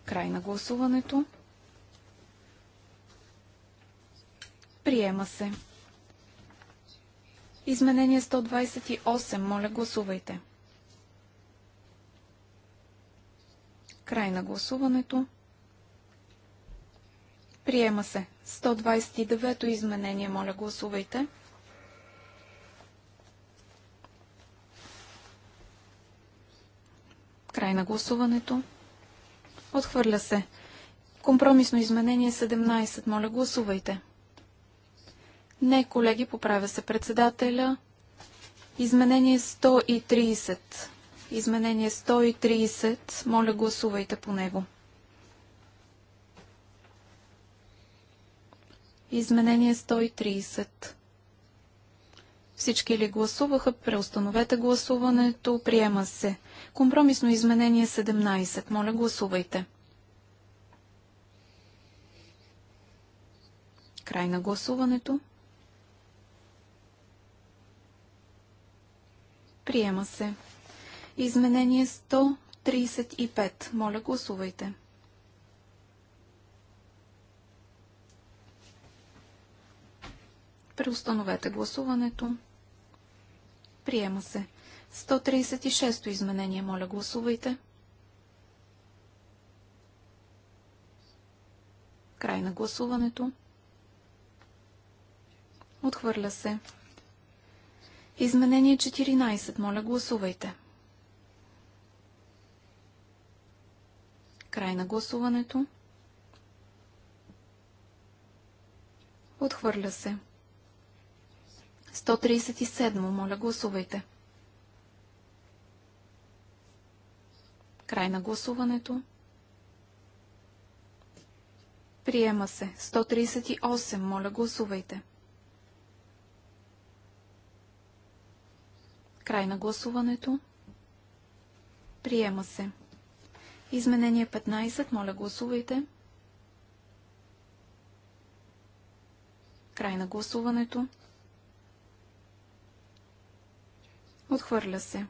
Край на гласуването. Приема се. Изменение 128. Моля, гласувайте. Край на гласуването. Приема се. 129-то изменение. Моля, гласувайте. Гласувайте. Край на гласуването. Отхвърля се. Компромисно изменение 17. Моля, гласувайте. Не, колеги, поправя се председателя. Изменение 130. Изменение 130. Моля, гласувайте по него. Изменение 130. Всички ли гласуваха? Преустановете гласуването. Приема се. Компромисно изменение 17. Моля, гласувайте. Край на гласуването. Приема се. Изменение 135. Моля, гласувайте. Преустановете гласуването. Приема се. 136-то изменение. Моля, гласувайте. Край на гласуването. Отхвърля се. Изменение 14. Моля, гласувайте. Край на гласуването. Отхвърля се. 137. Моля, гласувайте. Край на гласуването. Приема се. 138. Моля, гласувайте. Край на гласуването. Приема се. Изменение 15. Моля, гласувайте. Край на гласуването. Отхвърля се.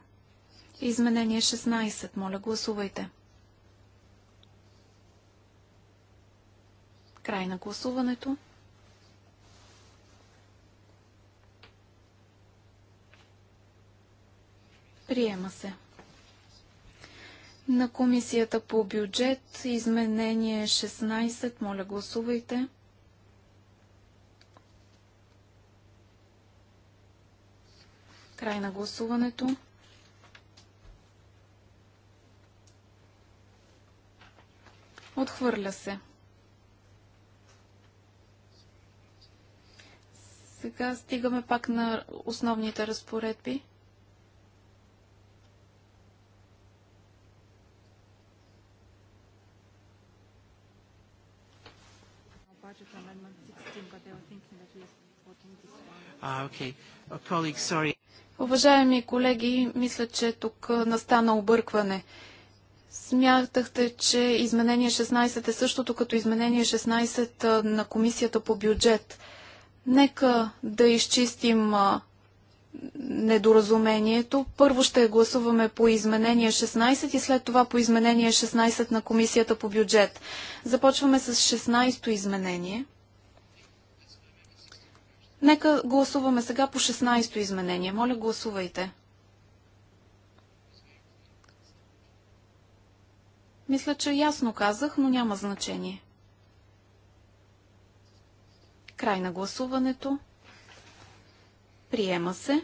Изменение 16. Моля, гласувайте. Край на гласуването. Приема се. На комисията по бюджет изменение 16. Моля, гласувайте. Край на гласуването. Отхвърля се. Сега стигаме пак на основните разпоредби. Ah, okay. Oh, uh, colleague, sorry. Уважаеми колеги, мисля, че тук настана объркване. Смятахте, че изменение 16 е същото като изменение 16 на комисията по бюджет. Нека да изчистим недоразумението. Първо ще гласуваме по изменение 16 и след това по изменение 16 на комисията по бюджет. Започваме с 16-то изменение – Нека гласуваме сега по 16-то изменение. Моля, гласувайте. Мисля, че ясно казах, но няма значение. Край на гласуването. Приема се.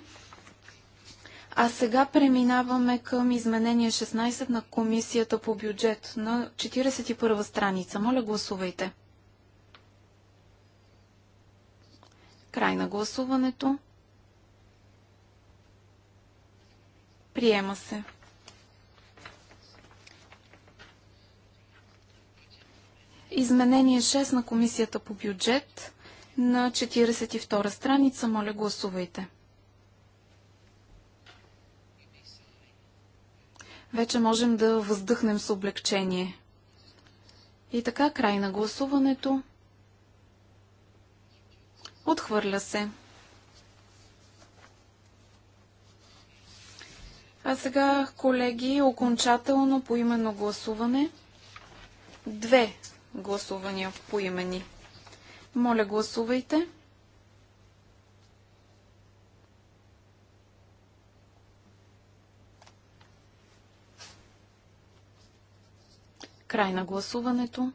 А сега преминаваме към изменение 16 на Комисията по бюджет на 41 страница. Моля, гласувайте. Край на гласуването. Приема се. Изменение 6 на Комисията по бюджет на 42 страница. Моля, гласувайте. Вече можем да въздъхнем с облегчение. И така, край на гласуването. Отхвърля се. А сега, колеги, окончателно поименно гласуване. Две гласувания по имени. Моля, гласувайте. Край на гласуването.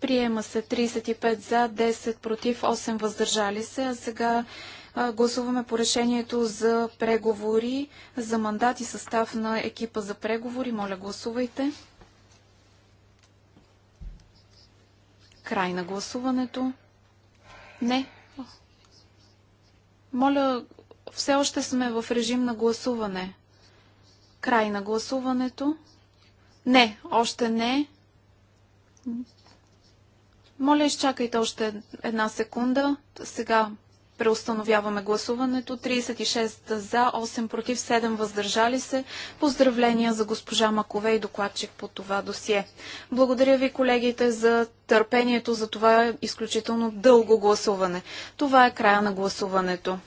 Приема се 35 за, 10 против, 8 въздържали се. А сега а, гласуваме по решението за преговори, за мандат и състав на екипа за преговори. Моля, гласувайте. Край на гласуването. Не. Моля, все още сме в режим на гласуване. Край на гласуването. Не, още не. Моля, изчакайте още една секунда. Сега преустановяваме гласуването. 36 за, 8 против, 7 въздържали се. Поздравления за госпожа Макове и докладчик по това досие. Благодаря ви, колегите, за търпението за това е изключително дълго гласуване. Това е края на гласуването.